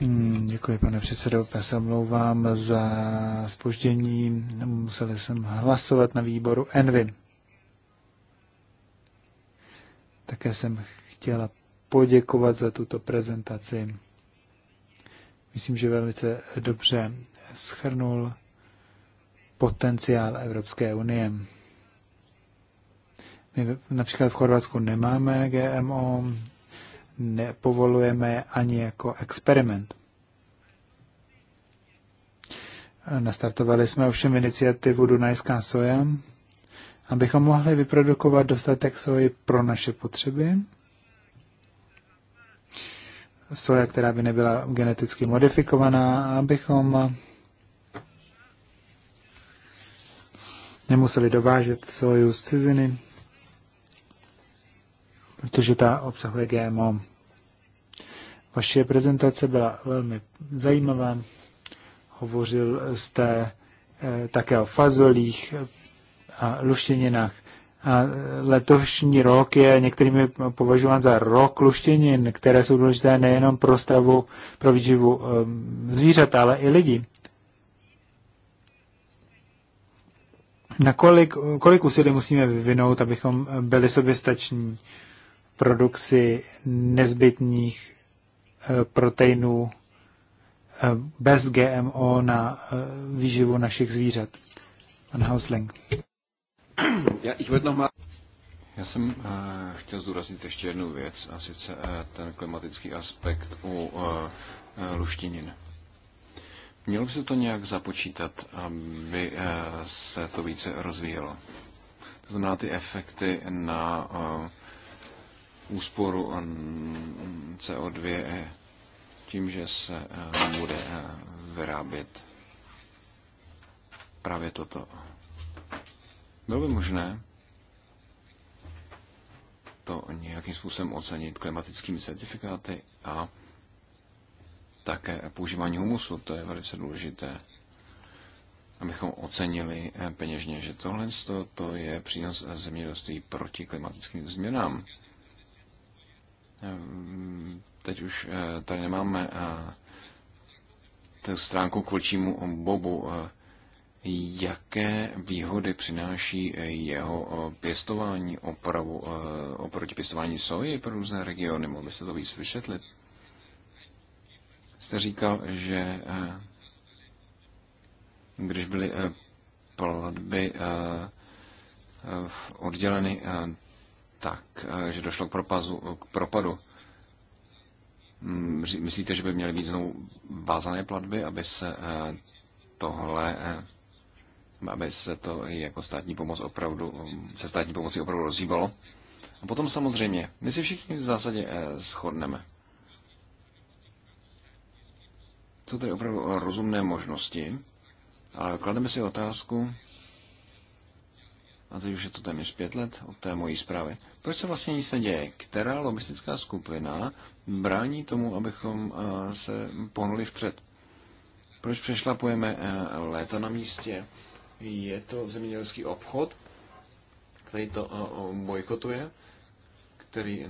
Hmm, děkuji, pane předsedo. Já se omlouvám za spoždění. Musel jsem hlasovat na výboru Envy. Také jsem chtěla poděkovat za tuto prezentaci. Myslím, že velice dobře schrnul potenciál Evropské unie. Například v Chorvatsku nemáme GMO, nepovolujeme ani jako experiment. Nastartovali jsme ovšem iniciativu Dunajská soja, abychom mohli vyprodukovat dostatek soji pro naše potřeby. Soja, která by nebyla geneticky modifikovaná, abychom nemuseli dovážet soju z ciziny protože ta obsahuje GMO. Vaše prezentace byla velmi zajímavá. Hovořil jste eh, také o fazolích a luštěninách. A letošní rok je některými považován za rok luštěnin, které jsou důležité nejenom pro stravu, pro výživu eh, zvířat, ale i lidí. Na kolik, kolik úsilí musíme vyvinout, abychom byli soběstační produkci nezbytných eh, proteinů eh, bez GMO na eh, výživu našich zvířat. Pan Hausling. Já jsem uh, chtěl zdůraznit ještě jednu věc, a sice uh, ten klimatický aspekt u uh, uh, luštinin. Mělo by se to nějak započítat, aby uh, se to více rozvíjelo. To znamená ty efekty na uh, úsporu CO2 eh, tím, že se eh, bude eh, vyrábět právě toto. Bylo by možné to nějakým způsobem ocenit klimatickými certifikáty a také používání humusu, to je velice důležité, abychom ocenili peněžně, že tohle to, to je přínos zemědělství proti klimatickým změnám. Teď už eh, tady nemáme eh, tu stránku k vlčímu bobu. Eh, jaké výhody přináší jeho pěstování opravu, oproti pěstování soji pro různé regiony? mohli se to víc vysvětlit? Jste říkal, že když byly platby odděleny, tak, eh, že došlo k, propazu, k propadu. Hmm, myslíte, že by měly být znovu vázané platby, aby se eh, tohle eh, aby se to i jako státní pomoc opravdu, se státní pomocí opravdu rozhýbalo. A potom samozřejmě, my si všichni v zásadě shodneme. Jsou tady opravdu rozumné možnosti, ale klademe si otázku, a teď už je to téměř pět let od té mojí zprávy. Proč se vlastně nic neděje? Která lobistická skupina brání tomu, abychom eh, se pohnuli vpřed? Proč přešlapujeme eh, léta na místě? Je to zemědělský obchod, který to eh, bojkotuje, který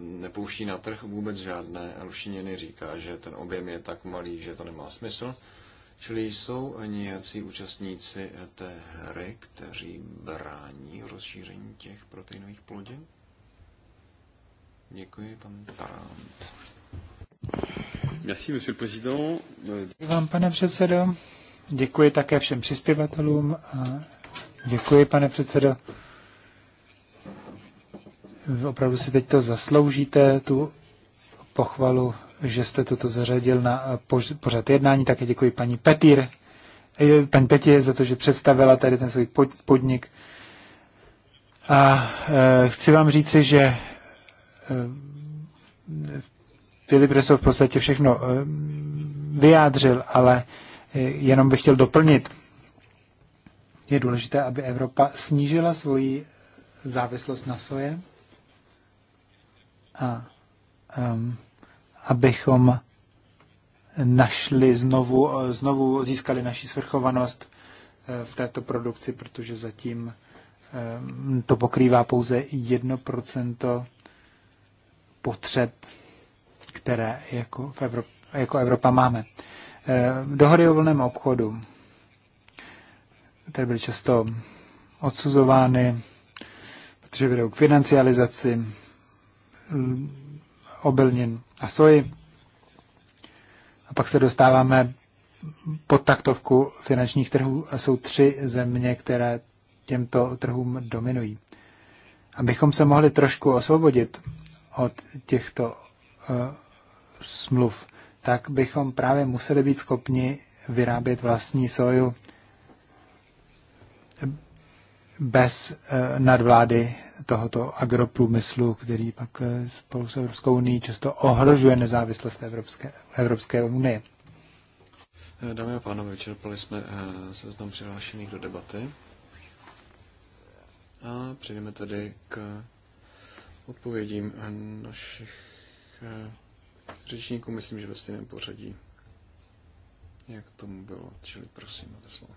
nepouští na trh vůbec žádné Rušiněny říká, že ten objem je tak malý, že to nemá smysl Čili jsou nějací účastníci té hry, kteří brání rozšíření těch proteinových plodin? Děkuji, pan Tarant. Merci, monsieur le président. Děkuji vám, pane předsedo. Děkuji také všem přispěvatelům a děkuji, pane předsedo. Opravdu si teď to zasloužíte, tu pochvalu že jste toto zařadil na eh, pořad jednání. Také děkuji paní Petír eh, paní Petě za to, že představila tady ten svůj podnik. A eh, chci vám říci, že Filip Resov v podstatě všechno vyjádřil, ale jenom bych chtěl doplnit. Je důležité, aby Evropa snížila svoji závislost na soje a um, abychom našli znovu, znovu získali naši svrchovanost eh, v této produkci, protože zatím ehm, to pokrývá pouze 1% potřeb, které jako, v Evrop, jako Evropa máme. Eh, dohody o volném obchodu, které byly často odsuzovány, protože vedou k financializaci obilnin a soji. A pak se dostáváme pod taktovku finančních trhů. Jsou tři země, které těmto trhům dominují. Abychom se mohli trošku osvobodit od těchto uh, smluv, tak bychom právě museli být schopni vyrábět vlastní soju bez uh, nadvlády tohoto agroprůmyslu, který pak eh, spolu s Evropskou unii často ohrožuje nezávislost Evropské, Evropské unie. Eh, dámy a pánové, vyčerpali jsme eh, seznam přihlášených do debaty. A přejdeme tedy k odpovědím našich řečníků, myslím, že ve stejném pořadí, jak tomu bylo. Čili prosím, máte slovo.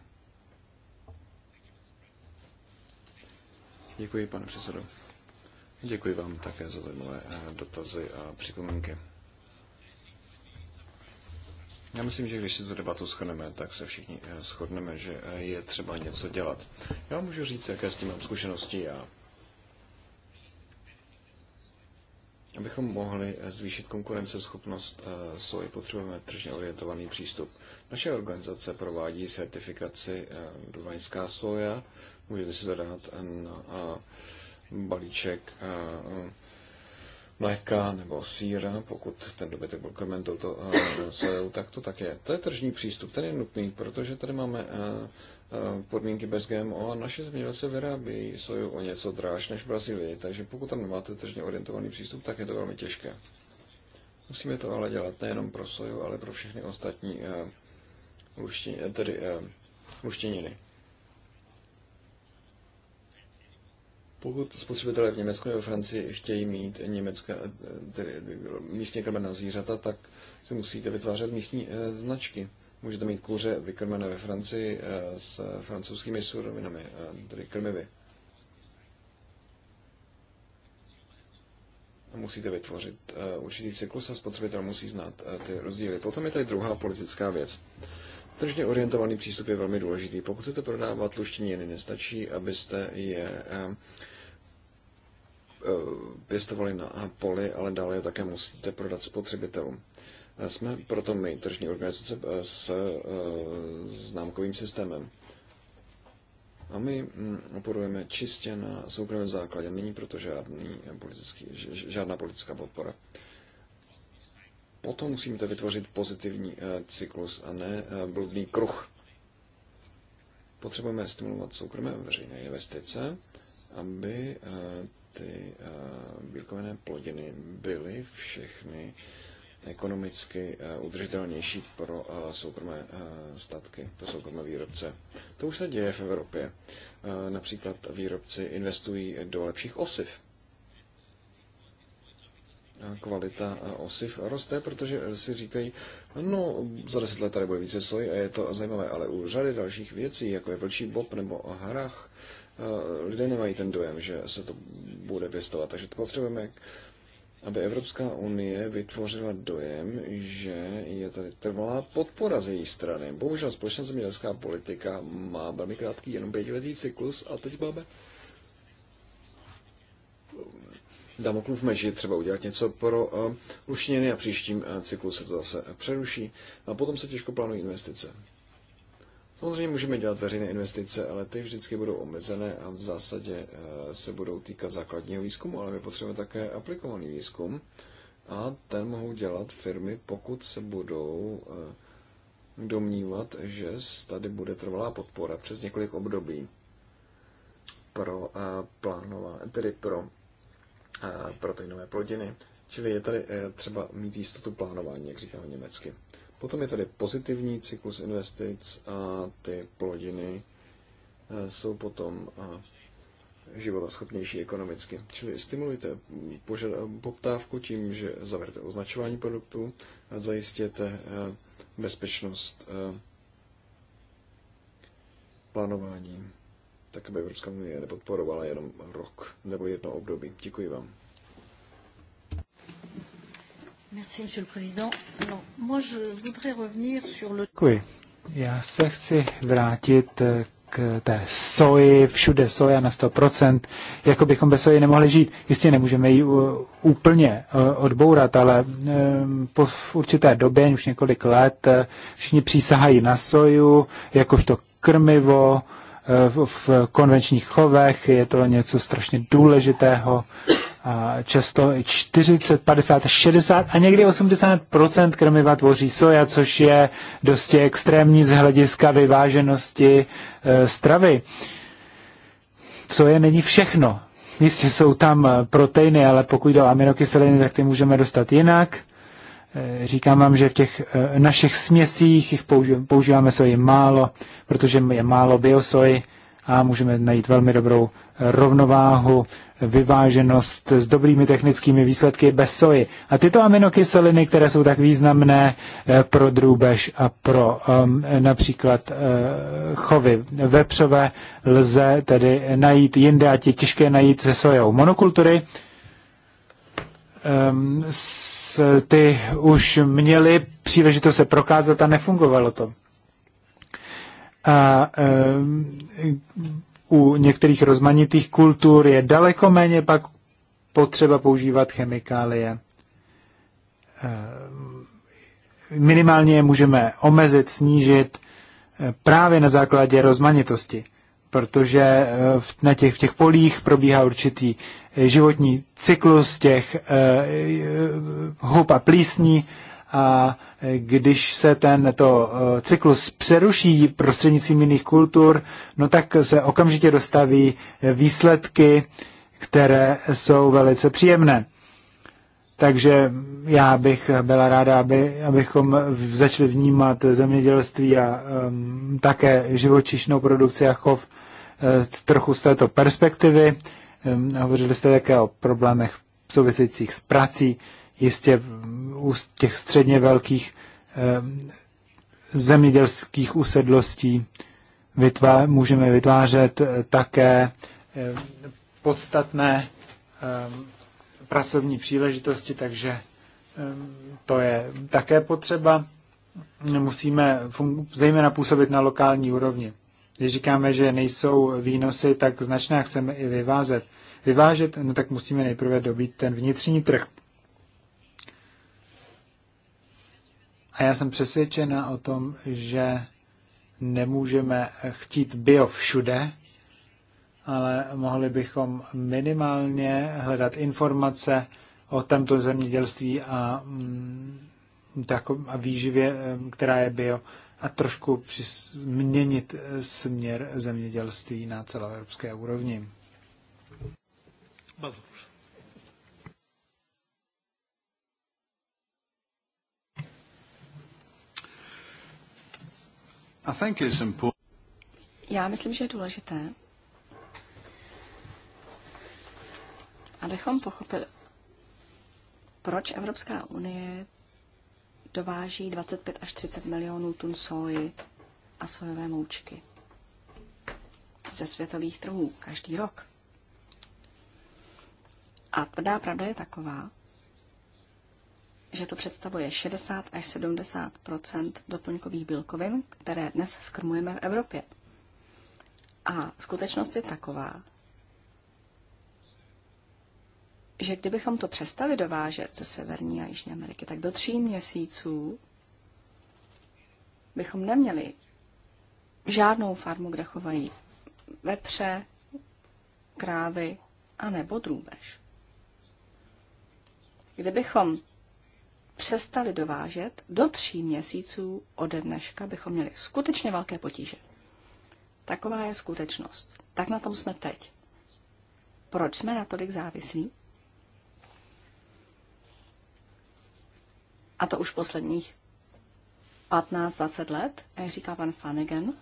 Děkuji, pane předsedo. Děkuji vám také za zajímavé eh, dotazy a připomínky. Já myslím, že když si tu debatu shrneme, tak se všichni eh, shodneme, že eh, je třeba něco dělat. Já můžu říct, jaké s tím mám zkušenosti já. Abychom mohli zvýšit konkurenceschopnost i potřebujeme tržně orientovaný přístup. Naše organizace provádí certifikaci Dubaňská soja Můžete si zadat na balíček mléka nebo síra, pokud ten dobytek byl krmen touto sojou, tak to tak je. To je tržní přístup, ten je nutný, protože tady máme podmínky bez GMO a naše zemědělce vyrábí soju o něco dráž než v Brazílii, takže pokud tam nemáte tržně orientovaný přístup, tak je to velmi těžké. Musíme to ale dělat nejenom pro soju, ale pro všechny ostatní luštiny, tedy luštěniny. Pokud spotřebitelé v Německu nebo Francii chtějí mít německé, eh, tedy eh, místně krmená zvířata, tak si musíte vytvářet místní eh, značky. Můžete mít kůře vykrmené ve Francii s francouzskými surovinami, tedy krmivy. A musíte vytvořit určitý cyklus a spotřebitel musí znát ty rozdíly. Potom je tady druhá politická věc. Tržně orientovaný přístup je velmi důležitý. Pokud chcete prodávat luštění, nestačí, abyste je Eh, pěstovali na poli, ale dále je také musíte prodat spotřebitelům. Eh, jsme proto my, tržní organizace eh, s známkovým systémem. A my mm, oporujeme čistě na soukromém základě. Není proto žádný politický, žádná politická podpora. Potom musíte vytvořit pozitivní cyklus a ne bludný kruh. Potřebujeme stimulovat soukromé veřejné investice, aby ty eh, bílkovinné plodiny byly všechny ekonomicky eh, udržitelnější pro eh, soukromé statky, pro soukromé výrobce. To už se děje v Evropě. Například výrobci investují do lepších osiv. Kvalita osiv roste, protože si říkají, no za deset let tady bude více soji a je to zajímavé, ale u řady dalších věcí, jako je vlčí bob nebo hrach, Eh, lidé nemají ten dojem, že se to bude pěstovat. Takže to potřebujeme, aby Evropská unie vytvořila dojem, že je tady trvalá podpora z její strany. Bohužel společná zemědělská politika má velmi krátký, jenom pětiletý cyklus a teď máme Damoklův meč je třeba udělat něco pro uh, eh, rušněny a příštím uh, cyklu se to zase přeruší a potom se těžko plánují investice. Samozřejmě můžeme dělat veřejné investice, ale ty vždycky budou omezené a v zásadě eh, se budou týkat základního výzkumu, ale my potřebujeme také aplikovaný výzkum a ten mohou dělat firmy, pokud se budou eh, domnívat, že tady bude trvalá podpora přes několik období pro eh, plánované, tedy pro proteinové plodiny. Čili je tady třeba mít jistotu plánování, jak říkáme německy. Potom je tady pozitivní cyklus investic a ty plodiny eh, jsou potom eh, života schopnější ekonomicky. Čili stimulujte poptávku tím, že zavedete označování produktů a zajistěte eh, bezpečnost plánování, tak aby Evropská unie nepodporovala jenom rok nebo jedno období. Děkuji vám. Děkuji. Já se chci vrátit eh, k té soji, všude soja na 100%, jako bychom bez soji nemohli žít. Jistě nemůžeme ji úplně eh, odbourat, ale po určité době, už několik let, eh, všichni přísahají na soju, jakožto krmivo, v konvenčních chovech, je to něco strašně důležitého často 40, 50, 60 a někdy 80 krmiva tvoří soja, což je dosti extrémní z hlediska vyváženosti e, stravy. V soje není všechno. Jistě jsou tam e, proteiny, ale pokud jde o aminokyseliny, tak ty můžeme dostat jinak. E, říkám vám, že v těch e, našich směsích jich používáme soji málo, protože je málo biosoji a můžeme najít velmi dobrou rovnováhu vyváženost s dobrými technickými výsledky bez soji. A tyto aminokyseliny, které jsou tak významné eh, pro drůbež a pro um, například uh, chovy vepřové, lze tedy najít jinde a tě těžké najít se sojou. Monokultury um, s, ty už měly příležitost se prokázat a nefungovalo to. A um, u některých rozmanitých kultur je daleko méně pak potřeba používat chemikálie. Eh, minimálně je můžeme omezit, snížit eh, právě na základě rozmanitosti, protože eh, na těch, v těch polích probíhá určitý životní cyklus těch hub a plísní a když se tento eh, cyklus přeruší prostřednictvím jiných kultur, no tak se okamžitě dostaví výsledky, které jsou velice příjemné. Takže já bych byla ráda, aby, abychom začali vnímat zemědělství a um, také živočišnou produkci a chov uh, trochu z této perspektivy. Um, hovořili jste také o problémech souvisejících s prací. Jistě u těch středně velkých zemědělských usedlostí můžeme vytvářet eh, také podstatné pracovní příležitosti, takže to je také potřeba. Musíme zejména působit na lokální úrovni. Když říkáme, že nejsou výnosy tak značné chceme i vyvázet, vyvážet, no tak musíme nejprve dobít ten vnitřní trh. A já jsem přesvědčena o tom, že nemůžeme chtít bio všude, ale mohli bychom minimálně hledat informace o tomto zemědělství a, mm, a výživě, mm, která je bio, a trošku změnit směr zemědělství na celoevropské úrovni. Bazo. Já myslím, že je důležité, abychom pochopili, proč Evropská unie dováží 25 až 30 milionů tun soji a sojové moučky ze světových trhů každý rok. A tvrdá pravda je taková, že to představuje 60 až 70 doplňkových bílkovin, které dnes skrmujeme v Evropě. A skutečnost je taková, že kdybychom to přestali dovážet ze Severní a Jižní Ameriky, tak do tří měsíců bychom neměli žádnou farmu, kde chovají vepře, krávy a nebo drůbež. Kdybychom přestali dovážet, do tří měsíců ode dneška bychom měli skutečně velké potíže. Taková je skutečnost. Tak na tom jsme teď. Proč jsme natolik závislí? A to už posledních 15-20 let, jak říká pan Fanegen.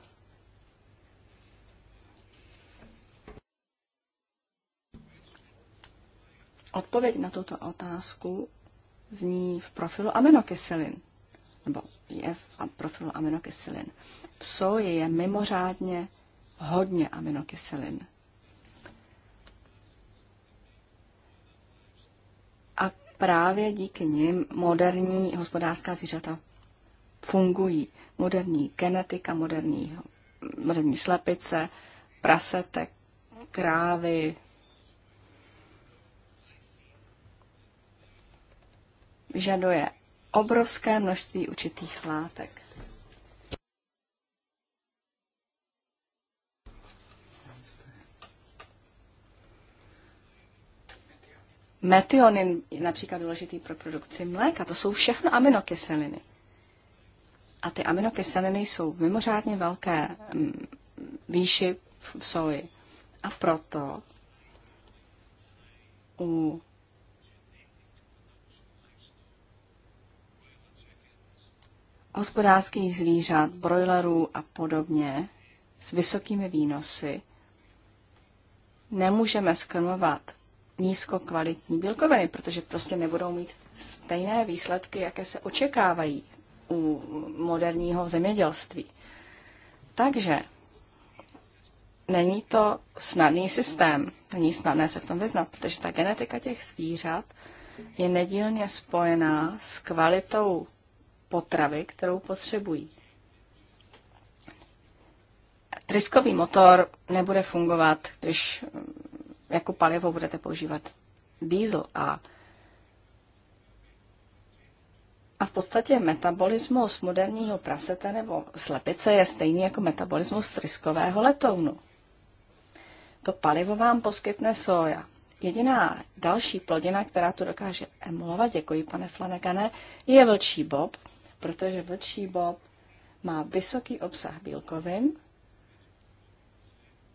Odpověď na tuto otázku zní v profilu aminokyselin, nebo je v profilu aminokyselin. V soji je mimořádně hodně aminokyselin. A právě díky nim moderní hospodářská zvířata fungují. Moderní genetika, moderní, moderní slepice, prasete, krávy, vyžaduje obrovské množství určitých látek. Metionin je například důležitý pro produkci mléka. To jsou všechno aminokyseliny. A ty aminokyseliny jsou v mimořádně velké mm, výši v soji. A proto u hospodářských zvířat, brojlerů a podobně s vysokými výnosy nemůžeme skrmovat nízkokvalitní bílkoviny, protože prostě nebudou mít stejné výsledky, jaké se očekávají u moderního zemědělství. Takže není to snadný systém, není snadné se v tom vyznat, protože ta genetika těch zvířat je nedílně spojená s kvalitou potravy, kterou potřebují. Tryskový motor nebude fungovat, když mm, jako palivo budete používat diesel a a v podstatě metabolismus moderního prasete nebo slepice je stejný jako metabolismus tryskového letounu. To palivo vám poskytne soja. Jediná další plodina, která tu dokáže emulovat, děkuji pane Flanagane, je vlčí bob, protože vlčí bob má vysoký obsah bílkovin,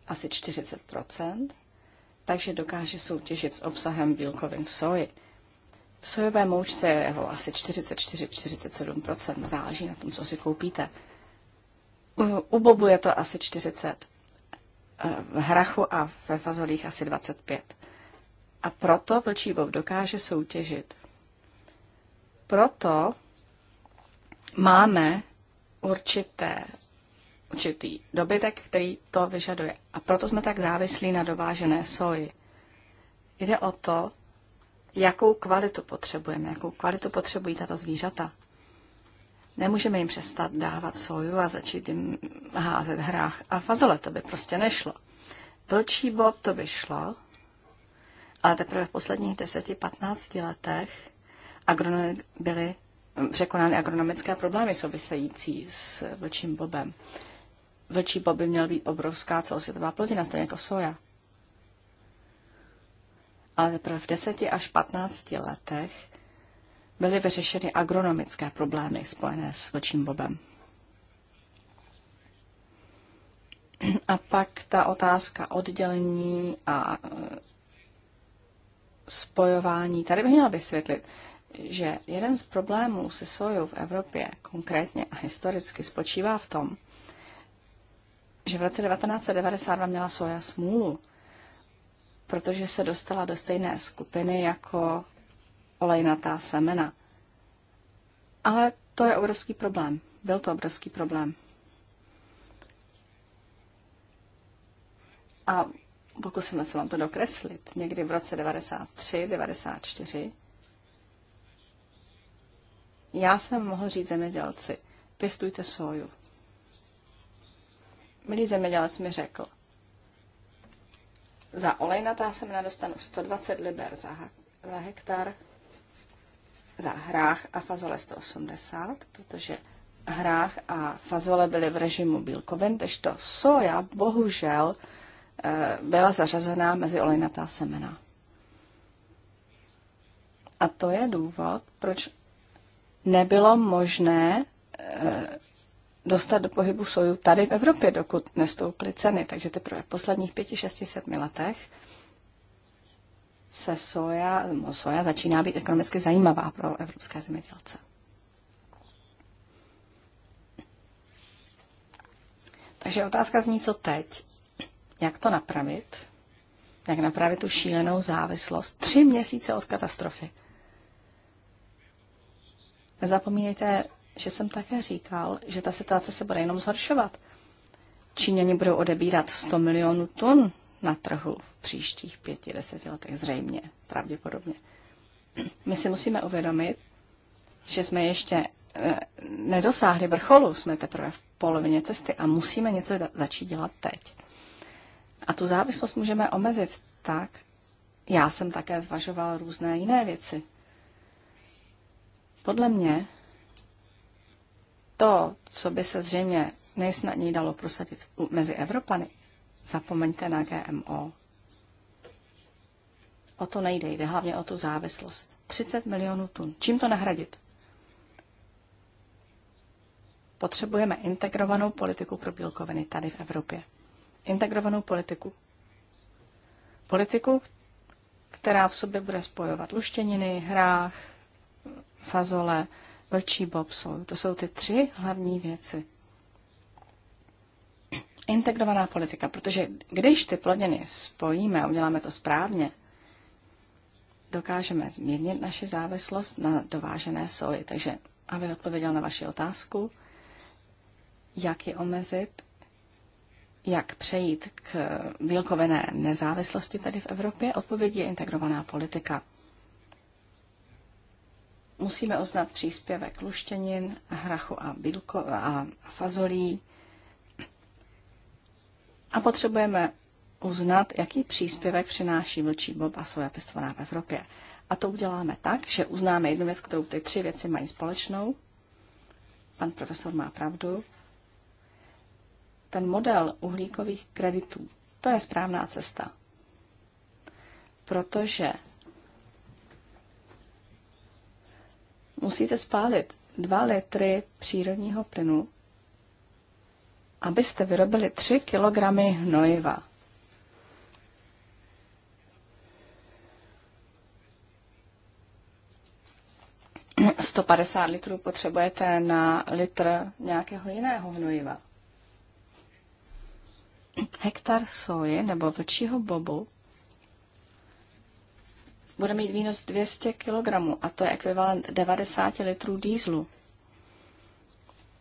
asi 40 takže dokáže soutěžit s obsahem bílkovin v soji. V sojové moučce je ho asi 44-47 záleží na tom, co si koupíte. U, u bobu je to asi 40 eh, v hrachu a ve fazolích asi 25. A proto vlčí bob dokáže soutěžit. Proto máme určité, určitý dobytek, který to vyžaduje. A proto jsme tak závislí na dovážené soji. Jde o to, jakou kvalitu potřebujeme, jakou kvalitu potřebují tato zvířata. Nemůžeme jim přestat dávat soju a začít jim házet hrách a fazole, to by prostě nešlo. Vlčí bob to by šlo, ale teprve v posledních 10-15 letech agronomy byly překonány agronomické problémy související s vlčím bobem. Vlčí bob by měl být obrovská celosvětová plodina, stejně jako soja. Ale teprve v 10 až 15 letech byly vyřešeny agronomické problémy spojené s vlčím bobem. A pak ta otázka oddělení a spojování. Tady bych měla vysvětlit, že jeden z problémů se sojou v Evropě konkrétně a historicky spočívá v tom, že v roce 1992 měla soja smůlu, protože se dostala do stejné skupiny jako olejnatá semena. Ale to je obrovský problém. Byl to obrovský problém. A pokusíme se vám to dokreslit. Někdy v roce 93, 94 já jsem mohl říct zemědělci, pěstujte soju. Milý zemědělec mi řekl, za olejnatá semena dostanu 120 liber za, za hektar, za hrách a fazole 180, protože hrách a fazole byly v režimu bílkovin, to soja bohužel eh, byla zařazená mezi olejnatá semena. A to je důvod, proč nebylo možné eh, dostat do pohybu soju tady v Evropě, dokud nestouply ceny. Takže teprve v posledních pěti, šesti, sedmi letech se soja, no, soja začíná být ekonomicky zajímavá pro evropské zemědělce. Takže otázka zní, co teď? Jak to napravit? Jak napravit tu šílenou závislost? Tři měsíce od katastrofy. Nezapomínejte, že jsem také říkal, že ta situace se bude jenom zhoršovat. Číňani budou odebírat 100 milionů tun na trhu v příštích pěti, deseti letech zřejmě, pravděpodobně. My si musíme uvědomit, že jsme ještě eh, nedosáhli vrcholu, jsme teprve v polovině cesty a musíme něco začít dělat teď. A tu závislost můžeme omezit tak, já jsem také zvažoval různé jiné věci. Podle mě to, co by se zřejmě nejsnadněji dalo prosadit mezi Evropany, zapomeňte na GMO. O to nejde, jde hlavně o tu závislost. 30 milionů tun. Čím to nahradit? Potřebujeme integrovanou politiku pro bílkoviny tady v Evropě. Integrovanou politiku. Politiku, která v sobě bude spojovat luštěniny, hrách, fazole, vlčí bobsu. To jsou ty tři hlavní věci. Integrovaná politika, protože když ty plodiny spojíme a uděláme to správně, dokážeme zmírnit naši závislost na dovážené soji. Takže abych odpověděl na vaši otázku, jak ji omezit, jak přejít k bílkovené nezávislosti tady v Evropě, odpovědí je integrovaná politika musíme uznat příspěvek luštěnin, hrachu a, bílko, a fazolí a potřebujeme uznat, jaký příspěvek přináší vlčí bob a svoje pěstovaná v Evropě. A to uděláme tak, že uznáme jednu věc, kterou ty tři věci mají společnou. Pan profesor má pravdu. Ten model uhlíkových kreditů, to je správná cesta. Protože musíte spálit dva litry přírodního plynu, abyste vyrobili 3 kilogramy hnojiva. Sto padesát litrů potřebujete na litr nějakého jiného hnojiva. Hektar soji nebo vlčího bobu bude mít výnos 200 kg a to je ekvivalent 90 litrů dýzlu.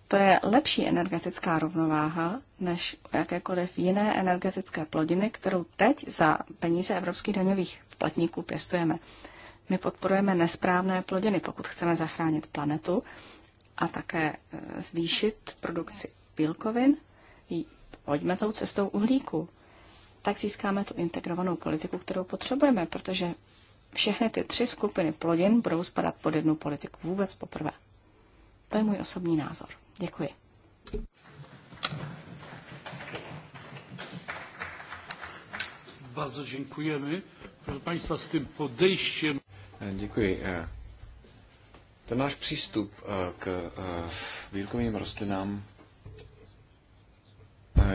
To je lepší energetická rovnováha než jakékoliv jiné energetické plodiny, kterou teď za peníze evropských daňových platníků pěstujeme. My podporujeme nesprávné plodiny, pokud chceme zachránit planetu a také e, zvýšit produkci bílkovin. Pojďme tou cestou uhlíku. Tak získáme tu integrovanou politiku, kterou potřebujeme, protože všechny ty tři skupiny plodin budou spadat pod jednu politiku vůbec poprvé. To je můj osobní názor. Děkuji. Bardzo dziękujemy. Proszę Państwa, z tym podejściem. E, Dziękuję. E, Ten nasz przystęp e, k výrobkovým rostlinám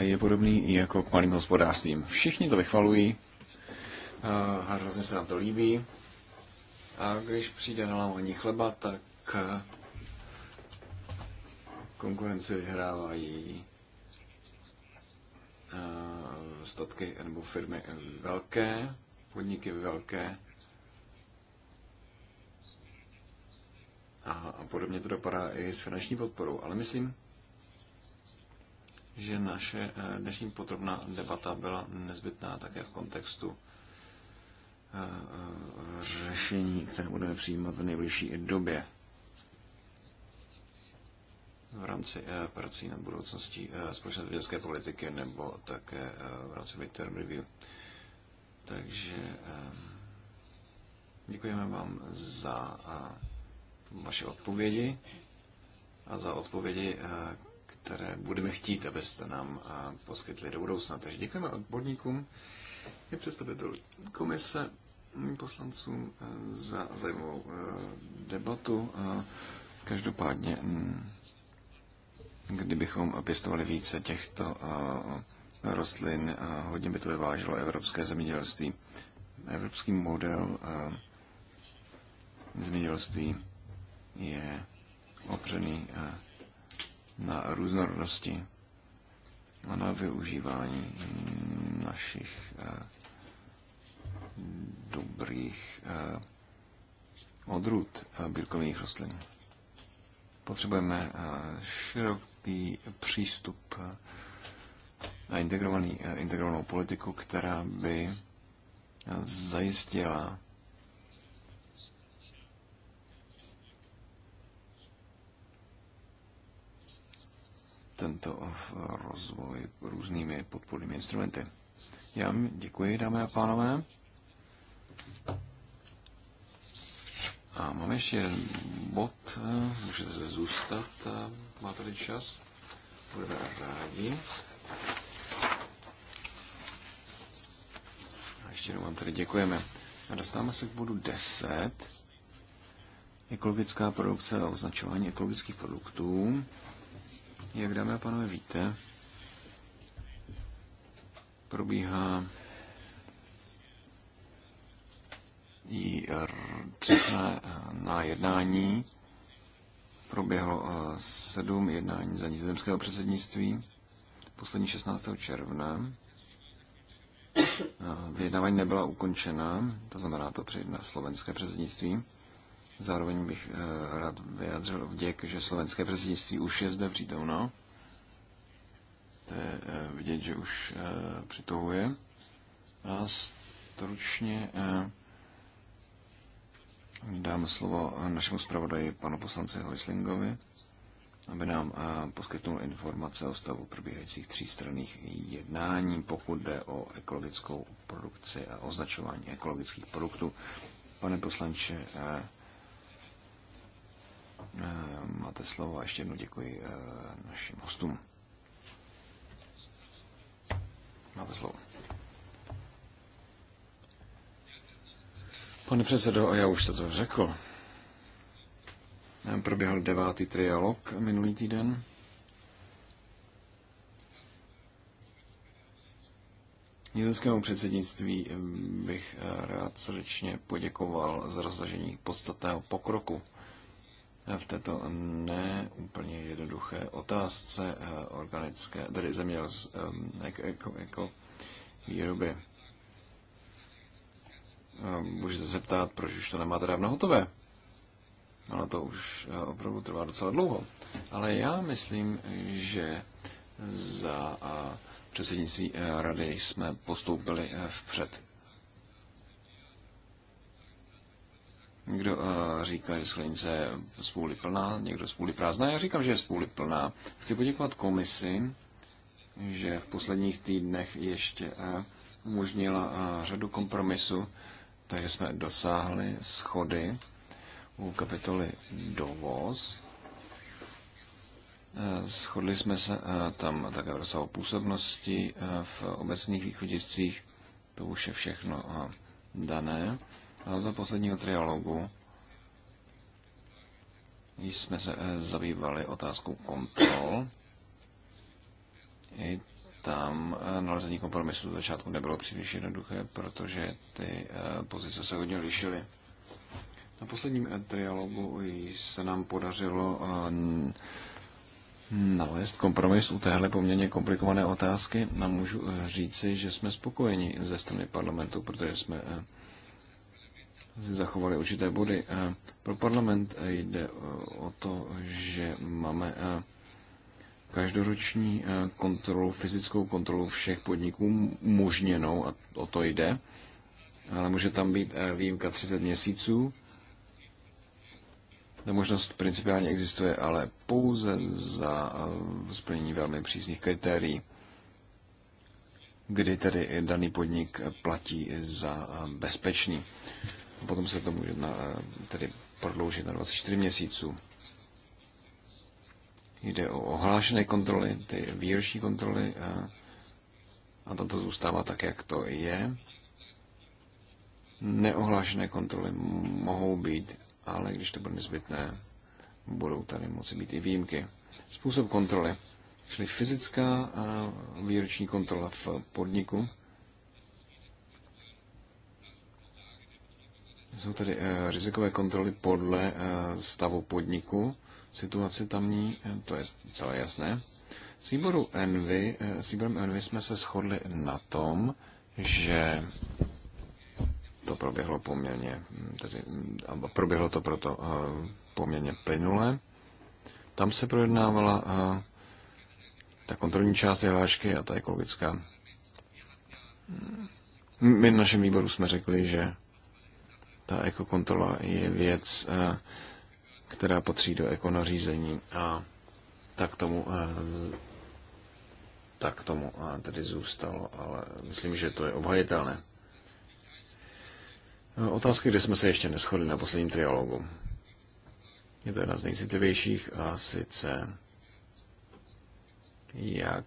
jest podobny jako k malým gospodarstwom. Wszyscy to wychwalują. Eh, a hrozně se nám to líbí. A když přijde na lámání chleba, tak eh, konkurenci vyhrávají eh, statky nebo firmy velké, podniky velké. A, a podobně to dopadá i s finanční podporou. Ale myslím, že naše dnešní podrobná debata byla nezbytná také v kontextu řešení, které budeme přijímat v nejbližší době v rámci e, prací na budoucností e, společné zemědělské politiky nebo také e, v rámci midterm review. Takže děkujeme vám za vaše odpovědi a za odpovědi, které budeme chtít, abyste nám poskytli do budoucna. Takže děkujeme odborníkům je představitel komise poslancům eh, za zajímavou eh, debatu. Každopádně, mm, kdybychom pěstovali více těchto eh, rostlin, hodně by to vyváželo evropské zemědělství. Evropský model zemědělství je opřený na různorodosti a na využívání našich eh, dobrých eh, odrůd eh, bílkovinných rostlin. Potřebujeme široký přístup a integrovaný, integrovanou politiku, která by zajistila tento eh, rozvoj různými podpůrnými instrumenty. Já vám děkuji, dámy a pánové. A máme ještě jeden bod, eh, můžete se zůstat, eh, máte tady čas, budeme rádi. A ještě jednou vám tady děkujeme. A dostáváme se k bodu 10. Ekologická produkce a označování ekologických produktů. Jak dámy a pánové víte, probíhá třetné na jednání. Proběhlo eh, sedm jednání za nizozemského předsednictví, poslední 16. června. Eh, vyjednávání nebyla ukončena, to znamená to při na slovenské předsednictví. Zároveň bych eh, rád vyjádřil vděk, že slovenské předsednictví už je zde přítomno. To je eh, vidět, že už eh, přitohuje. A stručně dám slovo našemu zpravodaji panu poslanci Hojslingovi, aby nám poskytnul informace o stavu probíhajících třístranných jednání, pokud jde o ekologickou produkci a označování ekologických produktů. Pane poslanče, Eh, máte slovo a ještě jednou děkuji eh, našim hostům. Máte slovo. Pane předsedo, a já už to řekl. Proběhl devátý trialog minulý týden. Nizozemskému předsednictví eh, bych rád srdečně poděkoval za rozložení podstatného pokroku v této ne úplně jednoduché otázce eh, organické, tedy zemědělské eh, jako, jako výroby. Eh, můžete se ptát, proč už to nemáte dávno hotové. Ono to už opravdu trvá docela dlouho. Ale já myslím, že za předsednictví rady jsme postoupili vpřed. Někdo uh, říká, že sklenice je spůli plná, někdo spůli prázdná. Já říkám, že je spůli plná. Chci poděkovat komisi, že v posledních týdnech ještě uh, umožnila uh, řadu kompromisu, takže jsme dosáhli schody u kapitoly dovoz. Shodli jsme se tam také v rozsahu působnosti v obecných východiscích, to už je všechno dané za posledního trialogu jsme se eh, zabývali otázkou kontrol. I tam eh, nalezení kompromisu do začátku nebylo příliš jednoduché, protože ty eh, pozice se hodně lišily. Na posledním trialogu se nám podařilo nalézt kompromis u téhle poměrně komplikované otázky. A můžu říci, že jsme spokojeni ze strany parlamentu, protože jsme si zachovali určité body. Pro parlament jde o to, že máme každoroční kontrolu, fyzickou kontrolu všech podniků možněnou, a o to jde, ale může tam být výjimka 30 měsíců. Ta možnost principiálně existuje, ale pouze za splnění velmi přísných kritérií, kdy tedy daný podnik platí za bezpečný potom se to může na, eh, tedy prodloužit na 24 měsíců. Jde o ohlášené kontroly, ty výroční kontroly a, eh, a tam to zůstává tak, jak to je. Neohlášené kontroly mohou být, ale když to bude nezbytné, budou tady moci být i výjimky. Způsob kontroly, čili fyzická eh, výroční kontrola v podniku, Jsou tady eh, rizikové kontroly podle eh, stavu podniku, situace tamní, eh, to je celé jasné. S, výboru Envy, s výborem Envy jsme se shodli na tom, že to proběhlo poměrně, hm, tedy, hm, proběhlo to proto poměrně plynule. Tam se projednávala ta kontrolní část hlášky a ta ekologická. My v našem výboru jsme řekli, že ta ekokontrola je věc, eh, která patří do ekonařízení a tak tomu eh, tak tomu eh, tedy zůstalo, ale myslím, že to je obhajitelné. Otázky, kde jsme se ještě neschodli na posledním trialogu. Je to jedna z nejcitlivějších a sice jak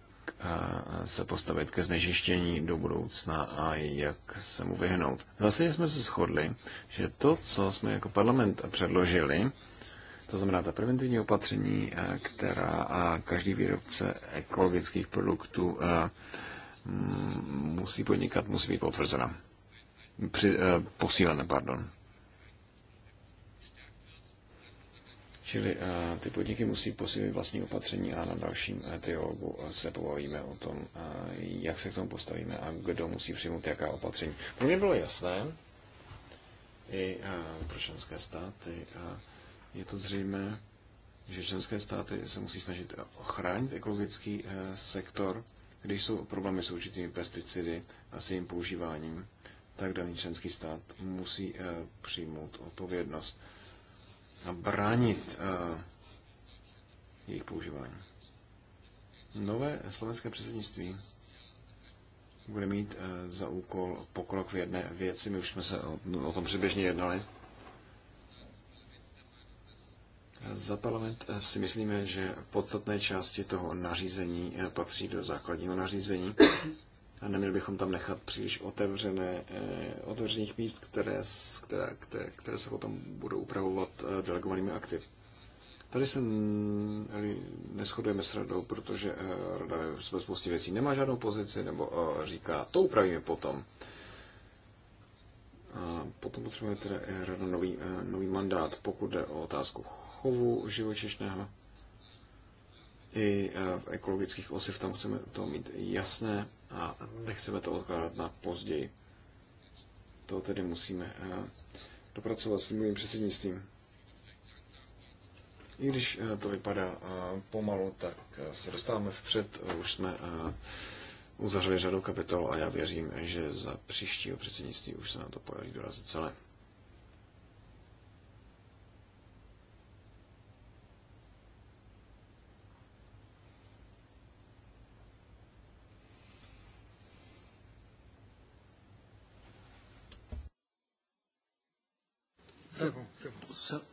se postavit ke znečištění do budoucna a jak se mu vyhnout. Zase jsme se shodli, že to, co jsme jako parlament předložili, to znamená ta preventivní opatření, eh, která každý výrobce ekologických produktů eh, musí podnikat, musí být potvrzena. Při, eh, posílena, pardon. Čili eh, ty podniky musí posílit vlastní opatření a na dalším dialogu eh, se povolíme o tom, eh, jak se k tomu postavíme a kdo musí přijmout jaká opatření. Pro mě bylo jasné, i pro členské státy, a je to zřejmé, že členské státy se musí snažit ochránit ekologický sektor, když jsou problémy s určitými pesticidy a s jejím používáním, tak daný členský stát musí přijmout odpovědnost a bránit eh, jejich používání. Nové slovenské předsednictví bude mít eh, za úkol pokrok v jedné věci. My už jsme se o, o tom přibližně jednali. Za parlament eh, si myslíme, že podstatné části toho nařízení patří do základního nařízení a neměli bychom tam nechat příliš otevřené, eh, otevřených míst, které, které, které, které se potom budou upravovat eh, delegovanými akty. Tady se neschodujeme s radou, protože eh, rada ve spoustě věcí nemá žádnou pozici, nebo říká, to upravíme potom. A potom potřebujeme tedy rada nový, nový mandát, pokud jde o otázku chovu živočišného i ekologických osiv, tam chceme to mít jasné a nechceme to odkládat na později. To tedy musíme eh, dopracovat s mým předsednictvím. I když eh, to vypadá eh, pomalu, tak se dostáváme vpřed. Už jsme uzavřeli řadu kapitol a já věřím, že za příštího předsednictví už se na to podaří dorazit celé. C'est bon, c'est bon.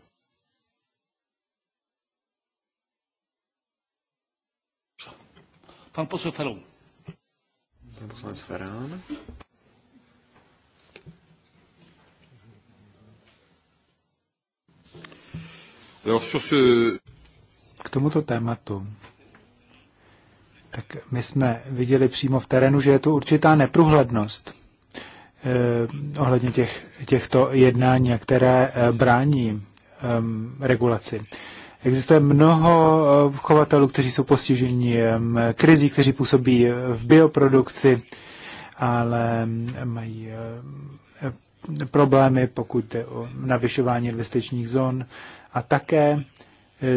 Pan poslanec Ferron. Pan poslanec Ferán. K tomuto tématu. Tak my jsme viděli přímo v terénu, že je tu určitá neprůhlednost. Eh, ohledně těch, těchto jednání, které eh, brání ehm, regulaci. Existuje mnoho eh, chovatelů, kteří jsou postiženi ehm, krizí, kteří působí v bioprodukci, ale ehm, mají problémy, pokud jde o navyšování investičních zón. A také,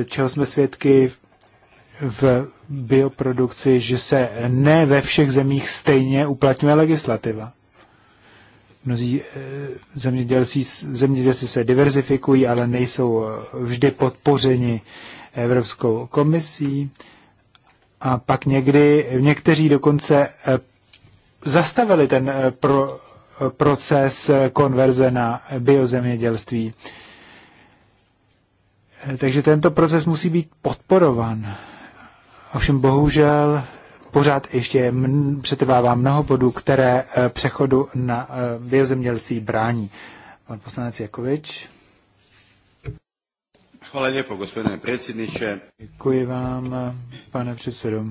čeho jsme svědky v bioprodukci, že se ne ve všech zemích stejně uplatňuje legislativa. Mnozí eh, zemědělci, zemědělci se diverzifikují, ale nejsou eh, vždy podpořeni Evropskou komisí. A pak někdy, někteří dokonce eh, zastavili ten pro, proces konverze na biozemědělství. Takže tento proces musí být podporován. Ovšem bohužel pořád ještě přetrvává mnoho bodů, které eh, přechodu na eh, biozemělství brání. Pan poslanec Jakovič. Hvala lijepo, gospodine predsjedniče. Děkuji vám, eh, pane předsedo.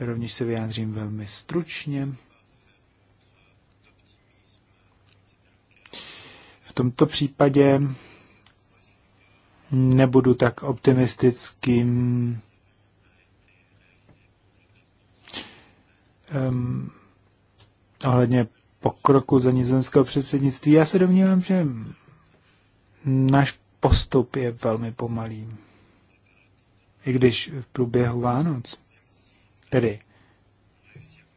Rovněž se vyjádřím velmi stručně. V tomto případě nebudu tak optimistickým um, ohledně pokroku za nizozemského předsednictví. Já se domnívám, že náš postup je velmi pomalý. I když v průběhu Vánoc, tedy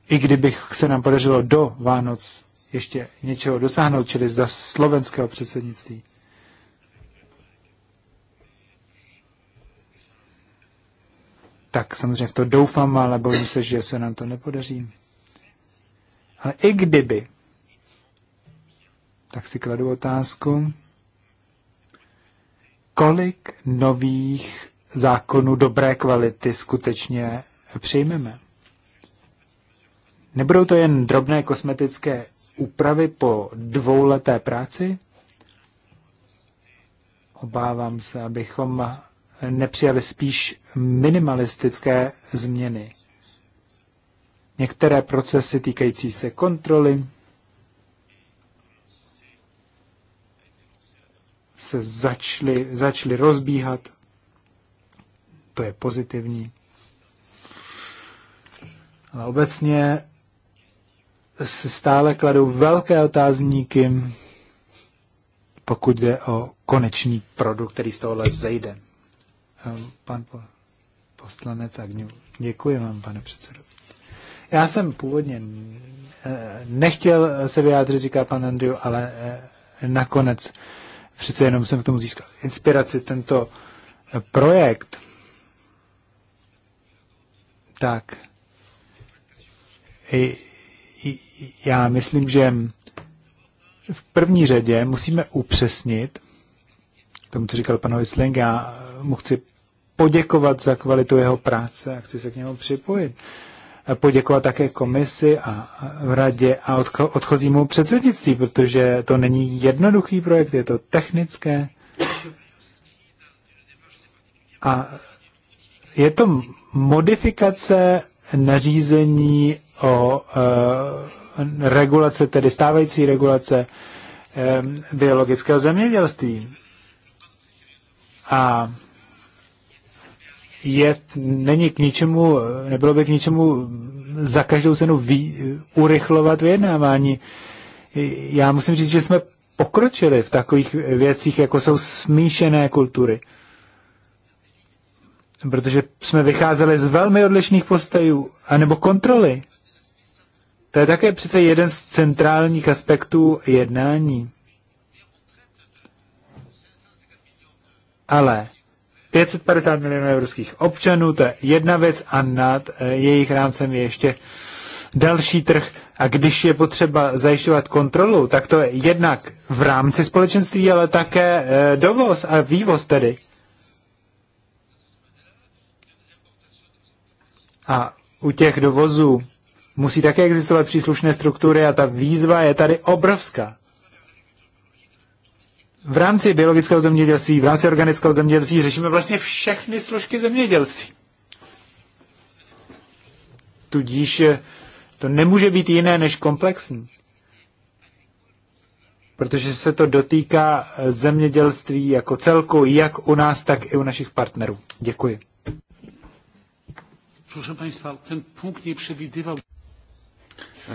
i kdybych se nám podařilo do Vánoc ještě něčeho dosáhnout, čili za slovenského předsednictví, tak samozřejmě v to doufám, ale bojím se, že se nám to nepodaří. Ale i kdyby, tak si kladu otázku, kolik nových zákonů dobré kvality skutečně přijmeme. Nebudou to jen drobné kosmetické úpravy po dvouleté práci? Obávám se, abychom nepřijali spíš minimalistické změny. Některé procesy týkající se kontroly se začaly, začaly rozbíhat. To je pozitivní. Ale obecně se stále kladou velké otázníky, pokud jde o konečný produkt, který z tohohle zejde pan poslanec Agňu. Děkuji vám, pane předsedo. Já jsem původně eh, nechtěl se vyjádřit, říká pan Andriu, ale eh, nakonec přece jenom jsem k tomu získal inspiraci. Tento eh, projekt, tak já myslím, že v první řadě musíme upřesnit tomu, co říkal pan Hoisling, já mu chci poděkovat za kvalitu jeho práce a chci se k němu připojit. Poděkovat také komisi a radě a odchozímu předsednictví, protože to není jednoduchý projekt, je to technické. A je to modifikace nařízení o e, regulace, tedy stávající regulace e, biologického zemědělství. A je, není k ničemu, nebylo by k ničemu za každou cenu vý, urychlovat vyjednávání. Já musím říct, že jsme pokročili v takových věcích, jako jsou smíšené kultury. Protože jsme vycházeli z velmi odlišných postojů, anebo kontroly. To je také přece jeden z centrálních aspektů jednání. Ale 550 milionů evropských občanů, to je jedna věc a nad eh, jejich rámcem je ještě další trh. A když je potřeba zajišťovat kontrolu, tak to je jednak v rámci společenství, ale také eh, dovoz a vývoz tedy. A u těch dovozů musí také existovat příslušné struktury a ta výzva je tady obrovská v rámci biologického zemědělství, v rámci organického zemědělství řešíme vlastně všechny složky zemědělství. Tudíž eh, to nemůže být jiné než komplexní. Protože se to dotýká eh, zemědělství jako celku, jak u nás, tak i u našich partnerů. Děkuji. Proszę Państwa, ten punkt nie przewidywał.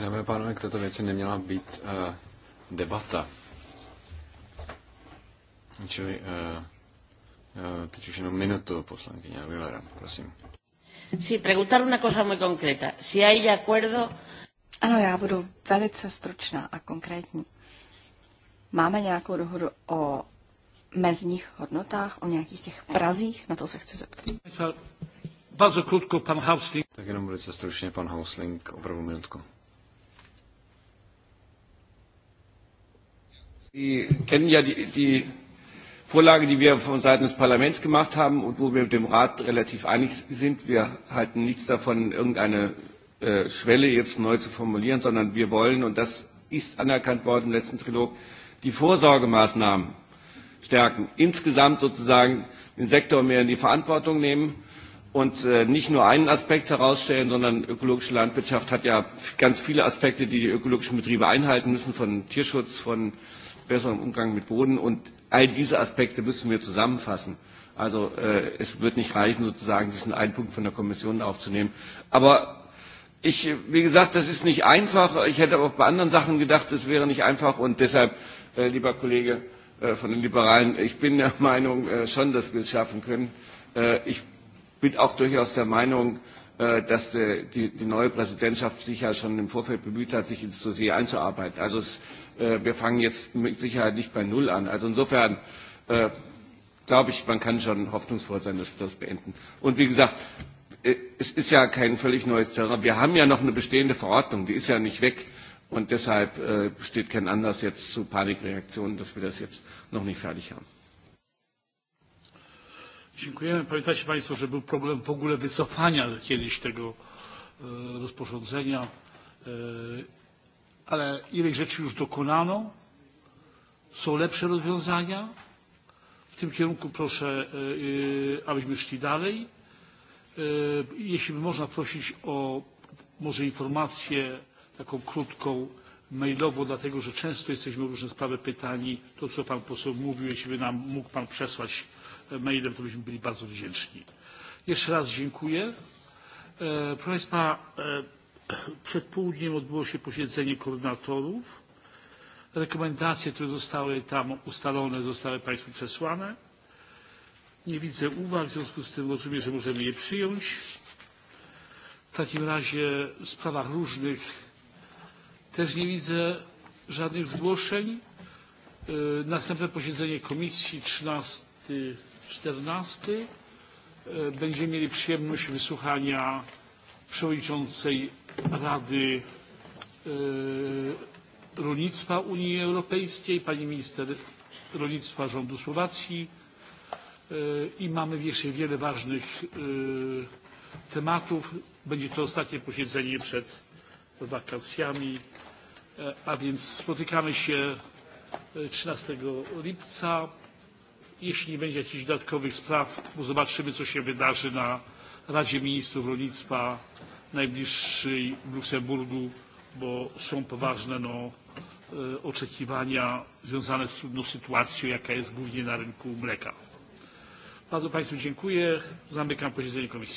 Dámy a pánové, k této věci neměla být uh, debata. Čili uh, uh, teď už jenom minutu, poslankyně Aguilera, prosím. Si preguntar una cosa muy concreta. Si hay de acuerdo... Ano, já budu velice stručná a konkrétní. Máme nějakou dohodu o mezních hodnotách, o nějakých těch prazích? Na to se chci zeptat. Bardzo krótko, pan Hausling. Tak jenom velice stručně, pan Hausling, opravdu minutku. Die kennen ja die, die Vorlage, die wir von Seiten des Parlaments gemacht haben und wo wir mit dem Rat relativ einig sind. Wir halten nichts davon, irgendeine äh, Schwelle jetzt neu zu formulieren, sondern wir wollen, und das ist anerkannt worden im letzten Trilog, die Vorsorgemaßnahmen stärken. Insgesamt sozusagen den Sektor mehr in die Verantwortung nehmen und äh, nicht nur einen Aspekt herausstellen, sondern ökologische Landwirtschaft hat ja ganz viele Aspekte, die die ökologischen Betriebe einhalten müssen, von Tierschutz, von besserem Umgang mit Boden. Und All diese Aspekte müssen wir zusammenfassen. Also äh, es wird nicht reichen, sozusagen diesen einen Punkt von der Kommission aufzunehmen. Aber ich, wie gesagt, das ist nicht einfach. Ich hätte auch bei anderen Sachen gedacht, das wäre nicht einfach. Und deshalb, äh, lieber Kollege äh, von den Liberalen, ich bin der Meinung äh, schon, dass wir es schaffen können. Äh, ich bin auch durchaus der Meinung, äh, dass die, die, die neue Präsidentschaft sich ja schon im Vorfeld bemüht hat, sich ins Dossier einzuarbeiten. Also es Äh, wir fangen jetzt mit Sicherheit nicht bei Null an. Also insofern äh, glaube ich, man kann schon hoffnungsvoll sein, dass wir das beenden. Und wie gesagt, äh, es ist ja kein völlig neues Terrain. Wir haben ja noch eine bestehende Verordnung, die ist ja nicht weg. Und deshalb äh, besteht kein Anlass jetzt zu Panikreaktionen, dass wir das jetzt noch nicht fertig haben. Dziękujemy. Pamiętacie Państwo, że był problem w ogóle wycofania kiedyś tego e, rozporządzenia E, ale ile rzeczy już dokonano, są lepsze rozwiązania. W tym kierunku proszę, e, e, abyśmy szli dalej. E, jeśli by można prosić o może informację taką krótką, mailowo, dlatego że często jesteśmy o różne sprawy pytani. To, co pan poseł mówił, jeśli by nam mógł pan przesłać mailem, to byśmy byli bardzo wdzięczni. Jeszcze raz dziękuję. Proszę Państwa, Przed południem odbyło się posiedzenie koordynatorów. Rekomendacje, które zostały tam ustalone, zostały Państwu przesłane. Nie widzę uwag, w związku z tym rozumiem, że możemy je przyjąć. W takim razie w sprawach różnych też nie widzę żadnych zgłoszeń. Następne posiedzenie komisji 13, 14 będziemy mieli przyjemność wysłuchania przewodniczącej Rady e, Rolnictwa Unii Europejskiej, pani minister rolnictwa rządu Słowacji e, i mamy jeszcze wiele ważnych e, tematów. Będzie to ostatnie posiedzenie przed wakacjami, a więc spotykamy się 13 lipca. Jeśli nie będzie jakichś dodatkowych spraw, bo zobaczymy, co się wydarzy na Radzie Ministrów Rolnictwa najbliższej w Luksemburgu, bo są poważne no, e, oczekiwania związane z trudną sytuacją, jaka jest głównie na rynku mleka. Bardzo Państwu dziękuję. Zamykam posiedzenie komisji.